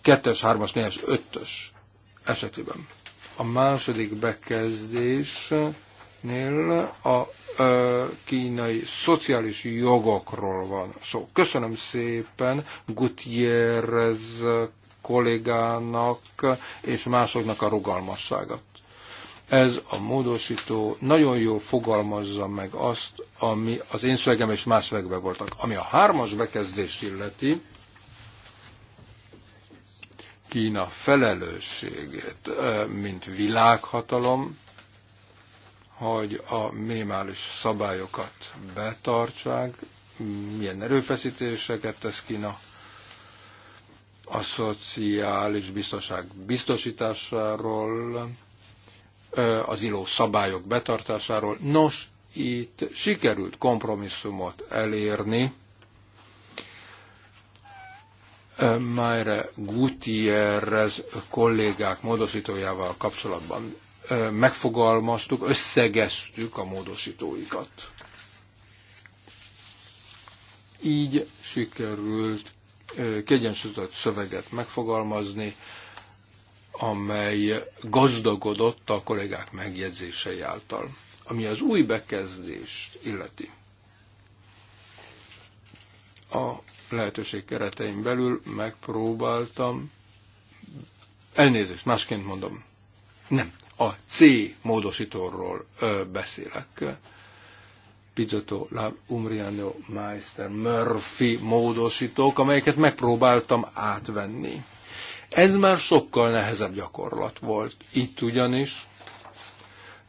kettes, hármas, négyes, ötös esetében. A második bekezdés esetnél a kínai szociális jogokról van szó. Köszönöm szépen Gutierrez kollégának és másoknak a rugalmasságot. Ez a módosító nagyon jól fogalmazza meg azt, ami az én szövegem és más szövegben voltak. Ami a hármas bekezdést illeti, Kína felelősségét, mint világhatalom, hogy a minimális szabályokat betartsák, milyen erőfeszítéseket tesz Kína a szociális biztonság biztosításáról, az illó szabályok betartásáról. Nos, itt sikerült kompromisszumot elérni. Májre Gutierrez kollégák módosítójával kapcsolatban megfogalmaztuk, összegeztük a módosítóikat. Így sikerült kiegyensúlyozott szöveget megfogalmazni, amely gazdagodott a kollégák megjegyzései által, ami az új bekezdést illeti. A lehetőség keretein belül megpróbáltam, elnézést, másként mondom, nem, a C módosítóról beszélek. Pizzotto, la Umbriano, Meister, Murphy módosítók, amelyeket megpróbáltam átvenni. Ez már sokkal nehezebb gyakorlat volt. Itt ugyanis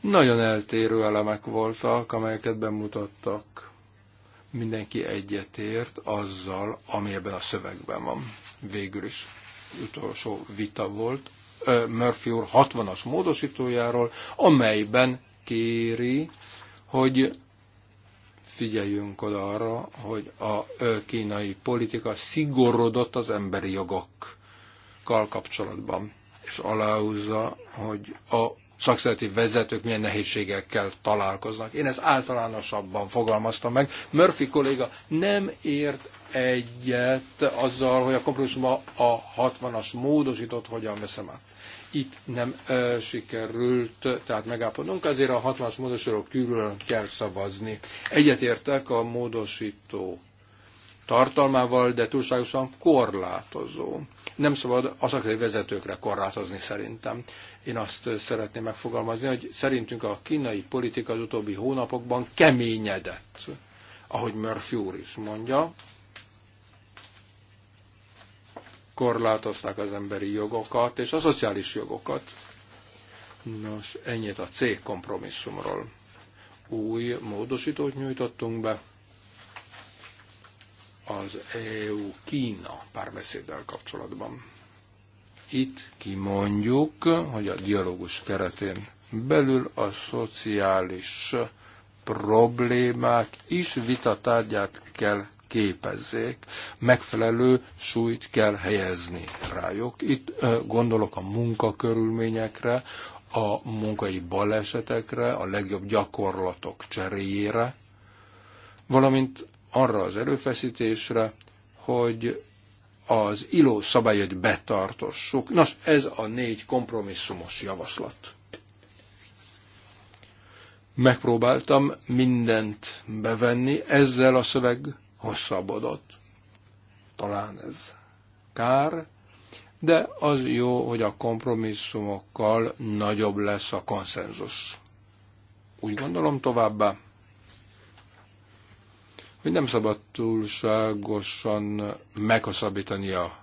nagyon eltérő elemek voltak, amelyeket bemutattak. Mindenki egyetért azzal, ami ebben a szövegben van. Végül is utolsó vita volt Murphy úr 60-as módosítójáról, amelyben kéri, hogy figyeljünk oda arra, hogy a kínai politika szigorodott az emberi jogokkal kapcsolatban, és aláhúzza, hogy a szakszereti vezetők milyen nehézségekkel találkoznak. Én ezt általánosabban fogalmaztam meg. Murphy kolléga nem ért egyet azzal, hogy a kompromisszum a 60-as módosított hogyan veszem át. Itt nem ö, sikerült, tehát megállapodunk, ezért a 60-as módosítóról külön kell szavazni. Egyetértek a módosító tartalmával, de túlságosan korlátozó. Nem szabad a vezetőkre korlátozni szerintem. Én azt szeretném megfogalmazni, hogy szerintünk a kínai politika az utóbbi hónapokban keményedett, ahogy Murphy úr is mondja, korlátozták az emberi jogokat és a szociális jogokat. Nos, ennyit a C kompromisszumról. Új módosítót nyújtottunk be az EU-Kína párbeszéddel kapcsolatban. Itt kimondjuk, hogy a dialógus keretén belül a szociális problémák is vitatárgyát kell képezzék, megfelelő súlyt kell helyezni rájuk. Itt gondolok a munkakörülményekre, a munkai balesetekre, a legjobb gyakorlatok cseréjére, valamint arra az erőfeszítésre, hogy az ILO szabályait betartossuk. Nos, ez a négy kompromisszumos javaslat. Megpróbáltam mindent bevenni, ezzel a szöveggel szabadat. Talán ez kár, de az jó, hogy a kompromisszumokkal nagyobb lesz a konszenzus. Úgy gondolom továbbá, hogy nem szabad túlságosan meghosszabbítani a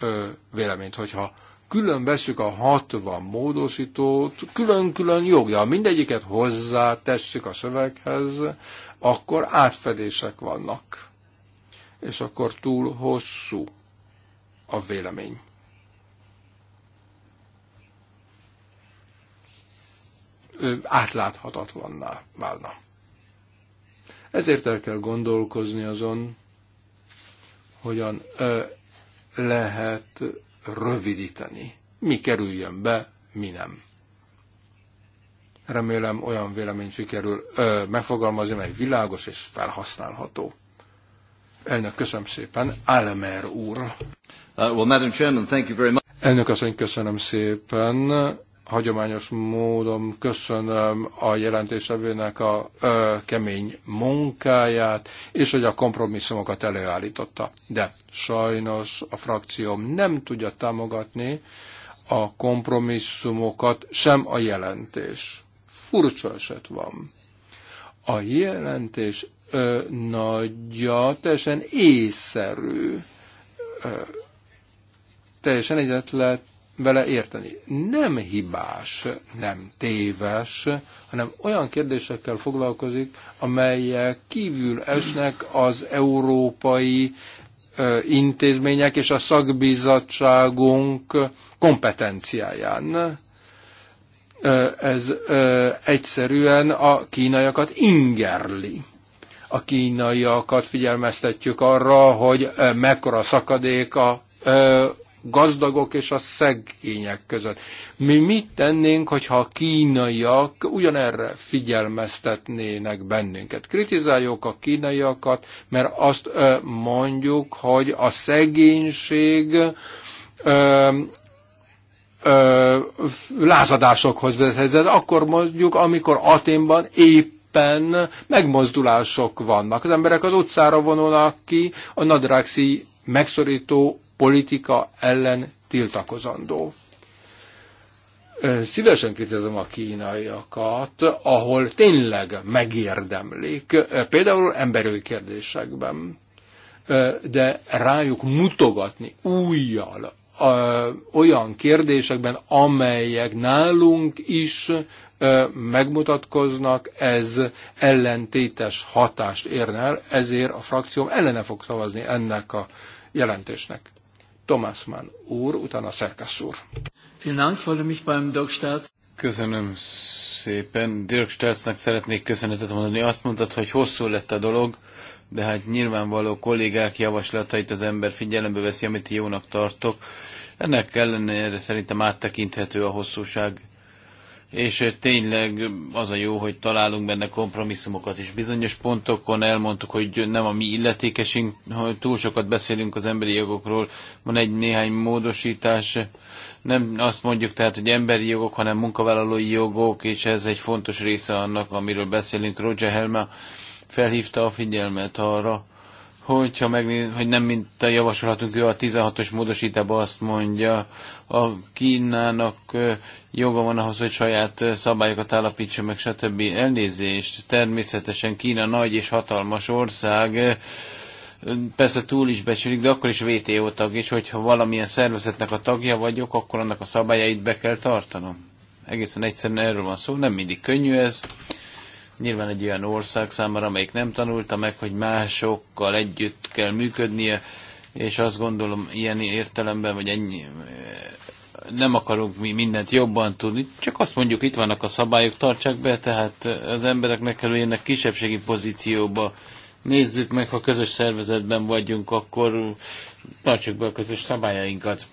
ö, véleményt, hogyha külön veszük a 60 módosítót, külön-külön jogja, mindegyiket hozzá tesszük a szöveghez, akkor átfedések vannak és akkor túl hosszú a vélemény. átláthatatlanná válna. Ezért el kell gondolkozni azon, hogyan ö, lehet rövidíteni. Mi kerüljön be, mi nem. Remélem olyan vélemény sikerül ö, megfogalmazni, mely világos és felhasználható. Elnök, köszönöm szépen. Álmer úr. Uh, well, Madam Chairman, thank you very much. Elnök asszony, köszönöm szépen. Hagyományos módon köszönöm a jelentésevőnek a ö, kemény munkáját, és hogy a kompromisszumokat előállította. De sajnos a frakcióm nem tudja támogatni a kompromisszumokat, sem a jelentés. Furcsa eset van. A jelentés ö, nagyja teljesen észszerű. Ö, teljesen egyet lehet vele érteni. Nem hibás, nem téves, hanem olyan kérdésekkel foglalkozik, amelyek kívül esnek az európai intézmények és a szakbizottságunk kompetenciáján. Ez egyszerűen a kínaiakat ingerli. A kínaiakat figyelmeztetjük arra, hogy mekkora szakadék a gazdagok és a szegények között. Mi mit tennénk, hogyha a kínaiak ugyanerre figyelmeztetnének bennünket? Kritizáljuk a kínaiakat, mert azt mondjuk, hogy a szegénység ö, ö, lázadásokhoz vezet. Akkor mondjuk, amikor Aténban épp éppen megmozdulások vannak. Az emberek az utcára vonulnak ki, a nadráxi megszorító politika ellen tiltakozandó. Szívesen kritizálom a kínaiakat, ahol tényleg megérdemlik, például emberi kérdésekben, de rájuk mutogatni újjal olyan kérdésekben, amelyek nálunk is megmutatkoznak, ez ellentétes hatást érne el, ezért a frakcióm ellene fog szavazni ennek a jelentésnek. Tomás Mann úr, utána Szerkesz úr. Köszönöm szépen. Dirk Sterznek szeretnék köszönetet mondani. Azt mondtad, hogy hosszú lett a dolog de hát nyilvánvaló kollégák javaslatait az ember figyelembe veszi, amit jónak tartok. Ennek ellenére szerintem áttekinthető a hosszúság, és eh, tényleg az a jó, hogy találunk benne kompromisszumokat is. Bizonyos pontokon elmondtuk, hogy nem a mi illetékesünk, hogy túl sokat beszélünk az emberi jogokról, van egy néhány módosítás, nem azt mondjuk tehát, hogy emberi jogok, hanem munkavállalói jogok, és ez egy fontos része annak, amiről beszélünk. Roger Helma felhívta a figyelmet arra, hogyha megnéz, hogy nem mint javasolhatunk, ő a 16-os módosítában azt mondja, a Kínának joga van ahhoz, hogy saját szabályokat állapítson meg, stb. Elnézést. Természetesen Kína nagy és hatalmas ország, persze túl is becsülik, de akkor is WTO tag, és hogyha valamilyen szervezetnek a tagja vagyok, akkor annak a szabályait be kell tartanom. Egészen egyszerűen erről van szó, nem mindig könnyű ez nyilván egy olyan ország számára, amelyik nem tanulta meg, hogy másokkal együtt kell működnie, és azt gondolom ilyen értelemben, vagy ennyi, eh, nem akarunk mi mindent jobban tudni, csak azt mondjuk, itt vannak a szabályok, tartsák be, tehát az embereknek kell ennek kisebbségi pozícióba. Nézzük meg, ha közös szervezetben vagyunk, akkor tartsuk be a közös szabályainkat.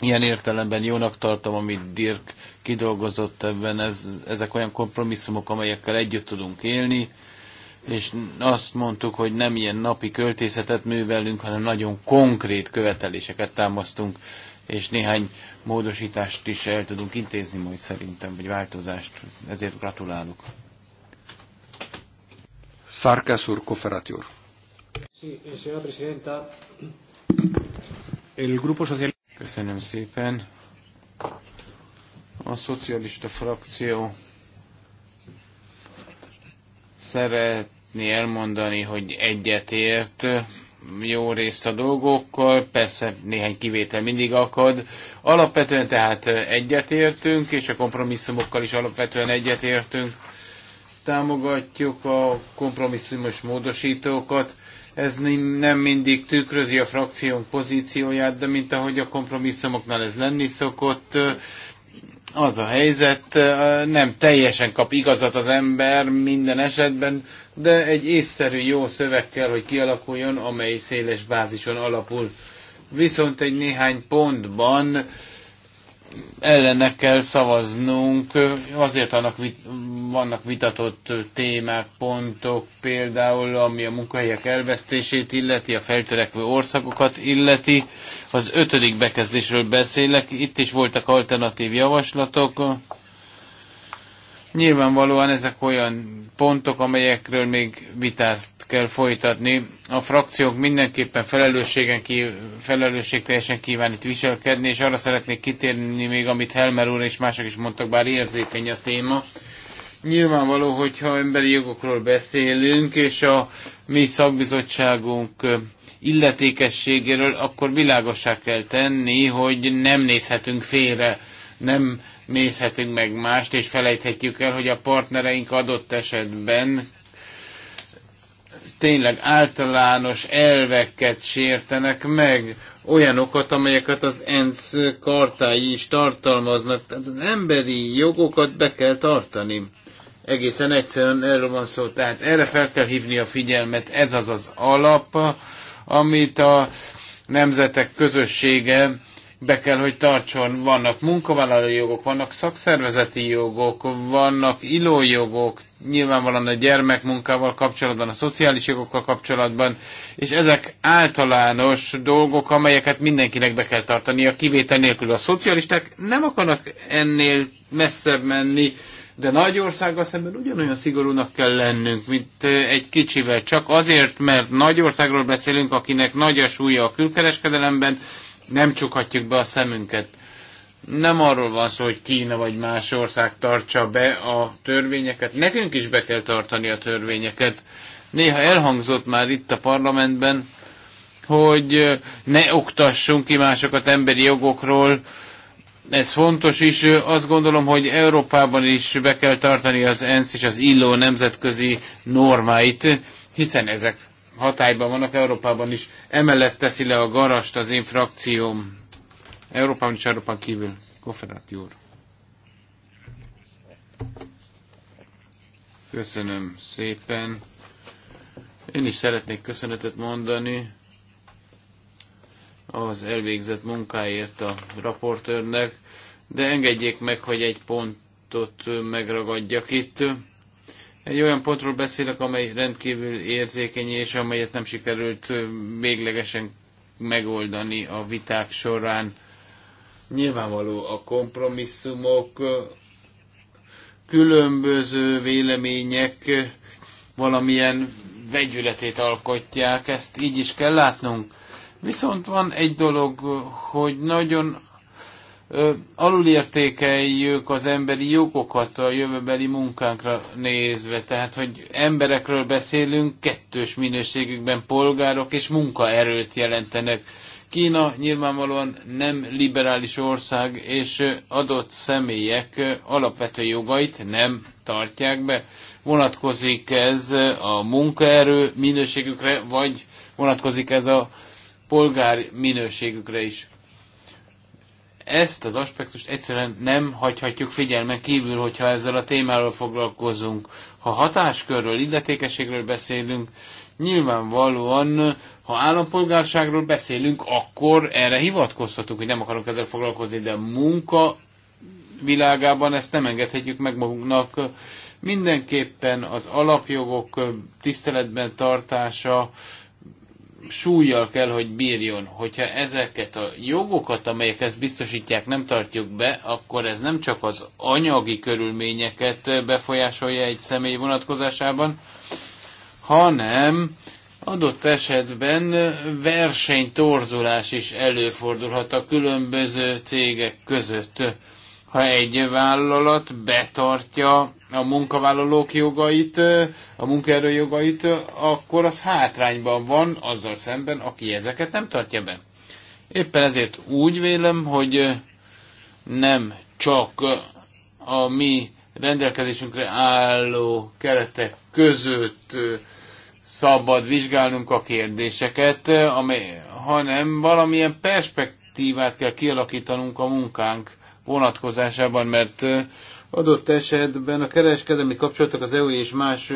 Ilyen értelemben jónak tartom, amit Dirk kidolgozott ebben, ez, ezek olyan kompromisszumok, amelyekkel együtt tudunk élni, és azt mondtuk, hogy nem ilyen napi költészetet művelünk, hanem nagyon konkrét követeléseket támasztunk, és néhány módosítást is el tudunk intézni majd szerintem, vagy változást. Ezért gratulálok. Sarkas úr, Koferati úr. Eh, Köszönöm szépen. A szocialista frakció szeretné elmondani, hogy egyetért jó részt a dolgokkal, persze néhány kivétel mindig akad. Alapvetően tehát egyetértünk, és a kompromisszumokkal is alapvetően egyetértünk. Támogatjuk a kompromisszumos módosítókat. Ez nem mindig tükrözi a frakciónk pozícióját, de mint ahogy a kompromisszumoknál ez lenni szokott, az a helyzet, nem teljesen kap igazat az ember minden esetben, de egy észszerű jó szöveg kell, hogy kialakuljon, amely széles bázison alapul. Viszont egy néhány pontban ellene kell szavaznunk, azért annak vit, vannak vitatott témák, pontok, például ami a munkahelyek elvesztését illeti, a feltörekvő országokat illeti. Az ötödik bekezdésről beszélek, itt is voltak alternatív javaslatok, Nyilvánvalóan ezek olyan pontok, amelyekről még vitást kell folytatni. A frakciók mindenképpen felelősségen ki, felelősségteljesen kíván itt viselkedni, és arra szeretnék kitérni még, amit Helmer úr és mások is mondtak, bár érzékeny a téma. Nyilvánvaló, hogyha emberi jogokról beszélünk, és a mi szakbizottságunk illetékességéről, akkor világosá kell tenni, hogy nem nézhetünk félre, nem nézhetünk meg mást, és felejthetjük el, hogy a partnereink adott esetben tényleg általános elveket sértenek meg, olyanokat, amelyeket az ENSZ kartái is tartalmaznak. Tehát az emberi jogokat be kell tartani. Egészen egyszerűen erről van szó. Tehát erre fel kell hívni a figyelmet. Ez az az alap, amit a nemzetek közössége be kell, hogy tartson. Vannak munkavállalói jogok, vannak szakszervezeti jogok, vannak ilójogok, nyilvánvalóan a gyermekmunkával kapcsolatban, a szociális jogokkal kapcsolatban, és ezek általános dolgok, amelyeket mindenkinek be kell tartani, a kivétel nélkül. A szocialisták nem akarnak ennél messzebb menni, de nagy országgal szemben ugyanolyan szigorúnak kell lennünk, mint egy kicsivel. Csak azért, mert nagy országról beszélünk, akinek nagy a súlya a külkereskedelemben, nem csukhatjuk be a szemünket. Nem arról van szó, hogy Kína vagy más ország tartsa be a törvényeket. Nekünk is be kell tartani a törvényeket. Néha elhangzott már itt a parlamentben, hogy ne oktassunk ki másokat emberi jogokról. Ez fontos is. Azt gondolom, hogy Európában is be kell tartani az ENSZ és az illó nemzetközi normáit, hiszen ezek hatályban vannak Európában is. Emellett teszi le a garast az én frakcióm Európában és Európán kívül. Koferáti úr. Köszönöm szépen. Én is szeretnék köszönetet mondani az elvégzett munkáért a raportőrnek, de engedjék meg, hogy egy pontot megragadjak itt. Egy olyan pontról beszélek, amely rendkívül érzékeny, és amelyet nem sikerült véglegesen megoldani a viták során. Nyilvánvaló a kompromisszumok, különböző vélemények valamilyen vegyületét alkotják, ezt így is kell látnunk. Viszont van egy dolog, hogy nagyon alulértékeljük az emberi jogokat a jövőbeli munkánkra nézve. Tehát, hogy emberekről beszélünk, kettős minőségükben polgárok és munkaerőt jelentenek. Kína nyilvánvalóan nem liberális ország, és adott személyek alapvető jogait nem tartják be. Vonatkozik ez a munkaerő minőségükre, vagy vonatkozik ez a polgár minőségükre is ezt az aspektust egyszerűen nem hagyhatjuk figyelmen kívül, hogyha ezzel a témáról foglalkozunk. Ha hatáskörről, illetékeségről beszélünk, nyilvánvalóan, ha állampolgárságról beszélünk, akkor erre hivatkozhatunk, hogy nem akarunk ezzel foglalkozni, de munka világában ezt nem engedhetjük meg magunknak. Mindenképpen az alapjogok tiszteletben tartása súlyjal kell, hogy bírjon. Hogyha ezeket a jogokat, amelyek ezt biztosítják, nem tartjuk be, akkor ez nem csak az anyagi körülményeket befolyásolja egy személy vonatkozásában, hanem adott esetben versenytorzulás is előfordulhat a különböző cégek között. Ha egy vállalat betartja a munkavállalók jogait, a munkaerő jogait, akkor az hátrányban van azzal szemben, aki ezeket nem tartja be. Éppen ezért úgy vélem, hogy nem csak a mi rendelkezésünkre álló keretek között szabad vizsgálnunk a kérdéseket, amely, hanem valamilyen perspektívát kell kialakítanunk a munkánk vonatkozásában, mert Adott esetben a kereskedelmi kapcsolatok az EU és más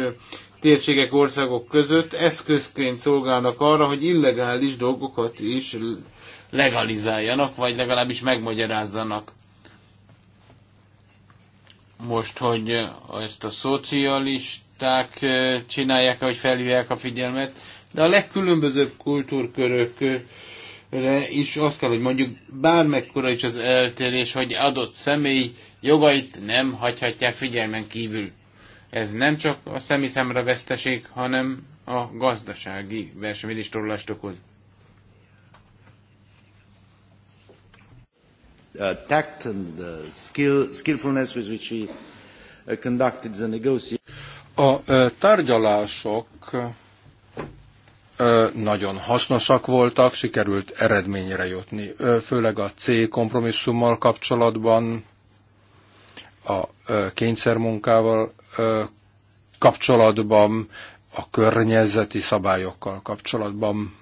térségek, országok között eszközként szolgálnak arra, hogy illegális dolgokat is legalizáljanak, vagy legalábbis megmagyarázzanak. Most, hogy ezt a szocialisták csinálják, hogy felhívják a figyelmet, de a legkülönbözőbb kultúrkörökre is azt kell, hogy mondjuk bármekkora is az eltérés, hogy adott személy jogait nem hagyhatják figyelmen kívül. Ez nem csak a szemiszemre veszteség, hanem a gazdasági versenyben torlást okoz. Uh, tact and uh, skill, skillfulness with which he uh, conducted the negotiation. A uh, tárgyalások uh, nagyon hasznosak voltak, sikerült eredményre jutni, uh, főleg a C kompromisszummal kapcsolatban a kényszermunkával kapcsolatban, a környezeti szabályokkal kapcsolatban.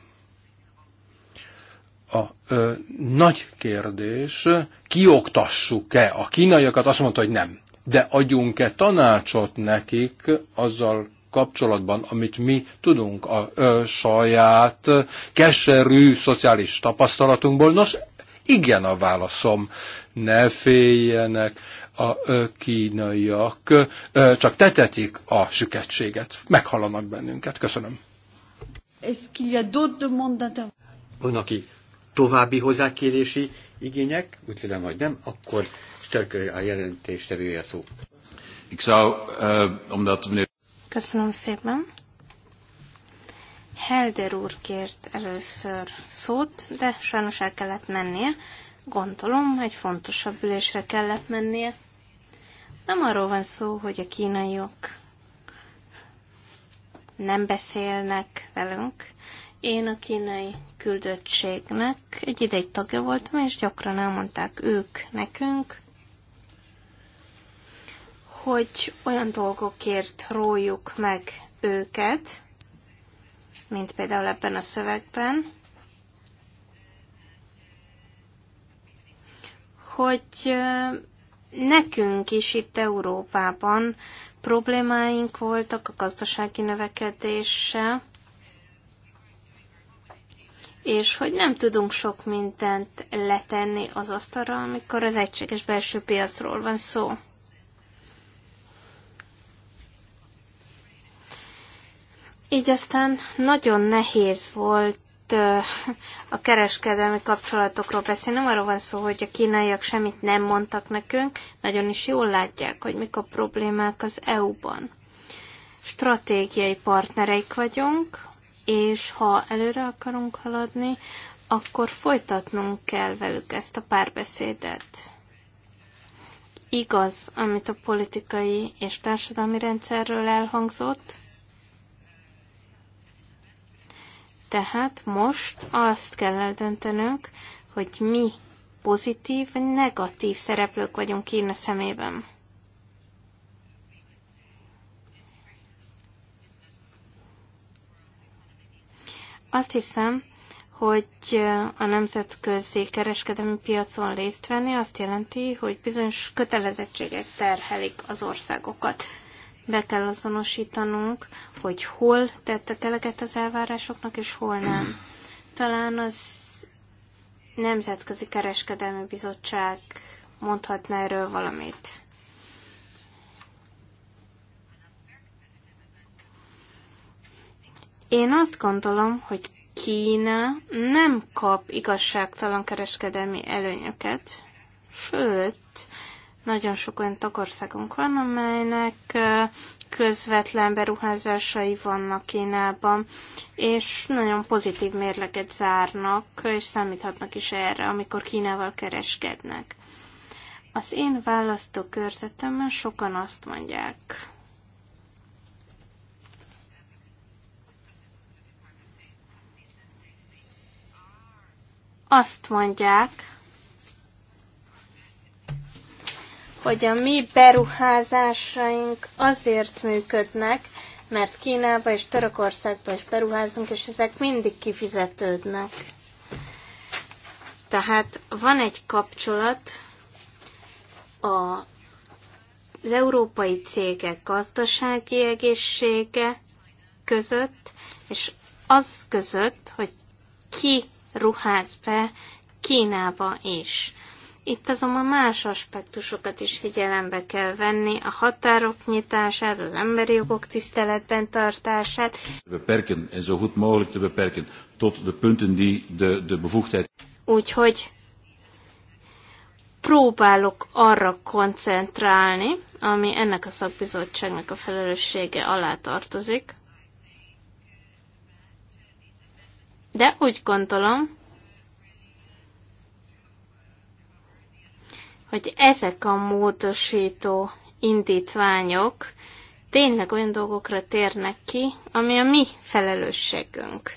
A ö, nagy kérdés, kioktassuk-e a kínaiakat? Azt mondta, hogy nem. De adjunk-e tanácsot nekik azzal kapcsolatban, amit mi tudunk a ö, saját keserű szociális tapasztalatunkból? Nos, igen a válaszom. Ne féljenek, a kínaiak csak tetetik a süketséget, meghalanak bennünket. Köszönöm. Van, aki további hozzákérési igények, úgy tudom, hogy nem, akkor Sterkő a jelentéstevője szó. Köszönöm szépen. Helder úr kért először szót, de sajnos el kellett mennie. Gondolom, egy fontosabb ülésre kellett mennie. Nem arról van szó, hogy a kínaiok nem beszélnek velünk. Én a kínai küldöttségnek egy ideig tagja voltam, és gyakran elmondták ők nekünk, hogy olyan dolgokért rójuk meg őket, mint például ebben a szövegben, hogy Nekünk is itt Európában problémáink voltak a gazdasági növekedéssel, és hogy nem tudunk sok mindent letenni az asztalra, amikor az egységes belső piacról van szó. Így aztán nagyon nehéz volt itt a kereskedelmi kapcsolatokról beszélni, nem arról van szó, hogy a kínaiak semmit nem mondtak nekünk, nagyon is jól látják, hogy mik a problémák az EU-ban. Stratégiai partnereik vagyunk, és ha előre akarunk haladni, akkor folytatnunk kell velük ezt a párbeszédet. Igaz, amit a politikai és társadalmi rendszerről elhangzott, Tehát most azt kell eldöntenünk, hogy mi pozitív vagy negatív szereplők vagyunk Kína szemében. Azt hiszem, hogy a nemzetközi kereskedelmi piacon részt venni azt jelenti, hogy bizonyos kötelezettségek terhelik az országokat be kell azonosítanunk, hogy hol tettek eleget az elvárásoknak, és hol nem. Talán az Nemzetközi Kereskedelmi Bizottság mondhatna erről valamit. Én azt gondolom, hogy Kína nem kap igazságtalan kereskedelmi előnyöket, sőt, nagyon sok olyan tagországunk van, amelynek közvetlen beruházásai vannak Kínában, és nagyon pozitív mérleket zárnak, és számíthatnak is erre, amikor Kínával kereskednek. Az én választókörzetemben sokan azt mondják, azt mondják, hogy a mi beruházásaink azért működnek, mert Kínába és Törökországba is beruházunk, és ezek mindig kifizetődnek. Tehát van egy kapcsolat a, az európai cégek gazdasági egészsége között, és az között, hogy ki ruház be Kínába is. Itt azonban más aspektusokat is figyelembe kell venni, a határok nyitását, az emberi jogok tiszteletben tartását. Beperken, en zo goed mogelijk te beperken, tot de punten die de, de bevoegdheid... Úgyhogy próbálok arra koncentrálni, ami ennek a szakbizottságnak a felelőssége alá tartozik. De úgy gondolom, hogy ezek a módosító indítványok tényleg olyan dolgokra térnek ki, ami a mi felelősségünk.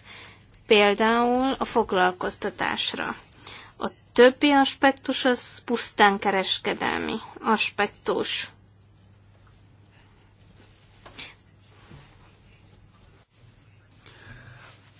Például a foglalkoztatásra. A többi aspektus az pusztán kereskedelmi aspektus.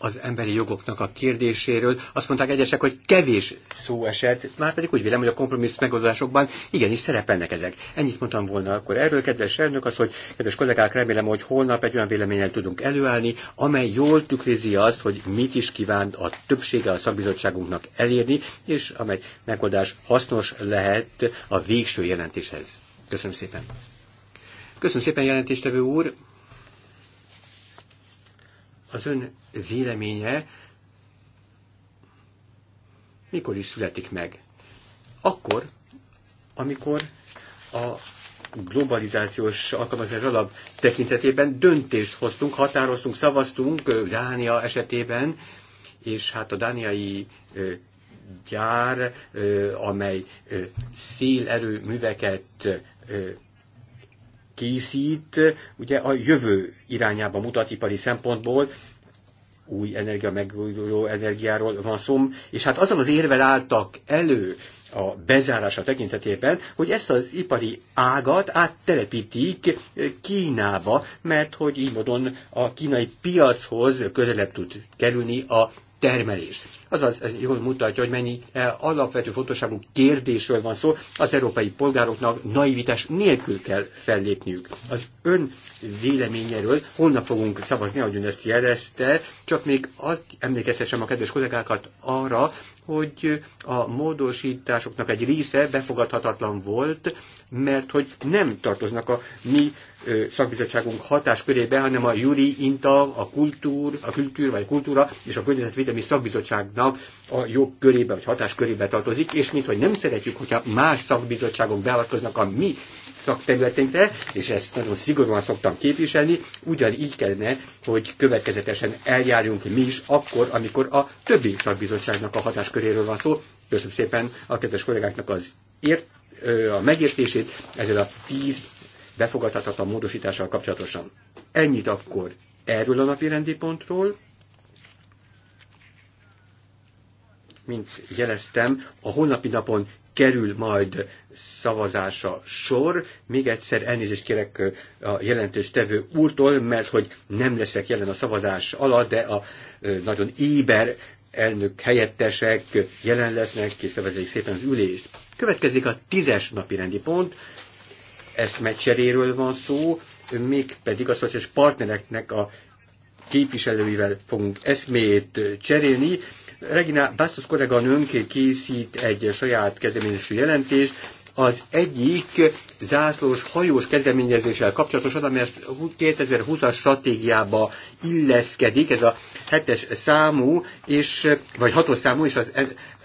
az emberi jogoknak a kérdéséről. Azt mondták egyesek, hogy kevés szó esett, már pedig úgy vélem, hogy a kompromissz megoldásokban igenis szerepelnek ezek. Ennyit mondtam volna akkor erről, kedves elnök, az, hogy kedves kollégák, remélem, hogy holnap egy olyan véleményel tudunk előállni, amely jól tükrözi azt, hogy mit is kíván a többsége a szakbizottságunknak elérni, és amely megoldás hasznos lehet a végső jelentéshez. Köszönöm szépen. Köszönöm szépen, jelentéstevő úr az ön véleménye mikor is születik meg? Akkor, amikor a globalizációs alkalmazás alap tekintetében döntést hoztunk, határoztunk, szavaztunk Dánia esetében, és hát a dániai gyár, amely szélerőműveket készít, ugye a jövő irányába mutat ipari szempontból, új energia, megújuló energiáról van szó, és hát azon az érvel álltak elő a bezárása tekintetében, hogy ezt az ipari ágat áttelepítik Kínába, mert hogy így módon a kínai piachoz közelebb tud kerülni a termelés. Azaz, ez jól mutatja, hogy mennyi eh, alapvető fontosságú kérdésről van szó, az európai polgároknak naivitás nélkül kell fellépniük. Az ön véleményéről holnap fogunk szavazni, ahogy ön ezt jelezte, csak még azt emlékeztessem a kedves kollégákat arra, hogy a módosításoknak egy része befogadhatatlan volt, mert hogy nem tartoznak a mi szakbizottságunk hatáskörébe, hanem a Juri Inta, a kultúr, a kultúr vagy kultúra és a környezetvédelmi szakbizottságnak a körébe vagy hatáskörébe tartozik, és mint hogy nem szeretjük, hogyha más szakbizottságok beavatkoznak a mi szakterületünkre, és ezt nagyon szigorúan szoktam képviselni, ugyanígy kellene, hogy következetesen eljárjunk mi is akkor, amikor a többi szakbizottságnak a hatásköréről van szó. Köszönöm szépen a kedves kollégáknak az ért, a megértését ezzel a 10 befogadhatatlan módosítással kapcsolatosan. Ennyit akkor erről a napi rendi pontról. Mint jeleztem, a holnapi napon kerül majd szavazása sor. Még egyszer elnézést kérek a jelentős tevő úrtól, mert hogy nem leszek jelen a szavazás alatt, de a nagyon éber elnök helyettesek jelen lesznek, és szépen az ülést. Következik a tízes napi rendi pont, eszmecseréről van szó, mégpedig a szociális partnereknek a képviselőivel fogunk eszmét cserélni. Regina Bastos kolléganőnk készít egy saját kezdeményezésű jelentést, az egyik zászlós hajós kezdeményezéssel kapcsolatosan, amely 2020-as stratégiába illeszkedik, ez a hetes számú, és, vagy hatos számú, és az,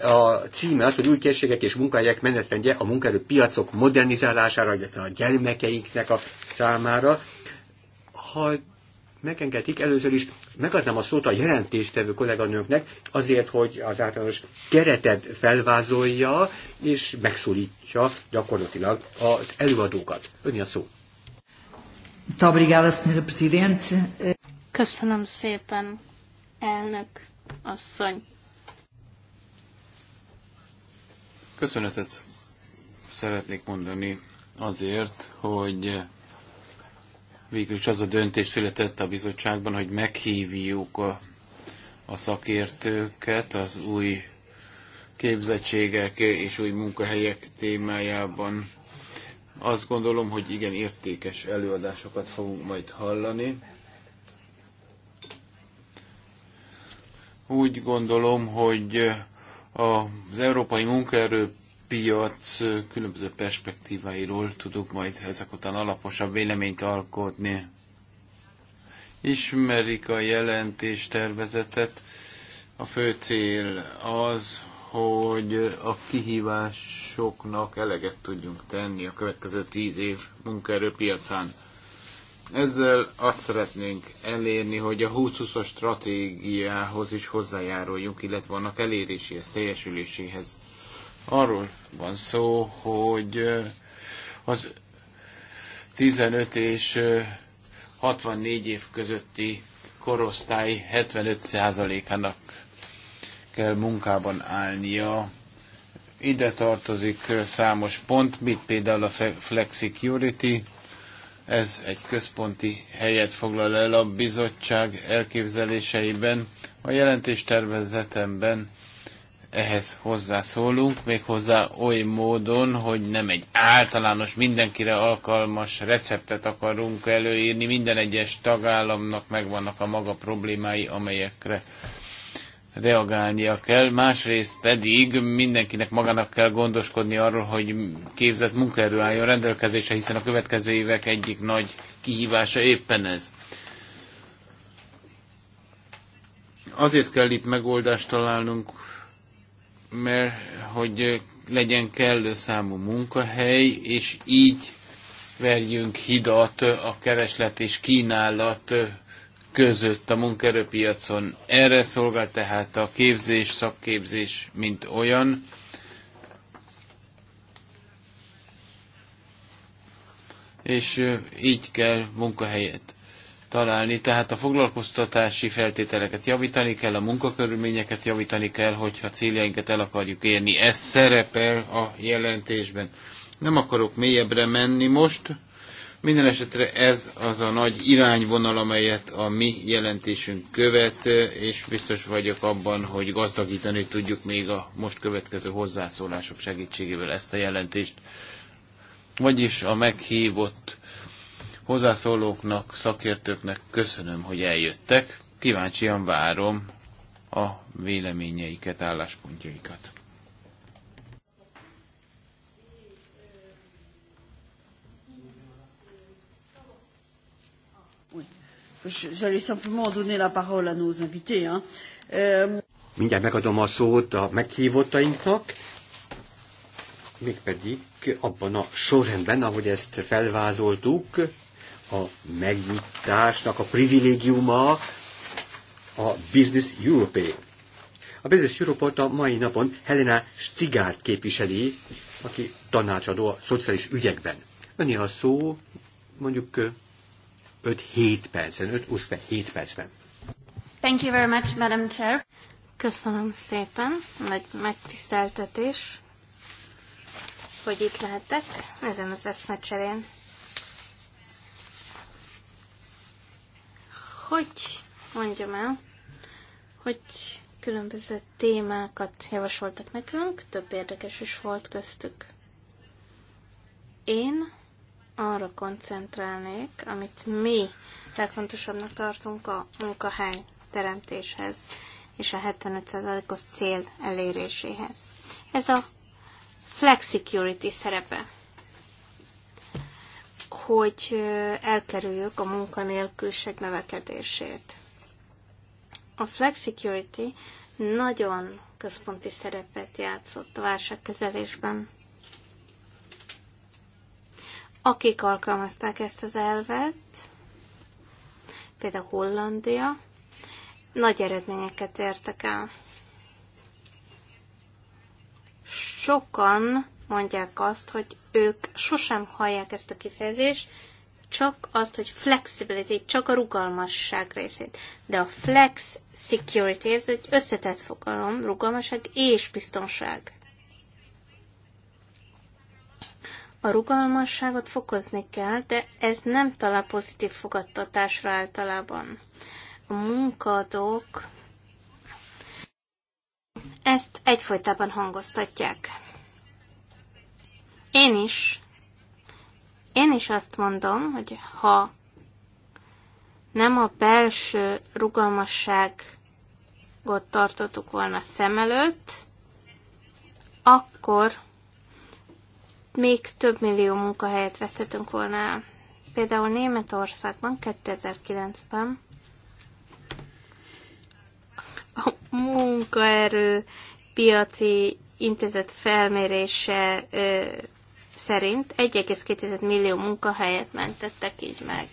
a címe az, hogy új készségek és munkahelyek menetrendje a piacok modernizálására, illetve a gyermekeinknek a számára. Ha megengedik, először is megadnám a szót a jelentéstevő kolléganőknek azért, hogy az általános keretet felvázolja és megszólítja gyakorlatilag az előadókat. Önni a szó. Köszönöm szépen, elnök asszony. Köszönetet szeretnék mondani azért, hogy végül is az a döntés született a bizottságban, hogy meghívjuk a, a szakértőket az új képzettségek és új munkahelyek témájában. Azt gondolom, hogy igen értékes előadásokat fogunk majd hallani Úgy gondolom, hogy az európai munkaerő piac különböző perspektíváiról tudok majd ezek után alaposabb véleményt alkotni. Ismerik a jelentés tervezetet. A fő cél az, hogy a kihívásoknak eleget tudjunk tenni a következő tíz év munkaerőpiacán. Ezzel azt szeretnénk elérni, hogy a 2020-as stratégiához is hozzájáruljunk, illetve annak eléréséhez, teljesüléséhez. Arról van szó, hogy az 15 és 64 év közötti korosztály 75%-ának kell munkában állnia. Ide tartozik számos pont, mint például a flexicurity, ez egy központi helyet foglal el a bizottság elképzeléseiben, a jelentéstervezetemben ehhez hozzászólunk, méghozzá oly módon, hogy nem egy általános, mindenkire alkalmas receptet akarunk előírni, minden egyes tagállamnak megvannak a maga problémái, amelyekre reagálnia kell, másrészt pedig mindenkinek magának kell gondoskodni arról, hogy képzett munkaerő álljon rendelkezésre, hiszen a következő évek egyik nagy kihívása éppen ez. Azért kell itt megoldást találnunk, mert hogy legyen kellő számú munkahely, és így verjünk hidat a kereslet és kínálat között a munkerőpiacon. Erre szolgál tehát a képzés, szakképzés, mint olyan. És így kell munkahelyet találni. Tehát a foglalkoztatási feltételeket javítani kell, a munkakörülményeket javítani kell, hogyha céljainkat el akarjuk érni. Ez szerepel a jelentésben. Nem akarok mélyebbre menni most, minden esetre ez az a nagy irányvonal, amelyet a mi jelentésünk követ, és biztos vagyok abban, hogy gazdagítani tudjuk még a most következő hozzászólások segítségével ezt a jelentést. Vagyis a meghívott hozzászólóknak, szakértőknek köszönöm, hogy eljöttek. Kíváncsian várom a véleményeiket, álláspontjaikat. J'allais simplement donner la parole à nos invités. Hein. Euh... Mindjárt megadom a szót a meghívottainknak, mégpedig abban a sorrendben, ahogy ezt felvázoltuk, a megnyitásnak a privilégiuma a Business Europe. A Business europe a mai napon Helena Stigárt képviseli, aki tanácsadó a szociális ügyekben. Öni a szó, mondjuk 5-7 percen, 5-7 percben. Thank you very much, Madam Chair. Köszönöm szépen, nagy megtiszteltetés, hogy itt lehetek ezen az eszmecserén. Hogy mondjam el, hogy különböző témákat javasoltak nekünk, több érdekes is volt köztük. Én arra koncentrálnék, amit mi legfontosabbnak tartunk a munkahely teremtéshez és a 75%-os cél eléréséhez. Ez a flexicurity szerepe, hogy elkerüljük a munkanélküliség növekedését. A flexicurity nagyon központi szerepet játszott a válságkezelésben akik alkalmazták ezt az elvet, például Hollandia, nagy eredményeket értek el. Sokan mondják azt, hogy ők sosem hallják ezt a kifejezést, csak azt, hogy flexibility, csak a rugalmasság részét. De a flex security, ez egy összetett fogalom, rugalmasság és biztonság. A rugalmasságot fokozni kell, de ez nem talál pozitív fogadtatásra általában. A munkadók ezt egyfolytában hangoztatják. Én is. Én is azt mondom, hogy ha nem a belső rugalmasságot tartottuk volna szem előtt, akkor még több millió munkahelyet vesztettünk volna el. Például Németországban 2009-ben a munkaerő piaci intézet felmérése ö, szerint 1,2 millió munkahelyet mentettek így meg.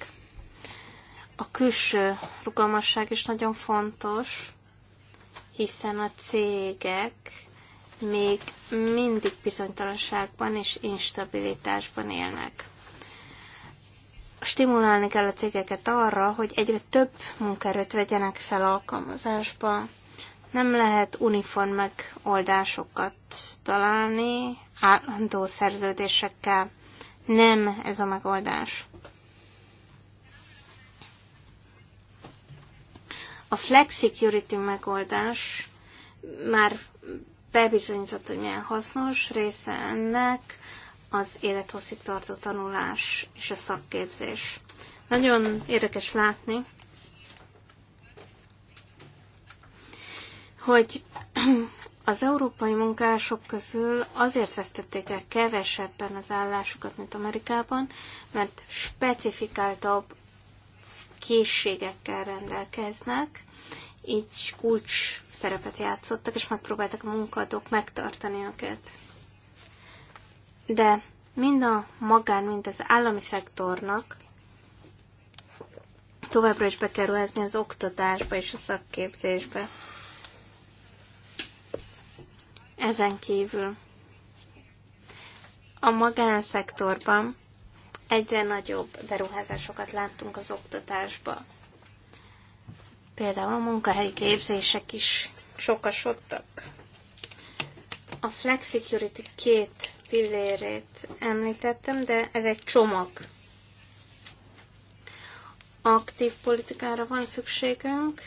A külső rugalmasság is nagyon fontos, hiszen a cégek még mindig bizonytalanságban és instabilitásban élnek. Stimulálni kell a cégeket arra, hogy egyre több munkaerőt vegyenek fel alkalmazásba. Nem lehet uniform megoldásokat találni állandó szerződésekkel. Nem ez a megoldás. A flexicurity megoldás már bebizonyított, hogy milyen hasznos része ennek az élethosszig tartó tanulás és a szakképzés. Nagyon érdekes látni, hogy az európai munkások közül azért vesztették el kevesebben az állásukat, mint Amerikában, mert specifikáltabb készségekkel rendelkeznek, így kulcs szerepet játszottak, és megpróbáltak a munkadók megtartani őket. De mind a magán, mind az állami szektornak továbbra is be kell ruházni az oktatásba és a szakképzésbe. Ezen kívül a magánszektorban egyre nagyobb beruházásokat láttunk az oktatásba. Például a munkahelyi képzések is sokasodtak. A Flex Security két pillérét említettem, de ez egy csomag. Aktív politikára van szükségünk,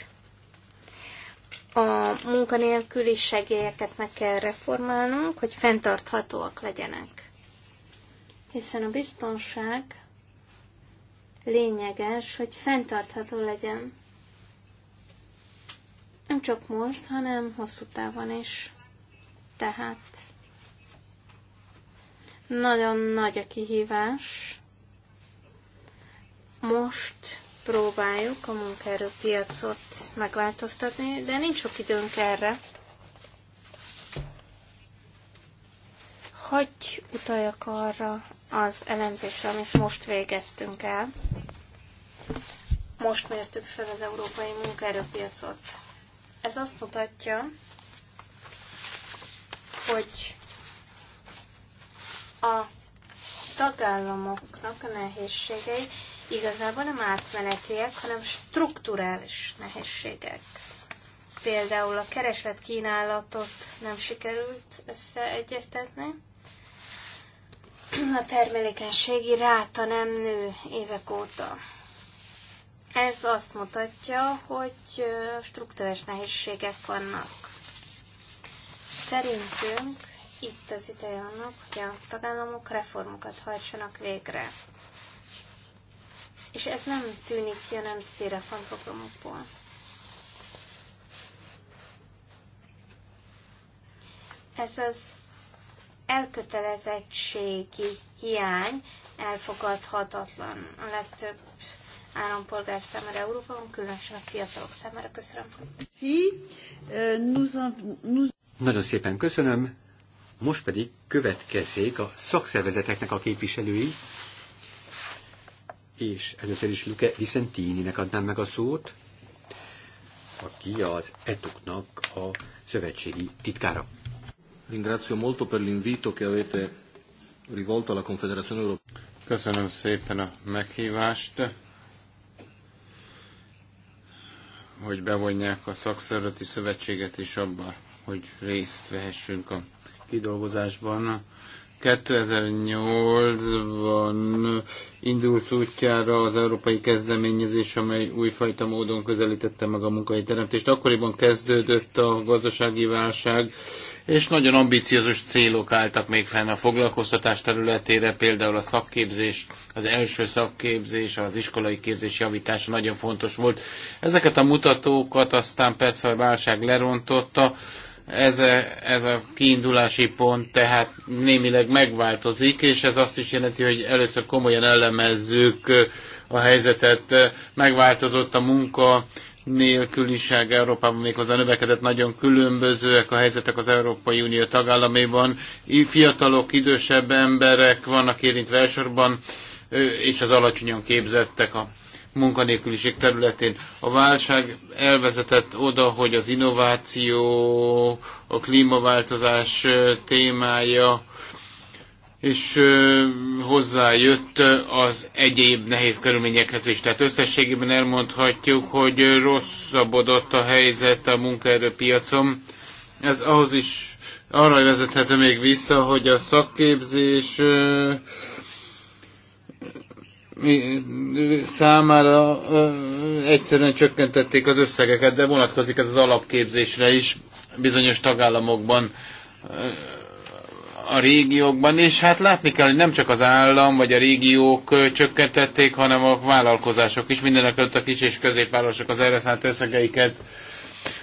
a munkanélküli segélyeket meg kell reformálnunk, hogy fenntarthatóak legyenek. Hiszen a biztonság lényeges, hogy fenntartható legyen. Nem csak most, hanem hosszú távon is. Tehát nagyon nagy a kihívás. Most próbáljuk a munkaerőpiacot megváltoztatni, de nincs sok időnk erre. Hogy utaljak arra az elemzésre, amit most végeztünk el? Most mértük fel az európai munkaerőpiacot. Ez azt mutatja, hogy a tagállamoknak a nehézségei igazából nem átmenetiek, hanem strukturális nehézségek. Például a kereslet-kínálatot nem sikerült összeegyeztetni, a termelékenységi ráta nem nő évek óta. Ez azt mutatja, hogy struktúrás nehézségek vannak. Szerintünk itt az ideje annak, hogy a tagállamok reformokat hajtsanak végre. És ez nem tűnik ki a nemzeti reformprogramokból. Ez az elkötelezettségi hiány elfogadhatatlan. A legtöbb állampolgár számára Európában, különösen a fiatalok számára. Köszönöm. Eh, Nagyon szépen köszönöm. Most pedig következzék a szakszervezeteknek a képviselői, és először is Luke Vicentini-nek adnám meg a szót, aki az etuknak a szövetségi titkára. Ringrazio molto per l'invito che avete rivolto alla Confederazione Europea. Köszönöm szépen a meghívást. hogy bevonják a szakszervezeti szövetséget is abban, hogy részt vehessünk a kidolgozásban. 2008-ban indult útjára az európai kezdeményezés, amely újfajta módon közelítette meg a munkai teremtést. Akkoriban kezdődött a gazdasági válság, és nagyon ambiciózus célok álltak még fenn a foglalkoztatás területére, például a szakképzés, az első szakképzés, az iskolai képzés javítása nagyon fontos volt. Ezeket a mutatókat aztán persze a válság lerontotta, ez a, ez a kiindulási pont tehát némileg megváltozik, és ez azt is jelenti, hogy először komolyan elemezzük uh, a helyzetet. Uh, megváltozott a munka nélküliság Európában méghozzá növekedett, nagyon különbözőek a helyzetek az Európai Unió tagállamében. Fiatalok, idősebb emberek vannak érintve elsősorban, uh, és az alacsonyan képzettek a munkanélküliség területén. A válság elvezetett oda, hogy az innováció, a klímaváltozás témája, és hozzájött az egyéb nehéz körülményekhez is. Tehát összességében elmondhatjuk, hogy rosszabbodott a helyzet a munkaerőpiacon. Ez ahhoz is arra vezethető még vissza, hogy a szakképzés számára egyszerűen csökkentették az összegeket, de vonatkozik ez az alapképzésre is bizonyos tagállamokban, a régiókban, és hát látni kell, hogy nem csak az állam vagy a régiók csökkentették, hanem a vállalkozások is, mindenek a kis és középvárosok az erre szánt összegeiket.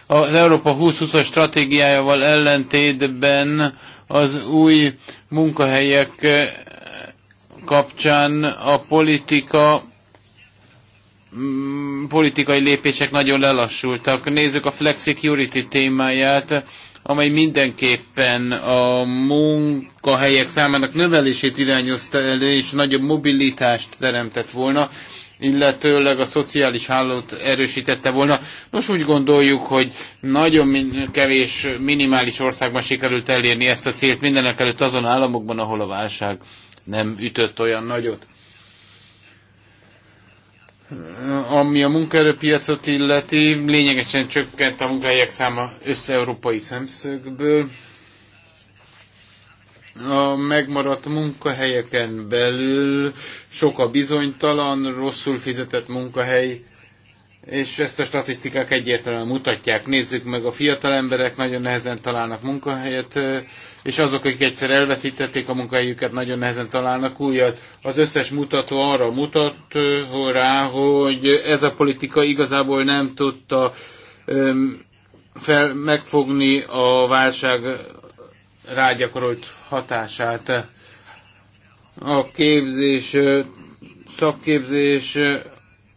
Az Európa 2020-as stratégiájával ellentétben az új munkahelyek kapcsán a politika mm, politikai lépések nagyon lelassultak. Nézzük a Flex Security témáját, amely mindenképpen a munkahelyek számának növelését irányozta elő, és nagyobb mobilitást teremtett volna, illetőleg a szociális hálót erősítette volna. Nos, úgy gondoljuk, hogy nagyon min- kevés minimális országban sikerült elérni ezt a célt, mindenek előtt azon államokban, ahol a válság nem ütött olyan nagyot. Ami a munkaerőpiacot illeti, lényegesen csökkent a munkahelyek száma össze-európai szemszögből. A megmaradt munkahelyeken belül sok a bizonytalan, rosszul fizetett munkahely, és ezt a statisztikák egyértelműen mutatják. Nézzük meg, a fiatal emberek nagyon nehezen találnak munkahelyet, és azok, akik egyszer elveszítették a munkahelyüket, nagyon nehezen találnak újat. Az összes mutató arra mutat rá, hogy ez a politika igazából nem tudta fel, megfogni a válság rágyakorolt hatását. A képzés, szakképzés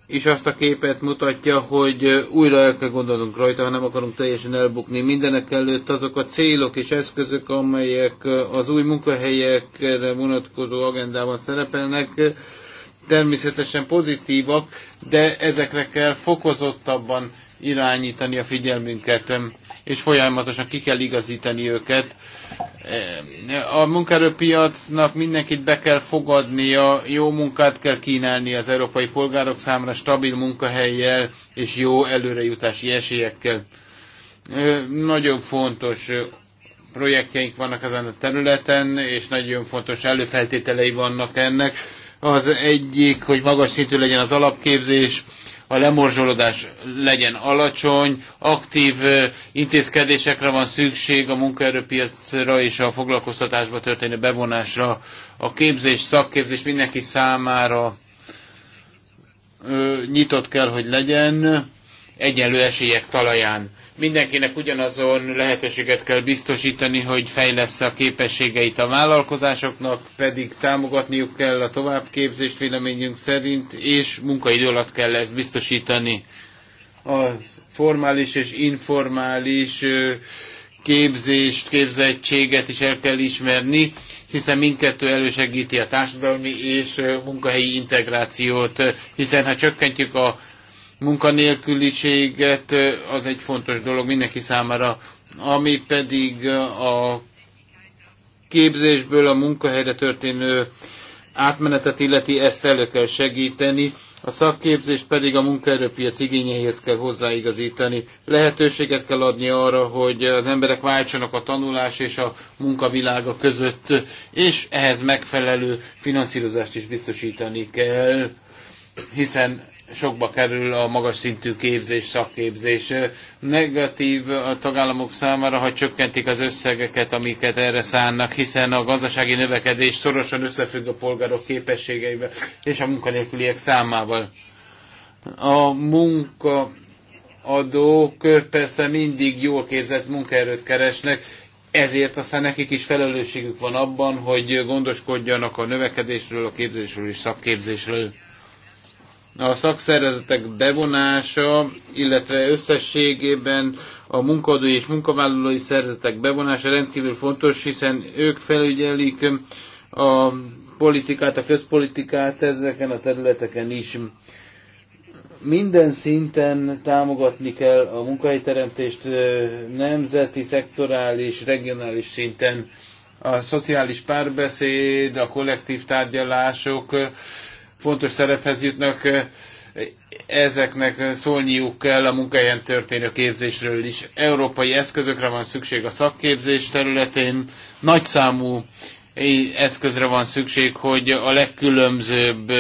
és azt a képet mutatja, hogy újra el kell gondolnunk rajta, ha nem akarunk teljesen elbukni. Mindenek előtt azok a célok és eszközök, amelyek az új munkahelyekre vonatkozó agendában szerepelnek, természetesen pozitívak, de ezekre kell fokozottabban irányítani a figyelmünket, és folyamatosan ki kell igazítani őket a munkaerőpiacnak mindenkit be kell fogadnia, jó munkát kell kínálni az európai polgárok számára, stabil munkahelyjel és jó előrejutási esélyekkel. Nagyon fontos projektjeink vannak ezen a területen, és nagyon fontos előfeltételei vannak ennek. Az egyik, hogy magas szintű legyen az alapképzés, a lemorzsolódás legyen alacsony, aktív intézkedésekre van szükség a munkaerőpiacra és a foglalkoztatásba történő bevonásra. A képzés, szakképzés mindenki számára nyitott kell, hogy legyen egyenlő esélyek talaján mindenkinek ugyanazon lehetőséget kell biztosítani, hogy fejlesz a képességeit a vállalkozásoknak, pedig támogatniuk kell a továbbképzést véleményünk szerint, és munkaidő alatt kell ezt biztosítani. A formális és informális képzést, képzettséget is el kell ismerni, hiszen mindkettő elősegíti a társadalmi és munkahelyi integrációt, hiszen ha csökkentjük a munkanélküliséget, az egy fontos dolog mindenki számára, ami pedig a képzésből a munkahelyre történő átmenetet illeti, ezt elő kell segíteni, a szakképzés pedig a munkaerőpiac igényeihez kell hozzáigazítani. Lehetőséget kell adni arra, hogy az emberek váltsanak a tanulás és a munkavilága között, és ehhez megfelelő finanszírozást is biztosítani kell, hiszen sokba kerül a magas szintű képzés, szakképzés. Negatív a tagállamok számára, ha csökkentik az összegeket, amiket erre szánnak, hiszen a gazdasági növekedés szorosan összefügg a polgárok képességeivel és a munkanélküliek számával. A adók persze mindig jól képzett munkaerőt keresnek, ezért aztán nekik is felelősségük van abban, hogy gondoskodjanak a növekedésről, a képzésről és szakképzésről a szakszervezetek bevonása, illetve összességében a munkadói és munkavállalói szervezetek bevonása rendkívül fontos, hiszen ők felügyelik a politikát, a közpolitikát ezeken a területeken is. Minden szinten támogatni kell a munkahelyteremtést nemzeti, szektorális, regionális szinten. A szociális párbeszéd, a kollektív tárgyalások, fontos szerephez jutnak, ezeknek szólniuk kell a munkahelyen történő képzésről is. Európai eszközökre van szükség a szakképzés területén, nagyszámú eszközre van szükség, hogy a legkülönbözőbb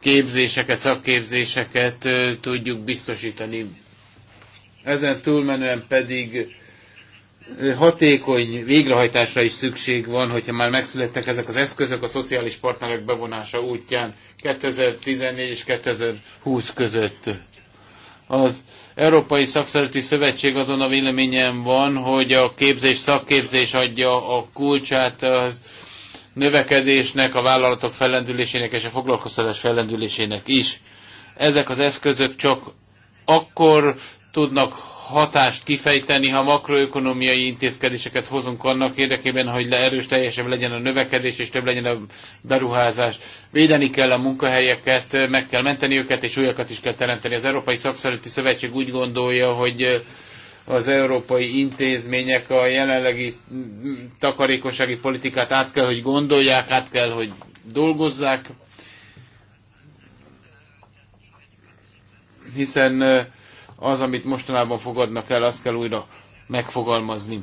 képzéseket, szakképzéseket tudjuk biztosítani. Ezen túlmenően pedig hatékony végrehajtásra is szükség van, hogyha már megszülettek ezek az eszközök a szociális partnerek bevonása útján 2014 és 2020 között. Az Európai Szakszereti Szövetség azon a véleményen van, hogy a képzés, szakképzés adja a kulcsát az növekedésnek, a vállalatok fellendülésének és a foglalkoztatás fellendülésének is. Ezek az eszközök csak akkor tudnak hatást kifejteni, ha makroökonomiai intézkedéseket hozunk annak érdekében, hogy erős teljesebb legyen a növekedés, és több legyen a beruházás. Védeni kell a munkahelyeket, meg kell menteni őket, és újakat is kell teremteni. Az Európai Szakszerűti Szövetség úgy gondolja, hogy eh, az európai intézmények a jelenlegi mm, takarékossági politikát át kell, hogy gondolják, át kell, hogy dolgozzák, hiszen eh, az, amit mostanában fogadnak el, azt kell újra megfogalmazni.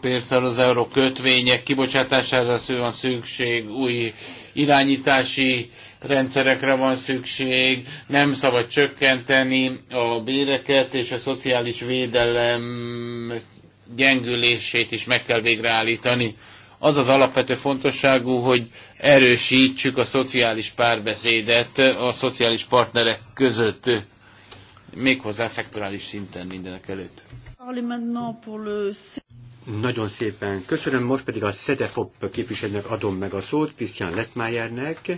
Persze az euró kötvények kibocsátására van szükség, új irányítási rendszerekre van szükség, nem szabad csökkenteni a béreket, és a szociális védelem gyengülését is meg kell végreállítani. Az az alapvető fontosságú, hogy erősítsük a szociális párbeszédet a szociális partnerek között méghozzá szektorális szinten mindenek előtt. Nagyon szépen köszönöm, most pedig a SZEDEFOP képviselőnek adom meg a szót, Krisztián Letmájernek,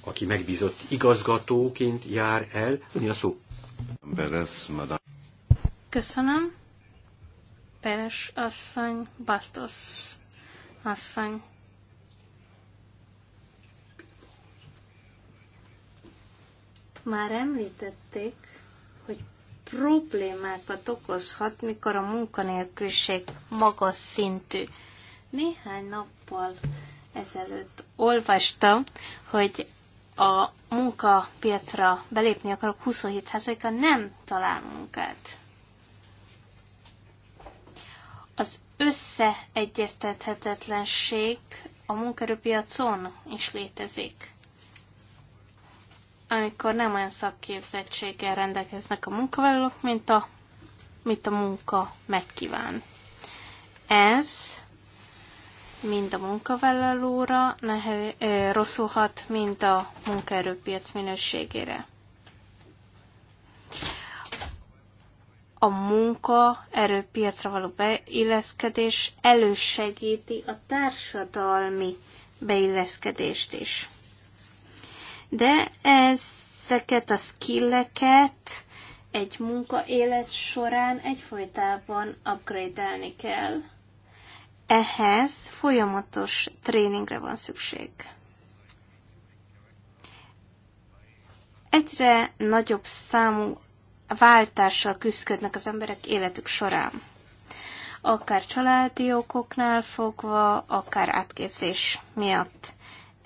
aki megbízott igazgatóként jár el. Mi a szó. Köszönöm. Peres asszony, Bastos asszony. Már említették, hogy problémákat okozhat, mikor a munkanélküliség magas szintű. Néhány nappal ezelőtt olvastam, hogy a munkapiacra belépni akarok, 27%-a nem talál munkát. Az összeegyeztethetetlenség a munkerőpiacon is létezik amikor nem olyan szakképzettséggel rendelkeznek a munkavállalók, mint a, mint a munka megkíván. Ez mind a munkavállalóra nehe, rosszul hat, a munkaerőpiac minőségére. a munka erőpiacra való beilleszkedés elősegíti a társadalmi beilleszkedést is de ezeket a skilleket egy munka élet során egyfolytában upgrade-elni kell. Ehhez folyamatos tréningre van szükség. Egyre nagyobb számú váltással küzdködnek az emberek életük során. Akár családi okoknál fogva, akár átképzés miatt.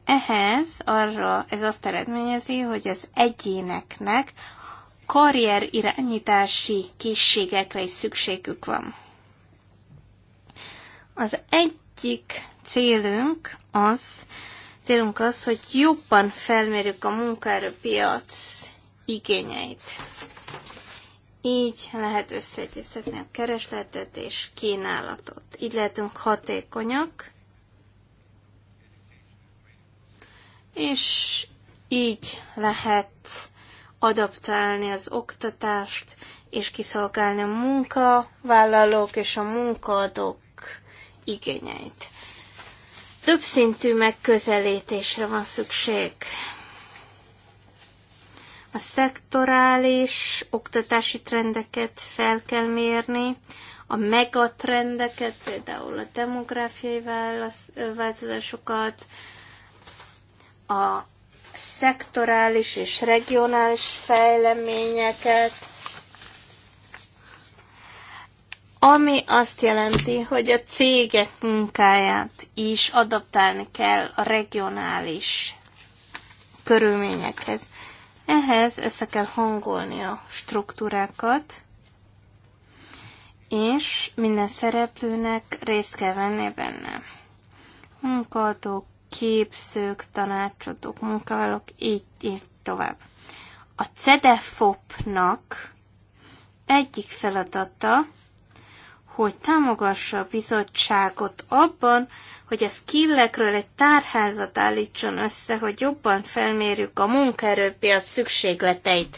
Ehhez arra ez azt eredményezi, hogy az egyéneknek karrier irányítási készségekre is szükségük van. Az egyik célunk az, célunk az, hogy jobban felmérjük a munkaerőpiac igényeit. Így lehet összeegyeztetni a keresletet és kínálatot. Így lehetünk hatékonyak, és így lehet adaptálni az oktatást, és kiszolgálni a munkavállalók és a munkaadók igényeit. Többszintű megközelítésre van szükség. A szektorális oktatási trendeket fel kell mérni, a megatrendeket, például a demográfiai változásokat, a szektorális és regionális fejleményeket, ami azt jelenti, hogy a cégek munkáját is adaptálni kell a regionális körülményekhez. Ehhez össze kell hangolni a struktúrákat, és minden szereplőnek részt kell venni benne. Munkadók, képzők, tanácsadók, munkavállalók, így, így tovább. A CEDEFOP-nak egyik feladata, hogy támogassa a bizottságot abban, hogy a skillekről egy tárházat állítson össze, hogy jobban felmérjük a munkaerőpiac szükségleteit.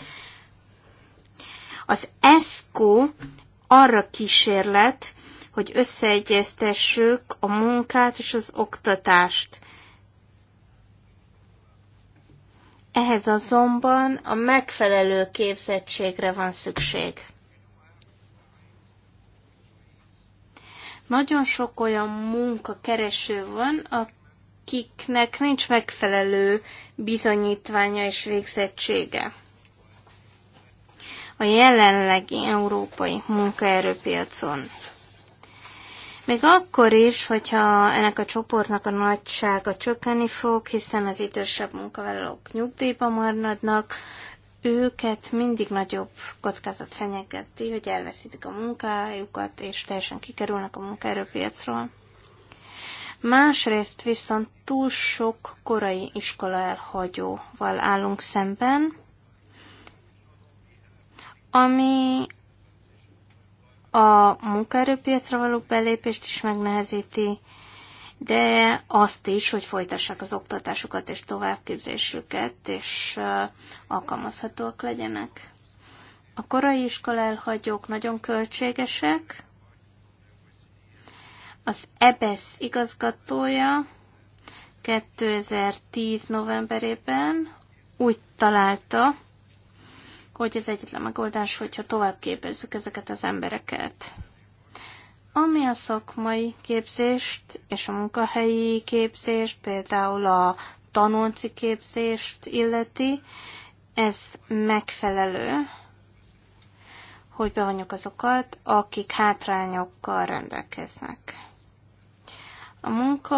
Az ESCO arra kísérlet, hogy összeegyeztessük a munkát és az oktatást. Ehhez azonban a megfelelő képzettségre van szükség. Nagyon sok olyan munkakereső van, akiknek nincs megfelelő bizonyítványa és végzettsége. A jelenlegi európai munkaerőpiacon még akkor is, hogyha ennek a csoportnak a nagysága csökkenni fog, hiszen az idősebb munkavállalók nyugdíjba maradnak, őket mindig nagyobb kockázat fenyegeti, hogy elveszítik a munkájukat, és teljesen kikerülnek a munkaerőpiacról. Másrészt viszont túl sok korai iskola elhagyóval állunk szemben, ami a munkaerőpiacra való belépést is megnehezíti, de azt is, hogy folytassák az oktatásukat és továbbképzésüket, és alkalmazhatóak legyenek. A korai iskola elhagyók nagyon költségesek. Az EBESZ igazgatója 2010. novemberében úgy találta, hogy az egyetlen megoldás, hogyha tovább képezzük ezeket az embereket. Ami a szakmai képzést és a munkahelyi képzést, például a tanulci képzést illeti, ez megfelelő, hogy bevonjuk azokat, akik hátrányokkal rendelkeznek. A munka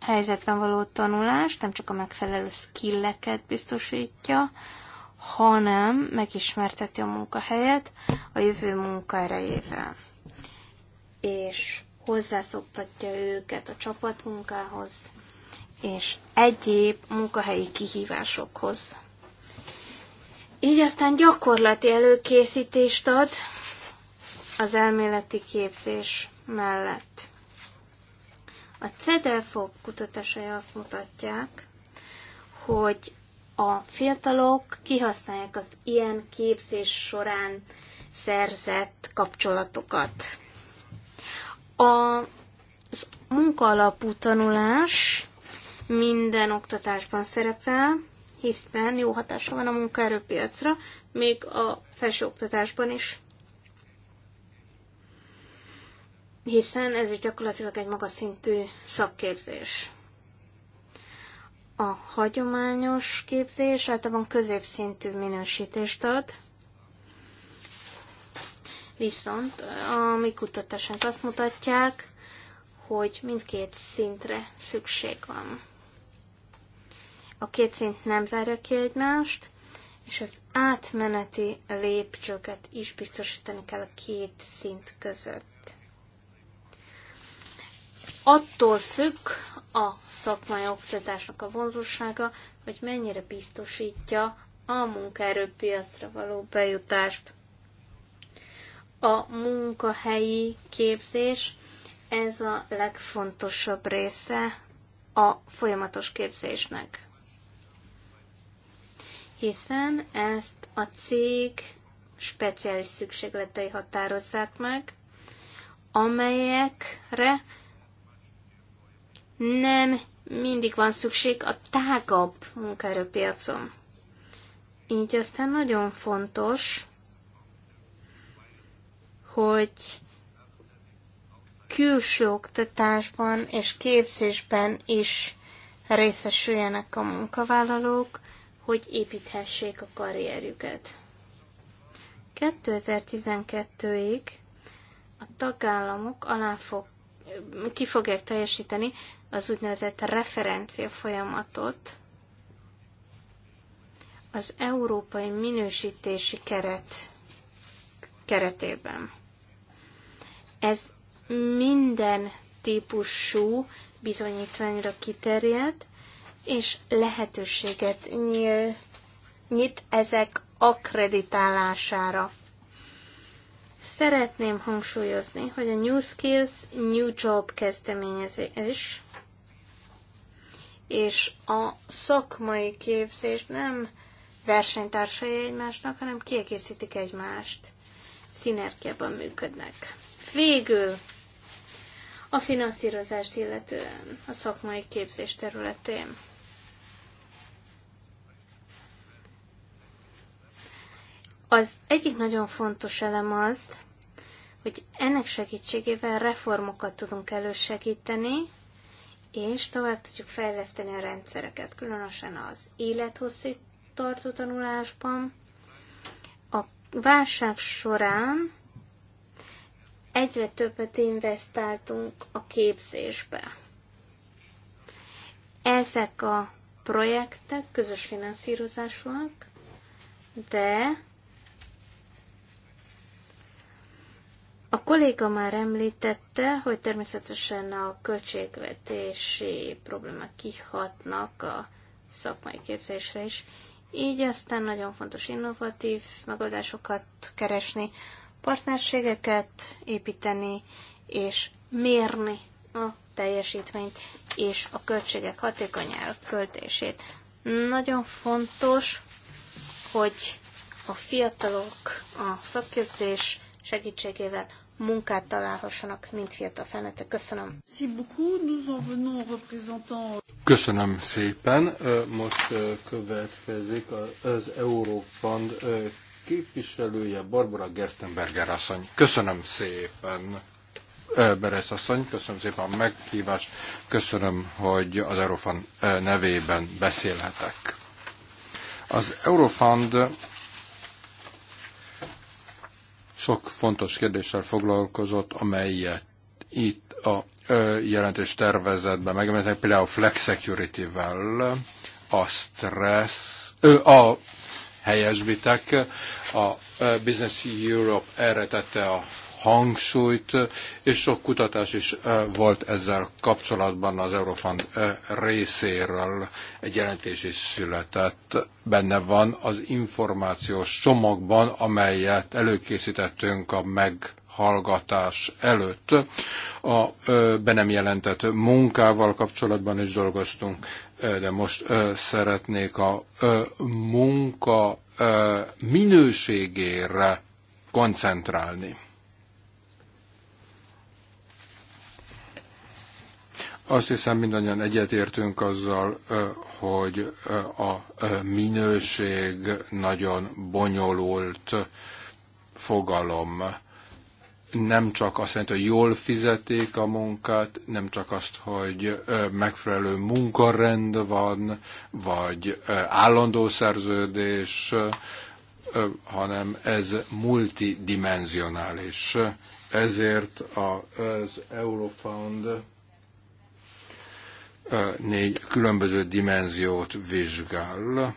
helyzetben való tanulás nem csak a megfelelő skilleket biztosítja, hanem megismerteti a munkahelyet a jövő munkaerejével. És hozzászoktatja őket a csapatmunkához, és egyéb munkahelyi kihívásokhoz. Így aztán gyakorlati előkészítést ad az elméleti képzés mellett. A CEDELFOG kutatásai azt mutatják, hogy a fiatalok kihasználják az ilyen képzés során szerzett kapcsolatokat. A az munkaalapú tanulás minden oktatásban szerepel, hiszen jó hatása van a munkaerőpiacra, még a felsőoktatásban is. Hiszen ez is gyakorlatilag egy magas szintű szakképzés a hagyományos képzés általában középszintű minősítést ad, viszont a mi kutatásunk azt mutatják, hogy mindkét szintre szükség van. A két szint nem zárja ki egymást, és az átmeneti lépcsőket is biztosítani kell a két szint között attól függ a szakmai oktatásnak a vonzósága, hogy mennyire biztosítja a munkaerőpiacra való bejutást. A munkahelyi képzés, ez a legfontosabb része a folyamatos képzésnek. Hiszen ezt a cég speciális szükségletei határozzák meg, amelyekre nem mindig van szükség a tágabb munkaerőpiacon. Így aztán nagyon fontos, hogy külső oktatásban és képzésben is részesüljenek a munkavállalók, hogy építhessék a karrierüket. 2012-ig a tagállamok alá fog, ki fogják teljesíteni az úgynevezett referencia folyamatot az európai minősítési keret keretében. Ez minden típusú bizonyítványra kiterjed, és lehetőséget nyíl, nyit ezek akkreditálására. Szeretném hangsúlyozni, hogy a New Skills New Job kezdeményezés és a szakmai képzés nem versenytársai egymásnak, hanem kiegészítik egymást. Szinergiában működnek. Végül a finanszírozást illetően a szakmai képzés területén. Az egyik nagyon fontos elem az, hogy ennek segítségével reformokat tudunk elősegíteni, és tovább tudjuk fejleszteni a rendszereket, különösen az élethosszig tartó tanulásban. A válság során egyre többet investáltunk a képzésbe. Ezek a projektek közös finanszírozásúak, de A kolléga már említette, hogy természetesen a költségvetési problémák kihatnak a szakmai képzésre is, így aztán nagyon fontos innovatív megoldásokat keresni, partnerségeket építeni, és mérni a teljesítményt és a költségek hatékony elköltését. Nagyon fontos, hogy a fiatalok a szakképzés segítségével munkát találhassanak, mint fiatal felnőttek. Köszönöm. Köszönöm szépen. Most következik az Eurofund képviselője Barbara Gerstenberger asszony. Köszönöm szépen. Beres asszony, köszönöm szépen a meghívást, köszönöm, hogy az Eurofund nevében beszélhetek. Az Eurofund sok fontos kérdéssel foglalkozott, amelyet itt a jelentés tervezetben megemlítenek, például a flex security-vel, a stressz, a helyesbitek, a Business Europe erre tette a hangsúlyt, és sok kutatás is eh, volt ezzel kapcsolatban az Eurofund eh, részéről. Egy jelentés is született, benne van az információs csomagban, amelyet előkészítettünk a meg hallgatás előtt a eh, be nem jelentett munkával kapcsolatban is dolgoztunk, de most szeretnék a munka minőségére koncentrálni. Azt hiszem mindannyian egyetértünk azzal, hogy a minőség nagyon bonyolult fogalom. Nem csak azt jelenti, hogy jól fizeték a munkát, nem csak azt, hogy megfelelő munkarend van, vagy állandó szerződés, hanem ez multidimensionális. Ezért az Eurofound négy különböző dimenziót vizsgál,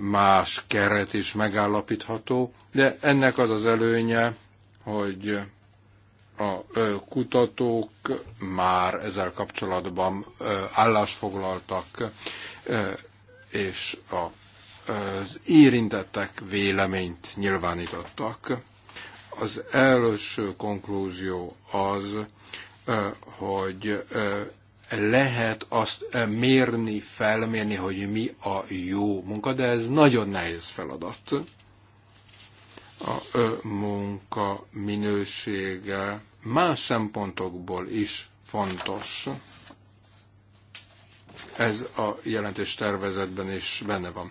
más keret is megállapítható, de ennek az az előnye, hogy a kutatók már ezzel kapcsolatban állásfoglaltak, és az érintettek véleményt nyilvánítottak. Az első konklúzió az, hogy lehet azt eh, mérni, felmérni, hogy mi a jó munka, de ez nagyon nehéz feladat. A munka minősége más szempontokból is fontos. Ez a jelentés tervezetben is benne van.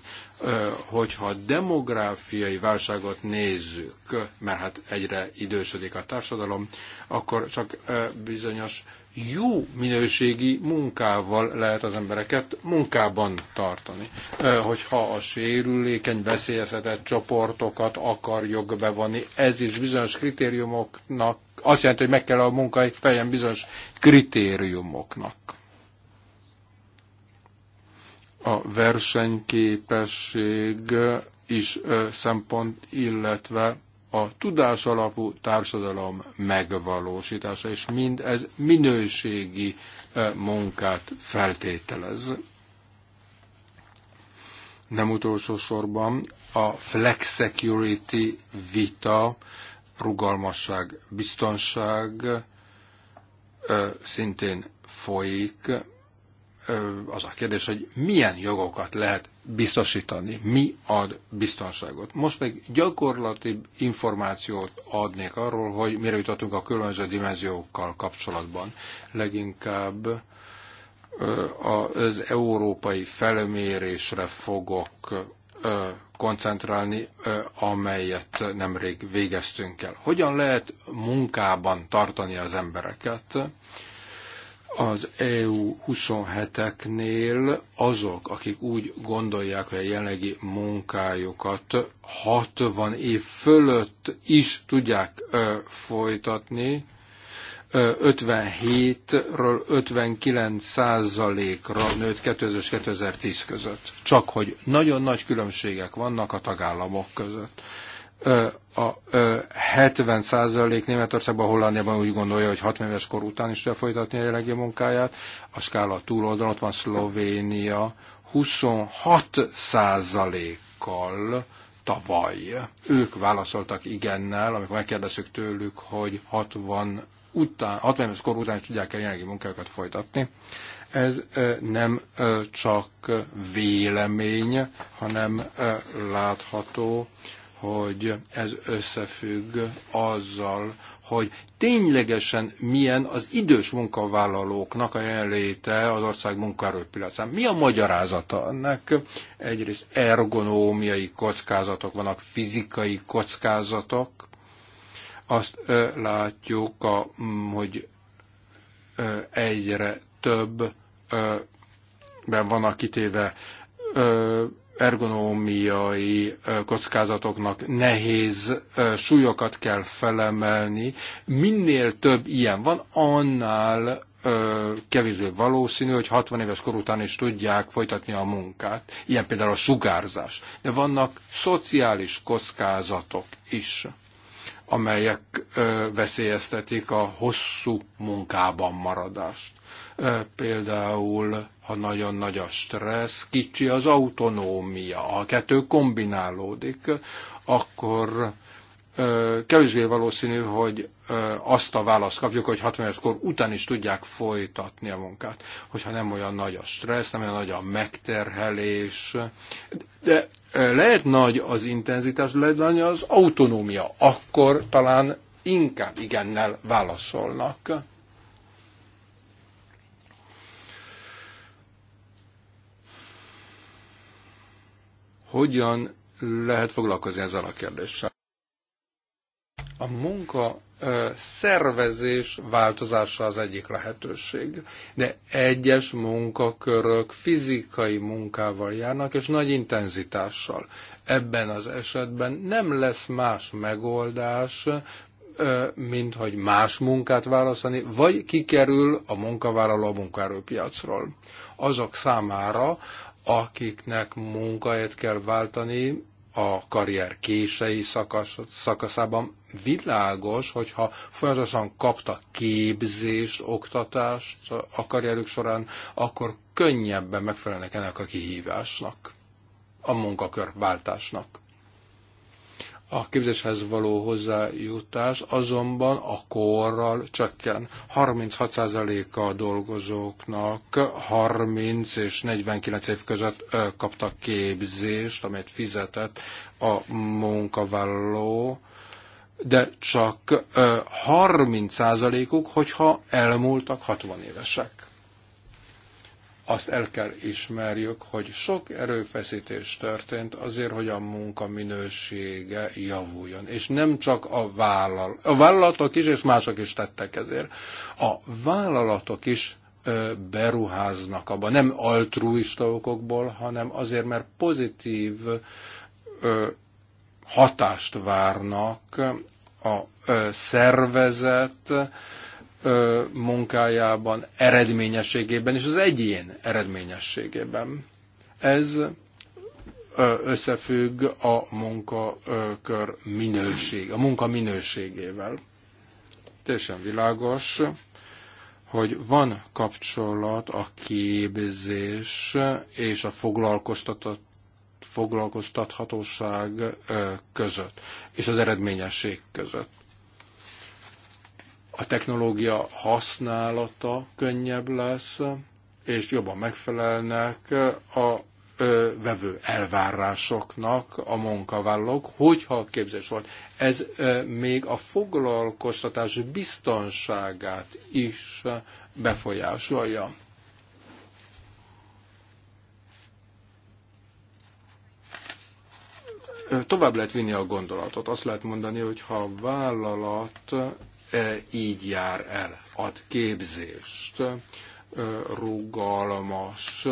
Hogyha demográfiai válságot nézzük, mert hát egyre idősödik a társadalom, akkor csak bizonyos jó minőségi munkával lehet az embereket munkában tartani. Hogyha a sérülékeny, veszélyeztetett csoportokat akar bevonni, ez is bizonyos kritériumoknak, azt jelenti, hogy meg kell a munkahely fejem bizonyos kritériumoknak. A versenyképesség is szempont, illetve a tudás alapú társadalom megvalósítása, és mind ez minőségi eh, munkát feltételez. Nem utolsó sorban a flex security vita, rugalmasság, biztonság eh, szintén folyik. Eh, az a kérdés, hogy milyen jogokat lehet biztosítani, mi ad biztonságot. Most pedig gyakorlati információt adnék arról, hogy mire jutottunk a különböző dimenziókkal kapcsolatban. Leginkább az európai felmérésre fogok koncentrálni, amelyet nemrég végeztünk el. Hogyan lehet munkában tartani az embereket? az EU 27-eknél azok, akik úgy gondolják, hogy a jelenlegi munkájukat 60 év fölött is tudják ö, folytatni, 57-ről 59 százalékra nőtt 2010 között. Csak hogy nagyon nagy különbségek vannak a tagállamok között a 70 százalék Németországban, Hollandiában úgy gondolja, hogy 60 éves kor után is tudja folytatni a jelenlegi munkáját. A skála túloldalon ott van Szlovénia 26 százalékkal tavaly. Ők válaszoltak igennel, amikor megkérdeztük tőlük, hogy 60 után, 60 éves kor után is tudják a jelenlegi munkájukat folytatni. Ez nem csak vélemény, hanem látható hogy ez összefügg azzal, hogy ténylegesen milyen az idős munkavállalóknak a jelenléte az ország munkaerőpiacán. Mi a magyarázata ennek? Egyrészt ergonómiai kockázatok vannak, fizikai kockázatok. Azt ö, látjuk, a, mm, hogy ö, egyre több ö, ben vannak kitéve ö, ergonómiai kockázatoknak nehéz súlyokat kell felemelni. Minél több ilyen van, annál kevésbé valószínű, hogy 60 éves kor után is tudják folytatni a munkát. Ilyen például a sugárzás. De vannak szociális kockázatok is, amelyek veszélyeztetik a hosszú munkában maradást. Például ha nagyon nagy a stressz, kicsi az autonómia, a kettő kombinálódik, akkor kevésbé valószínű, hogy azt a választ kapjuk, hogy 60 éves kor után is tudják folytatni a munkát, hogyha nem olyan nagy a stressz, nem olyan nagy a megterhelés. De lehet nagy az intenzitás, lehet nagy az autonómia, akkor talán inkább igennel válaszolnak. Hogyan lehet foglalkozni ezzel a kérdéssel? A munka szervezés változása az egyik lehetőség. De egyes munkakörök fizikai munkával járnak, és nagy intenzitással. Ebben az esetben nem lesz más megoldás, mint hogy más munkát válaszolni, vagy kikerül a munkavállaló a munkaerőpiacról. Azok számára, akiknek munkahelyet kell váltani a karrier kései szakas, szakaszában. Világos, hogyha folyamatosan kapta képzést, oktatást a karrierük során, akkor könnyebben megfelelnek ennek a kihívásnak, a munkakörváltásnak. A képzéshez való hozzájutás azonban a korral csökken. 36%-a a dolgozóknak 30 és 49 év között kapta képzést, amelyet fizetett a munkavállaló, de csak 30%-uk, hogyha elmúltak 60 évesek azt el kell ismerjük, hogy sok erőfeszítés történt azért, hogy a munka minősége javuljon. És nem csak a, vállal, a vállalatok is, és mások is tettek ezért. A vállalatok is ö, beruháznak abba, nem altruista okokból, hanem azért, mert pozitív ö, hatást várnak a ö, szervezet, munkájában, eredményességében és az egyén eredményességében. Ez összefügg a munkakör minőség, a munka minőségével. Teljesen világos, hogy van kapcsolat a képzés és a foglalkoztatott foglalkoztathatóság között és az eredményesség között a technológia használata könnyebb lesz, és jobban megfelelnek a vevő elvárásoknak a munkavállalók, hogyha képzés volt. Ez még a foglalkoztatás biztonságát is befolyásolja. Tovább lehet vinni a gondolatot. Azt lehet mondani, hogy ha a vállalat E, így jár el, ad képzést, e, rugalmas,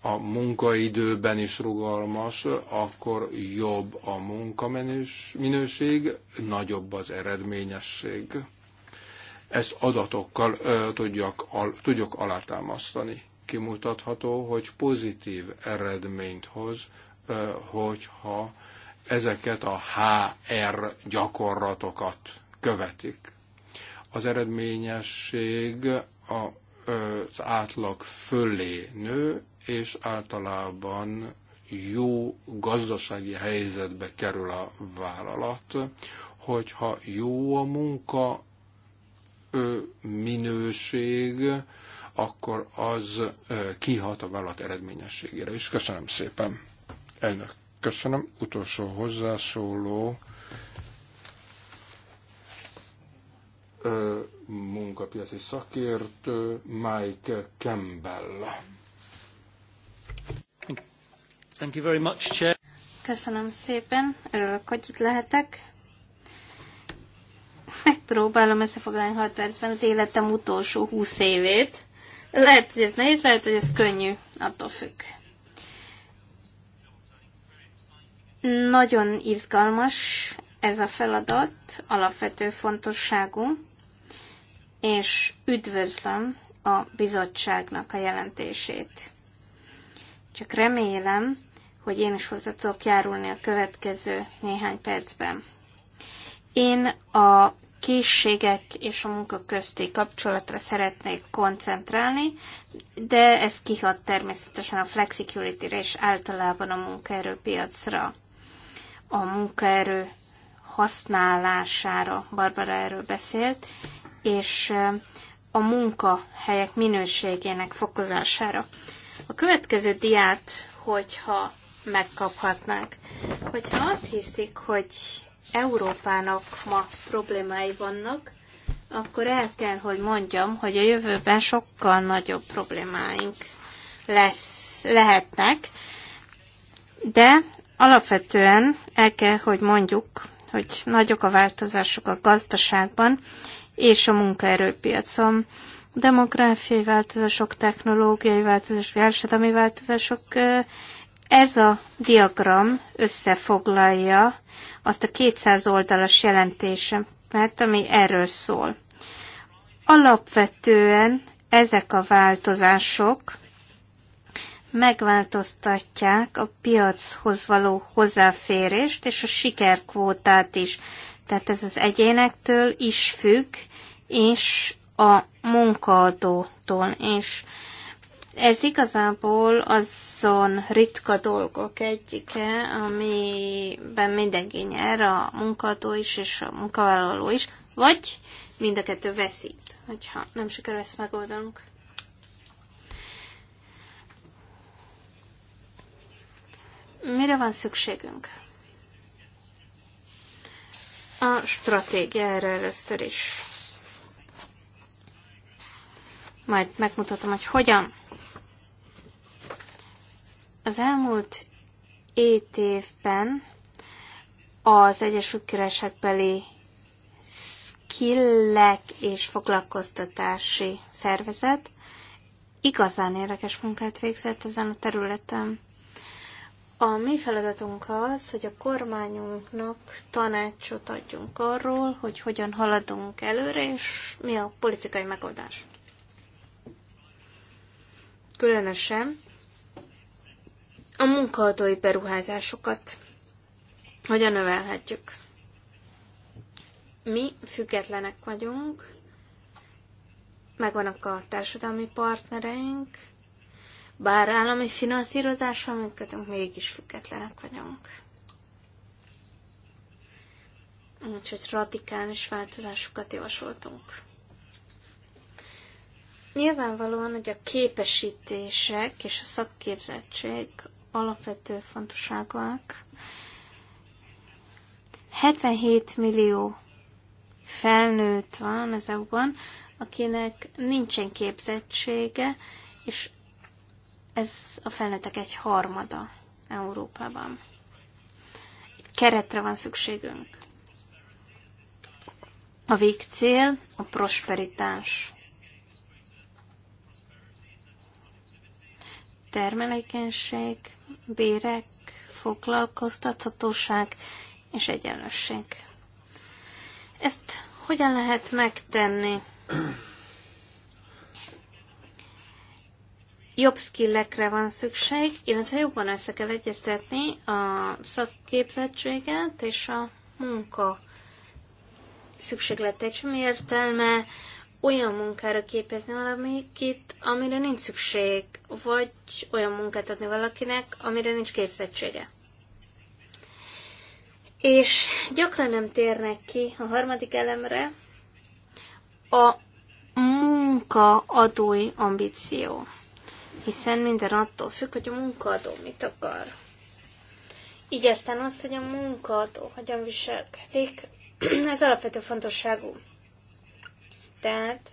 a munkaidőben is rugalmas, akkor jobb a munkaminőség, nagyobb az eredményesség. Ezt adatokkal e, tudjak, al, tudjuk alátámasztani. Kimutatható, hogy pozitív eredményt hoz, ö, hogyha ezeket a HR gyakorlatokat követik az eredményesség az átlag fölé nő, és általában jó gazdasági helyzetbe kerül a vállalat, hogyha jó a munka minőség, akkor az kihat a vállalat eredményességére és Köszönöm szépen. Elnök, köszönöm. Utolsó hozzászóló munkapiaci szakértő Mike Campbell. Thank you very much, Chair. Köszönöm szépen, örülök, hogy itt lehetek. Megpróbálom összefoglalni 6 percben az életem utolsó 20 évét. Lehet, hogy ez nehéz, lehet, hogy ez könnyű, attól függ. Nagyon izgalmas ez a feladat, alapvető fontosságú, és üdvözlöm a bizottságnak a jelentését. Csak remélem, hogy én is hozzá tudok járulni a következő néhány percben. Én a készségek és a munka közti kapcsolatra szeretnék koncentrálni, de ez kihat természetesen a flexicurity-re és általában a munkaerőpiacra, a munkaerő használására. Barbara erről beszélt, és a munkahelyek minőségének fokozására. A következő diát, hogyha megkaphatnánk, hogyha azt hiszik, hogy Európának ma problémái vannak, akkor el kell, hogy mondjam, hogy a jövőben sokkal nagyobb problémáink lesz, lehetnek, de alapvetően el kell, hogy mondjuk, hogy nagyok a változások a gazdaságban, és a munkaerőpiacon. Demográfiai változások, technológiai változások, társadalmi változások. Ez a diagram összefoglalja azt a 200 oldalas jelentésemet, ami erről szól. Alapvetően ezek a változások megváltoztatják a piachoz való hozzáférést és a sikerkvótát is. Tehát ez az egyénektől is függ, és a munkaadótól is. Ez igazából azon ritka dolgok egyike, amiben mindenki nyer, a munkadó is és a munkavállaló is, vagy mind a kettő veszít, hogyha nem sikerül ezt megoldanunk. Mire van szükségünk? A stratégia erre először is majd megmutatom, hogy hogyan. Az elmúlt ét évben az Egyesült Királyságbeli Killek és foglalkoztatási szervezet igazán érdekes munkát végzett ezen a területen. A mi feladatunk az, hogy a kormányunknak tanácsot adjunk arról, hogy hogyan haladunk előre, és mi a politikai megoldás különösen a munkahatói beruházásokat hogyan növelhetjük. Mi függetlenek vagyunk, megvannak a társadalmi partnereink, bár állami finanszírozással működünk, mégis függetlenek vagyunk. Úgyhogy radikális változásokat javasoltunk. Nyilvánvalóan, hogy a képesítések és a szakképzettség alapvető fontosságúak. 77 millió felnőtt van az EU-ban, akinek nincsen képzettsége, és ez a felnőttek egy harmada Európában. Keretre van szükségünk. A végcél a prosperitás. termelékenység, bérek, foglalkoztathatóság és egyenlősség. Ezt hogyan lehet megtenni? Jobb skillekre van szükség, illetve jobban össze kell egyeztetni a szakképzettséget és a munka szükségleteit. Mi értelme olyan munkára képezni valamit, amire nincs szükség, vagy olyan munkát adni valakinek, amire nincs képzettsége. És gyakran nem térnek ki a harmadik elemre, a munkaadói ambíció. Hiszen minden attól függ, hogy a munkaadó mit akar. Így aztán az, hogy a munkaadó hogyan viselkedik, ez alapvető fontosságú. Tehát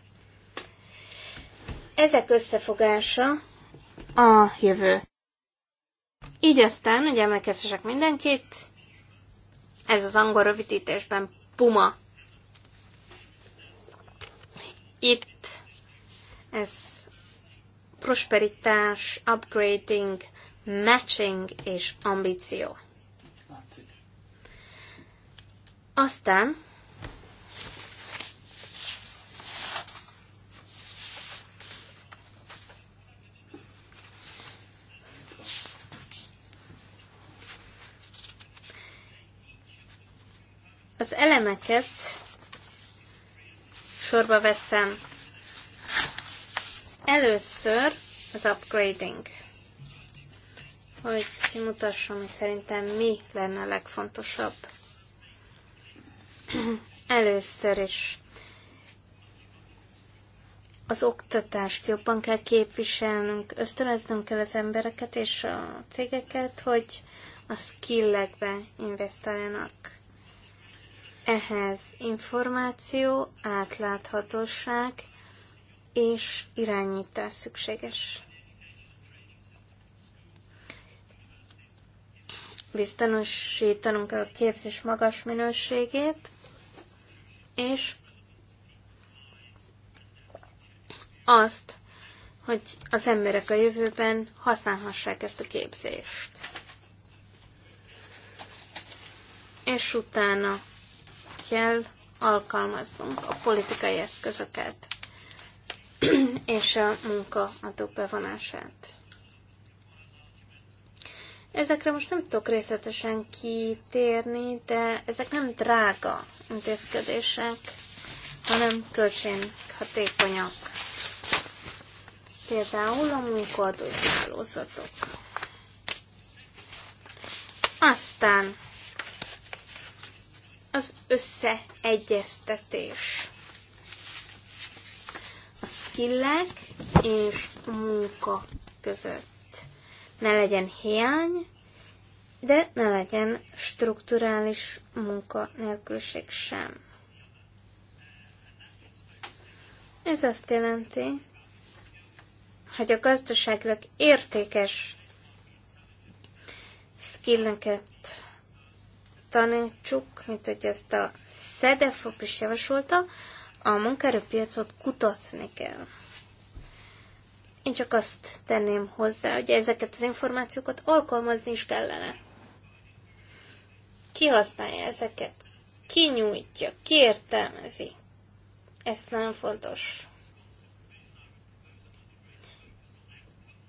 ezek összefogása a jövő. Így aztán, hogy emlékeztesek mindenkit, ez az angol rövidítésben Puma. Itt ez prosperitás, upgrading, matching és ambíció. Aztán Az elemeket sorba veszem. Először az upgrading, hogy mutassam, hogy szerintem mi lenne a legfontosabb. Először is az oktatást jobban kell képviselnünk, ösztönöznünk kell az embereket és a cégeket, hogy a skillekbe investáljanak. Ehhez információ, átláthatóság és irányítás szükséges. Biztosítanunk a képzés magas minőségét, és azt, hogy az emberek a jövőben használhassák ezt a képzést. És utána kell alkalmaznunk a politikai eszközöket és a munkaadók bevonását. Ezekre most nem tudok részletesen kitérni, de ezek nem drága intézkedések, hanem hatékonyak. Például a munkaadói hálózatok. Aztán az összeegyeztetés. A skillek és a munka között. Ne legyen hiány, de ne legyen strukturális munka munkanélküliség sem. Ez azt jelenti, hogy a gazdaságnak értékes skilleket tanítsuk, mint hogy ezt a SZEDEFOP is javasolta, a munkaerőpiacot kutatni kell. Én csak azt tenném hozzá, hogy ezeket az információkat alkalmazni is kellene. Ki használja ezeket? Ki nyújtja? Ki értelmezi? Ez nagyon fontos.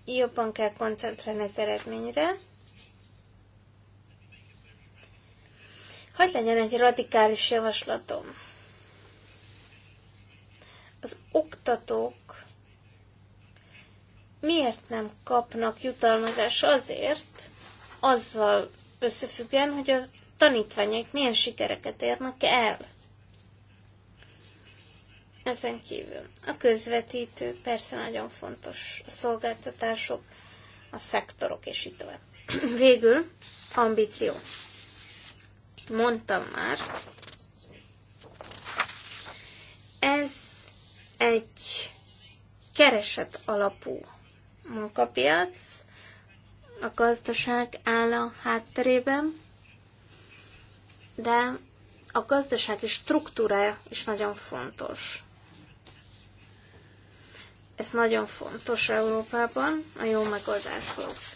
Jobban kell koncentrálni az eredményre, Hogy legyen egy radikális javaslatom? Az oktatók miért nem kapnak jutalmazás azért, azzal összefüggően, hogy a tanítványaik milyen sikereket érnek el? Ezen kívül a közvetítő persze nagyon fontos, a szolgáltatások, a szektorok és így tovább. Végül ambíció mondtam már, ez egy kereset alapú munkapiac, a gazdaság áll a hátterében, de a gazdasági struktúrája is nagyon fontos. Ez nagyon fontos Európában a jó megoldáshoz.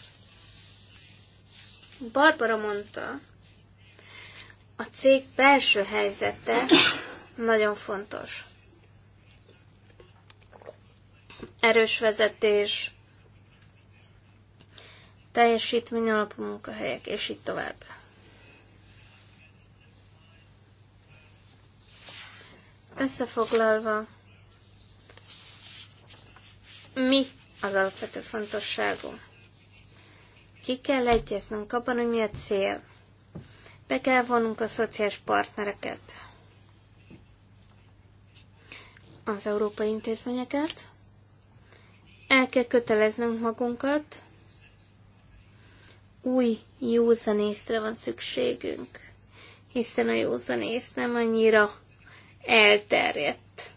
Barbara mondta, a cég belső helyzete nagyon fontos. Erős vezetés, teljesítmény alapú munkahelyek, és így tovább. Összefoglalva, mi az alapvető fontosságú? Ki kell egyeznünk abban, hogy mi a cél. Be kell vonunk a szociális partnereket, az európai intézményeket, el kell köteleznünk magunkat, új józanészre van szükségünk, hiszen a józanész nem annyira elterjedt.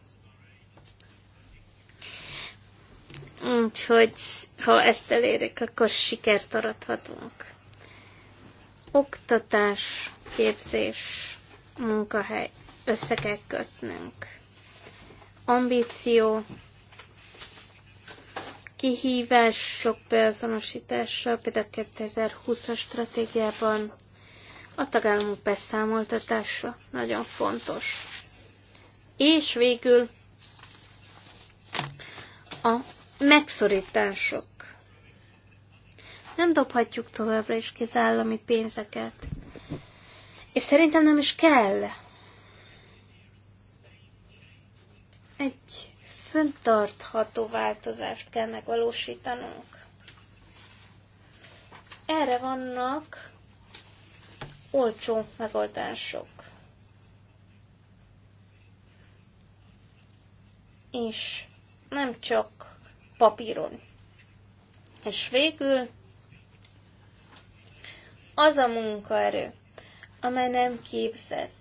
Úgyhogy, ha ezt elérik, akkor sikert arathatunk. Oktatás, képzés, munkahely. Össze kell kötnünk. Ambíció, sok beazonosítása, például 2020-as stratégiában a tagállamok beszámoltatása nagyon fontos. És végül a megszorítások nem dobhatjuk továbbra is ki az állami pénzeket. És szerintem nem is kell. Egy föntartható változást kell megvalósítanunk. Erre vannak olcsó megoldások. És nem csak papíron. És végül az a munkaerő, amely nem képzett,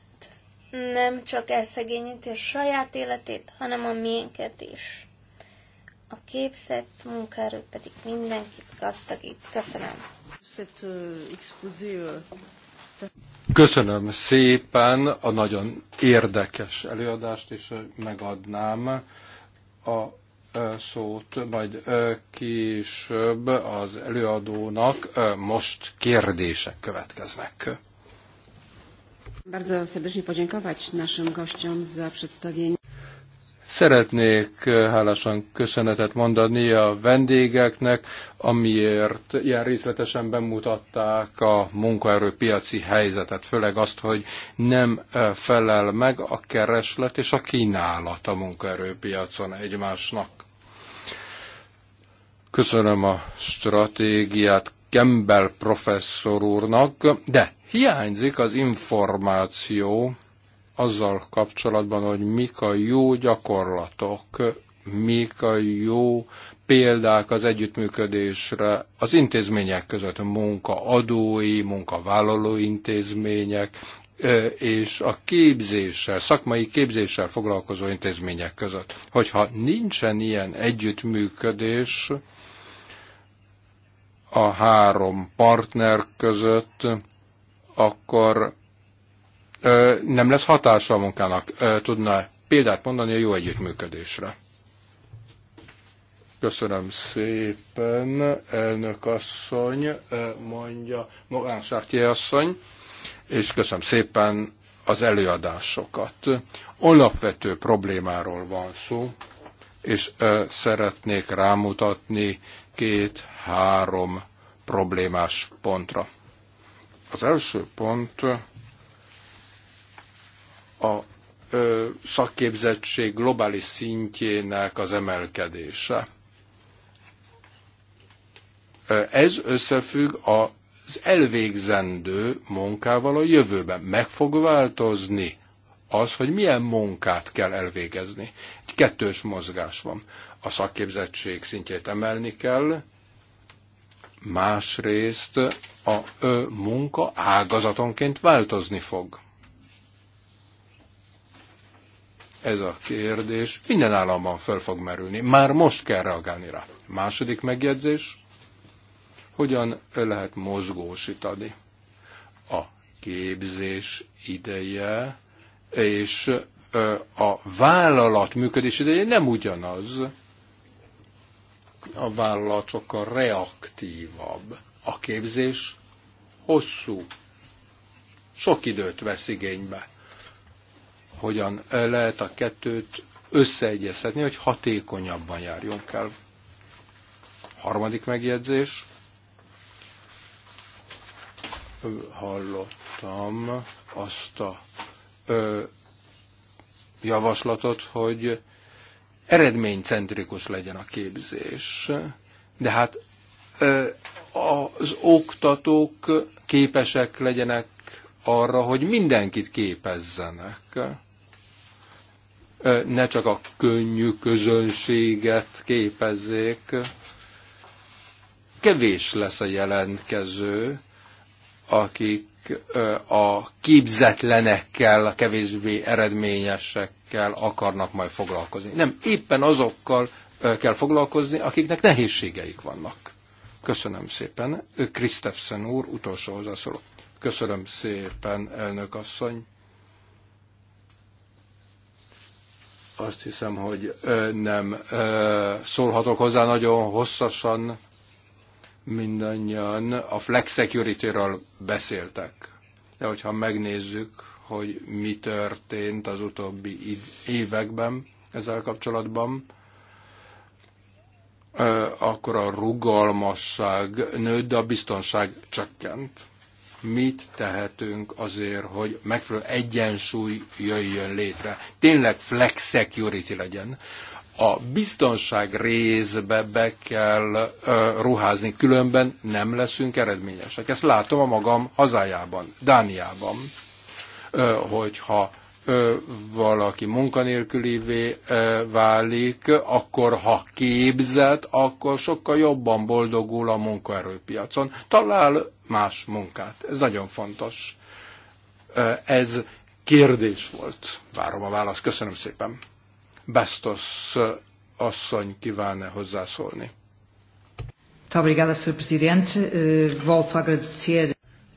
nem csak elszegényíti a saját életét, hanem a miénket is. A képzett munkaerő pedig mindenkit gazdagít. Köszönöm. Euh, euh, Köszönöm szépen a nagyon érdekes előadást, és euh, megadnám a szót majd később az előadónak. Most kérdések következnek. Bardzo serdecznie podziękować naszym gościom za przedstawienie. Szeretnék hálásan köszönetet mondani a vendégeknek, amiért ilyen részletesen bemutatták a munkaerőpiaci helyzetet, főleg azt, hogy nem felel meg a kereslet és a kínálat a munkaerőpiacon egymásnak. Köszönöm a stratégiát Campbell professzor úrnak, de hiányzik az információ azzal kapcsolatban, hogy mik a jó gyakorlatok, mik a jó példák az együttműködésre az intézmények között, munkaadói, munkavállaló intézmények, és a képzéssel, szakmai képzéssel foglalkozó intézmények között. Hogyha nincsen ilyen együttműködés, a három partner között, akkor nem lesz hatása a munkának. Tudna példát mondani a jó együttműködésre? Köszönöm szépen, elnök asszony, mondja Morán Sártyi asszony, és köszönöm szépen az előadásokat. Alapvető problémáról van szó, és szeretnék rámutatni két három problémás pontra. Az első pont a ö, szakképzettség globális szintjének az emelkedése. Ez összefügg az elvégzendő munkával a jövőben. Meg fog változni az, hogy milyen munkát kell elvégezni. Egy kettős mozgás van. A szakképzettség szintjét emelni kell, Másrészt a munka ágazatonként változni fog. Ez a kérdés minden államban föl fog merülni. Már most kell reagálni rá. Második megjegyzés, hogyan lehet mozgósítani a képzés ideje és a vállalat működés ideje nem ugyanaz, a vállalat sokkal reaktívabb. A képzés hosszú, sok időt vesz igénybe. Hogyan lehet a kettőt összeegyeztetni, hogy hatékonyabban járjunk el. Harmadik megjegyzés. Hallottam azt a ö, javaslatot, hogy eredménycentrikus legyen a képzés. De hát az oktatók képesek legyenek arra, hogy mindenkit képezzenek. Ne csak a könnyű közönséget képezzék. Kevés lesz a jelentkező, akik a képzetlenekkel, a kevésbé eredményesek akikkel akarnak majd foglalkozni. Nem, éppen azokkal kell foglalkozni, akiknek nehézségeik vannak. Köszönöm szépen. Krisztefsen úr, utolsó hozzászóló. Köszönöm szépen, elnök asszony. Azt hiszem, hogy nem szólhatok hozzá nagyon hosszasan. Mindannyian a flex security-ről beszéltek. De hogyha megnézzük, hogy mi történt az utóbbi években ezzel kapcsolatban, akkor a rugalmasság nőtt, de a biztonság csökkent. Mit tehetünk azért, hogy megfelelő egyensúly jöjjön létre? Tényleg flex security legyen. A biztonság részbe be kell ruházni, különben nem leszünk eredményesek. Ezt látom a magam hazájában, Dániában hogyha valaki munkanélkülivé válik, akkor ha képzett, akkor sokkal jobban boldogul a munkaerőpiacon. Talál más munkát. Ez nagyon fontos. Ez kérdés volt. Várom a választ. Köszönöm szépen. Bestos asszony kíván-e hozzászólni?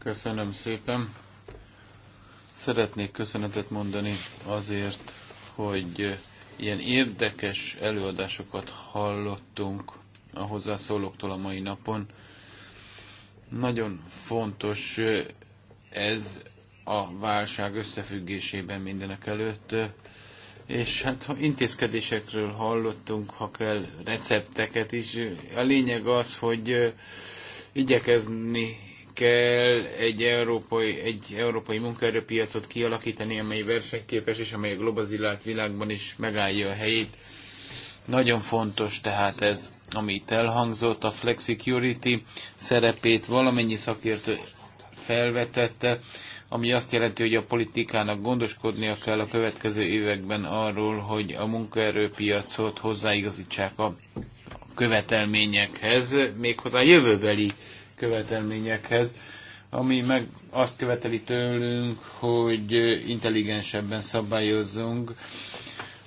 Köszönöm szépen. Szeretnék köszönetet mondani azért, hogy ilyen érdekes előadásokat hallottunk a hozzászólóktól a mai napon. Nagyon fontos ez a válság összefüggésében mindenek előtt. És hát ha intézkedésekről hallottunk, ha kell recepteket is, a lényeg az, hogy igyekezni kell egy európai, egy európai munkaerőpiacot kialakítani, amely versenyképes és amely a globalizált világban is megállja a helyét. Nagyon fontos tehát ez, amit elhangzott, a flexicurity szerepét valamennyi szakértő felvetette, ami azt jelenti, hogy a politikának gondoskodnia kell a következő években arról, hogy a munkaerőpiacot hozzáigazítsák a követelményekhez, méghozzá jövőbeli követelményekhez, ami meg azt követeli tőlünk, hogy intelligensebben szabályozzunk.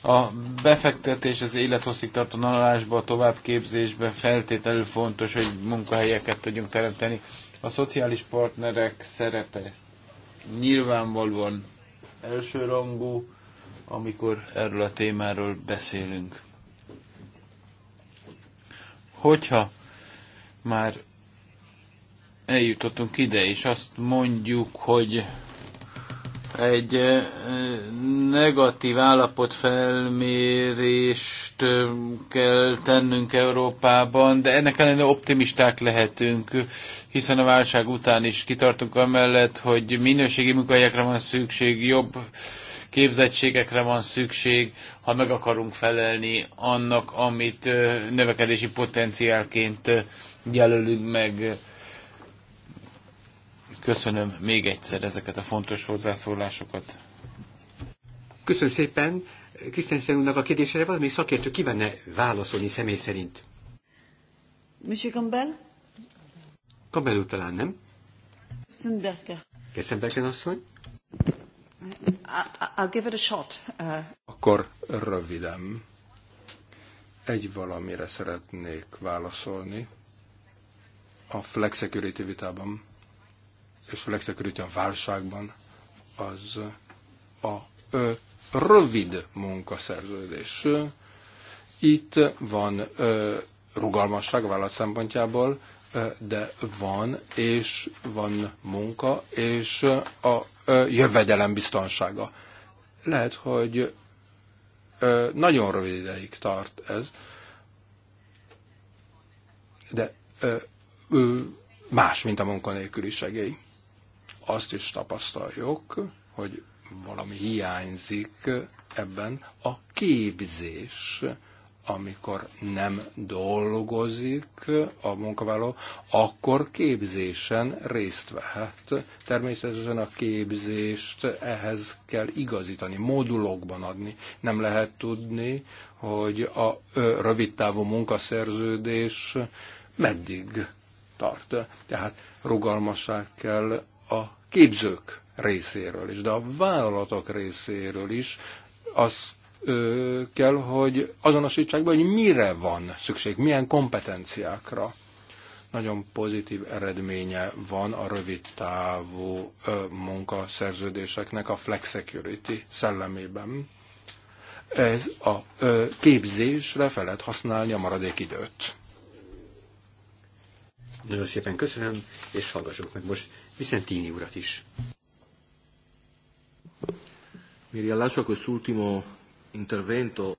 A befektetés az élethosszígtartó nalásba, a továbbképzésbe feltételül fontos, hogy munkahelyeket tudjunk teremteni. A szociális partnerek szerepe nyilvánvalóan elsőrangú, amikor erről a témáról beszélünk. Hogyha már eljutottunk ide, és azt mondjuk, hogy egy negatív állapot felmérést kell tennünk Európában, de ennek ellenére optimisták lehetünk, hiszen a válság után is kitartunk amellett, hogy minőségi munkahelyekre van szükség, jobb képzettségekre van szükség, ha meg akarunk felelni annak, amit növekedési potenciálként jelölünk meg Köszönöm még egyszer ezeket a fontos hozzászólásokat. Köszönöm szépen. Krisztensen úrnak a kérdésére valami szakértő kívánne válaszolni személy szerint. Monsieur Campbell? Campbell úr talán nem. Kessenberger. Kessenberger asszony? I'll give it a shot. Uh... Akkor röviden egy valamire szeretnék válaszolni. A security vitában és főleg a válságban, az a ö, rövid munkaszerződés. Itt van ö, rugalmasság vállalat szempontjából, ö, de van, és van munka, és a ö, jövedelem biztonsága. Lehet, hogy ö, nagyon rövid ideig tart ez, de ö, ö, más, mint a munkanélküli segély azt is tapasztaljuk, hogy valami hiányzik ebben a képzés, amikor nem dolgozik a munkavállaló, akkor képzésen részt vehet. Természetesen a képzést ehhez kell igazítani, modulokban adni. Nem lehet tudni, hogy a rövidtávú munkaszerződés meddig tart. Tehát rugalmasság kell a képzők részéről is, de a vállalatok részéről is az ö, kell, hogy azonosítsák be, hogy mire van szükség, milyen kompetenciákra. Nagyon pozitív eredménye van a rövid távú ö, munkaszerződéseknek a flexecurity szellemében. Ez a ö, képzésre fel lehet használni a maradék időt. Nagyon szépen köszönöm, és hallgassuk meg most Viszentini urat is. intervento.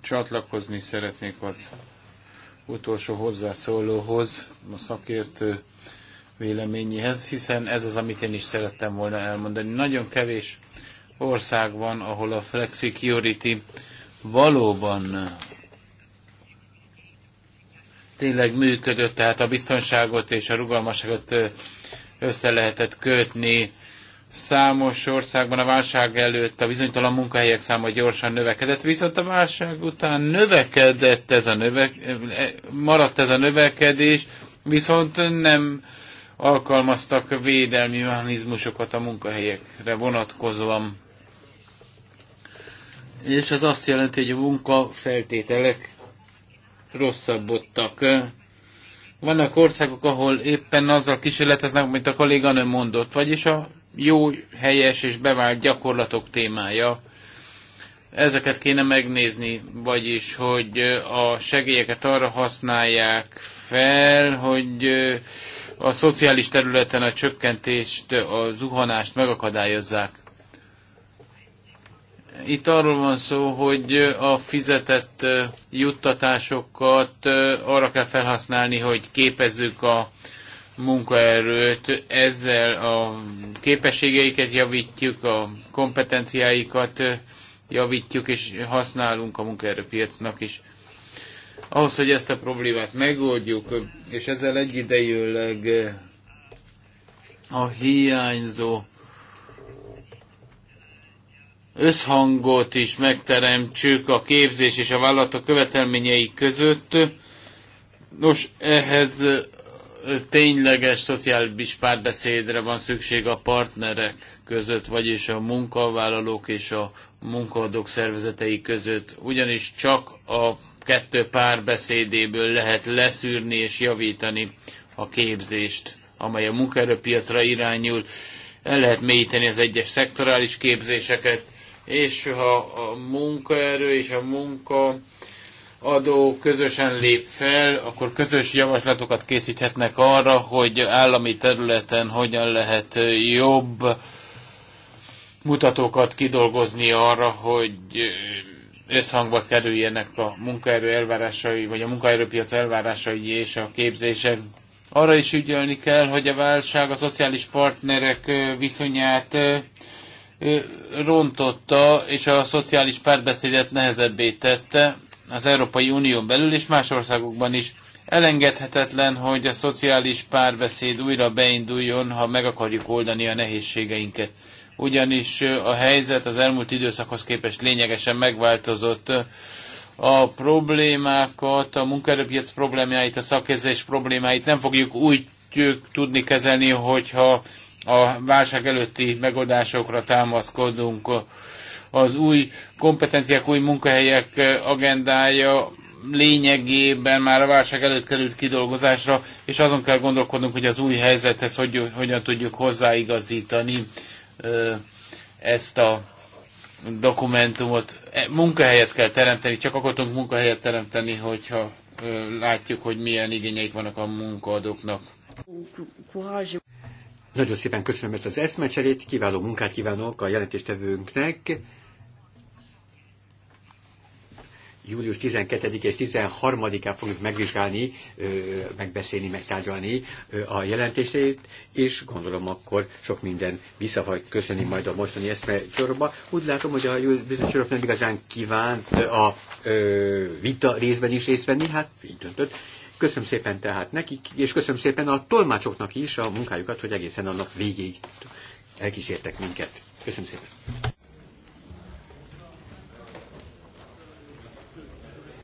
Csatlakozni szeretnék az utolsó hozzászólóhoz, a szakértő véleményéhez, hiszen ez az, amit én is szerettem volna elmondani. Nagyon kevés ország van, ahol a flexicurity valóban tényleg működött, tehát a biztonságot és a rugalmasságot össze lehetett kötni. Számos országban a válság előtt a bizonytalan munkahelyek száma gyorsan növekedett, viszont a válság után növekedett ez a növek, e, maradt ez a növekedés, viszont nem alkalmaztak védelmi mechanizmusokat a munkahelyekre vonatkozóan. És ez azt jelenti, hogy a munkafeltételek rosszabbodtak. Vannak országok, ahol éppen azzal kísérleteznek, amit a kolléganő mondott, vagyis a jó, helyes és bevált gyakorlatok témája. Ezeket kéne megnézni, vagyis, hogy a segélyeket arra használják fel, hogy a szociális területen a csökkentést, a zuhanást megakadályozzák. Itt arról van szó, hogy a fizetett juttatásokat arra kell felhasználni, hogy képezzük a munkaerőt, ezzel a képességeiket javítjuk, a kompetenciáikat javítjuk, és használunk a munkaerőpiacnak is. Ahhoz, hogy ezt a problémát megoldjuk, és ezzel egyidejűleg a hiányzó összhangot is megteremtsük a képzés és a vállalatok követelményei között. Nos, ehhez tényleges szociális párbeszédre van szükség a partnerek között, vagyis a munkavállalók és a munkaadók szervezetei között. Ugyanis csak a kettő párbeszédéből lehet leszűrni és javítani a képzést, amely a munkaerőpiacra irányul. El lehet mélyíteni az egyes szektorális képzéseket, és ha a munkaerő és a munka adó közösen lép fel, akkor közös javaslatokat készíthetnek arra, hogy állami területen hogyan lehet jobb mutatókat kidolgozni arra, hogy összhangba kerüljenek a munkaerő elvárásai, vagy a munkaerőpiac elvárásai és a képzések. Arra is ügyelni kell, hogy a válság a szociális partnerek viszonyát rontotta, és a szociális párbeszédet nehezebbé tette az Európai Unión belül és más országokban is. Elengedhetetlen, hogy a szociális párbeszéd újra beinduljon, ha meg akarjuk oldani a nehézségeinket. Ugyanis a helyzet az elmúlt időszakhoz képest lényegesen megváltozott. A problémákat, a munkaerőpiac problémáit, a szakkezelés problémáit nem fogjuk úgy tudni kezelni, hogyha a válság előtti megoldásokra támaszkodunk. Az új kompetenciák, új munkahelyek agendája lényegében már a válság előtt került kidolgozásra, és azon kell gondolkodnunk, hogy az új helyzethez hogy, hogyan tudjuk hozzáigazítani ezt a dokumentumot. E, munkahelyet kell teremteni, csak akkor tudunk munkahelyet teremteni, hogyha látjuk, hogy milyen igényeik vannak a munkaadóknak. Nagyon szépen köszönöm ezt az eszmecserét, kiváló munkát kívánok a jelentéstevőnknek. Július 12 és 13-án fogjuk megvizsgálni, megbeszélni, megtárgyalni a jelentését, és gondolom akkor sok minden vissza fog köszönni majd a mostani eszmecsorba. Úgy látom, hogy a bizonyos Business nem igazán kívánt a vita részben is részt venni, hát így döntött, Köszönöm szépen tehát nekik, és köszönöm szépen a tolmácsoknak is a munkájukat, hogy egészen a nap végéig elkísértek minket. Köszönöm szépen!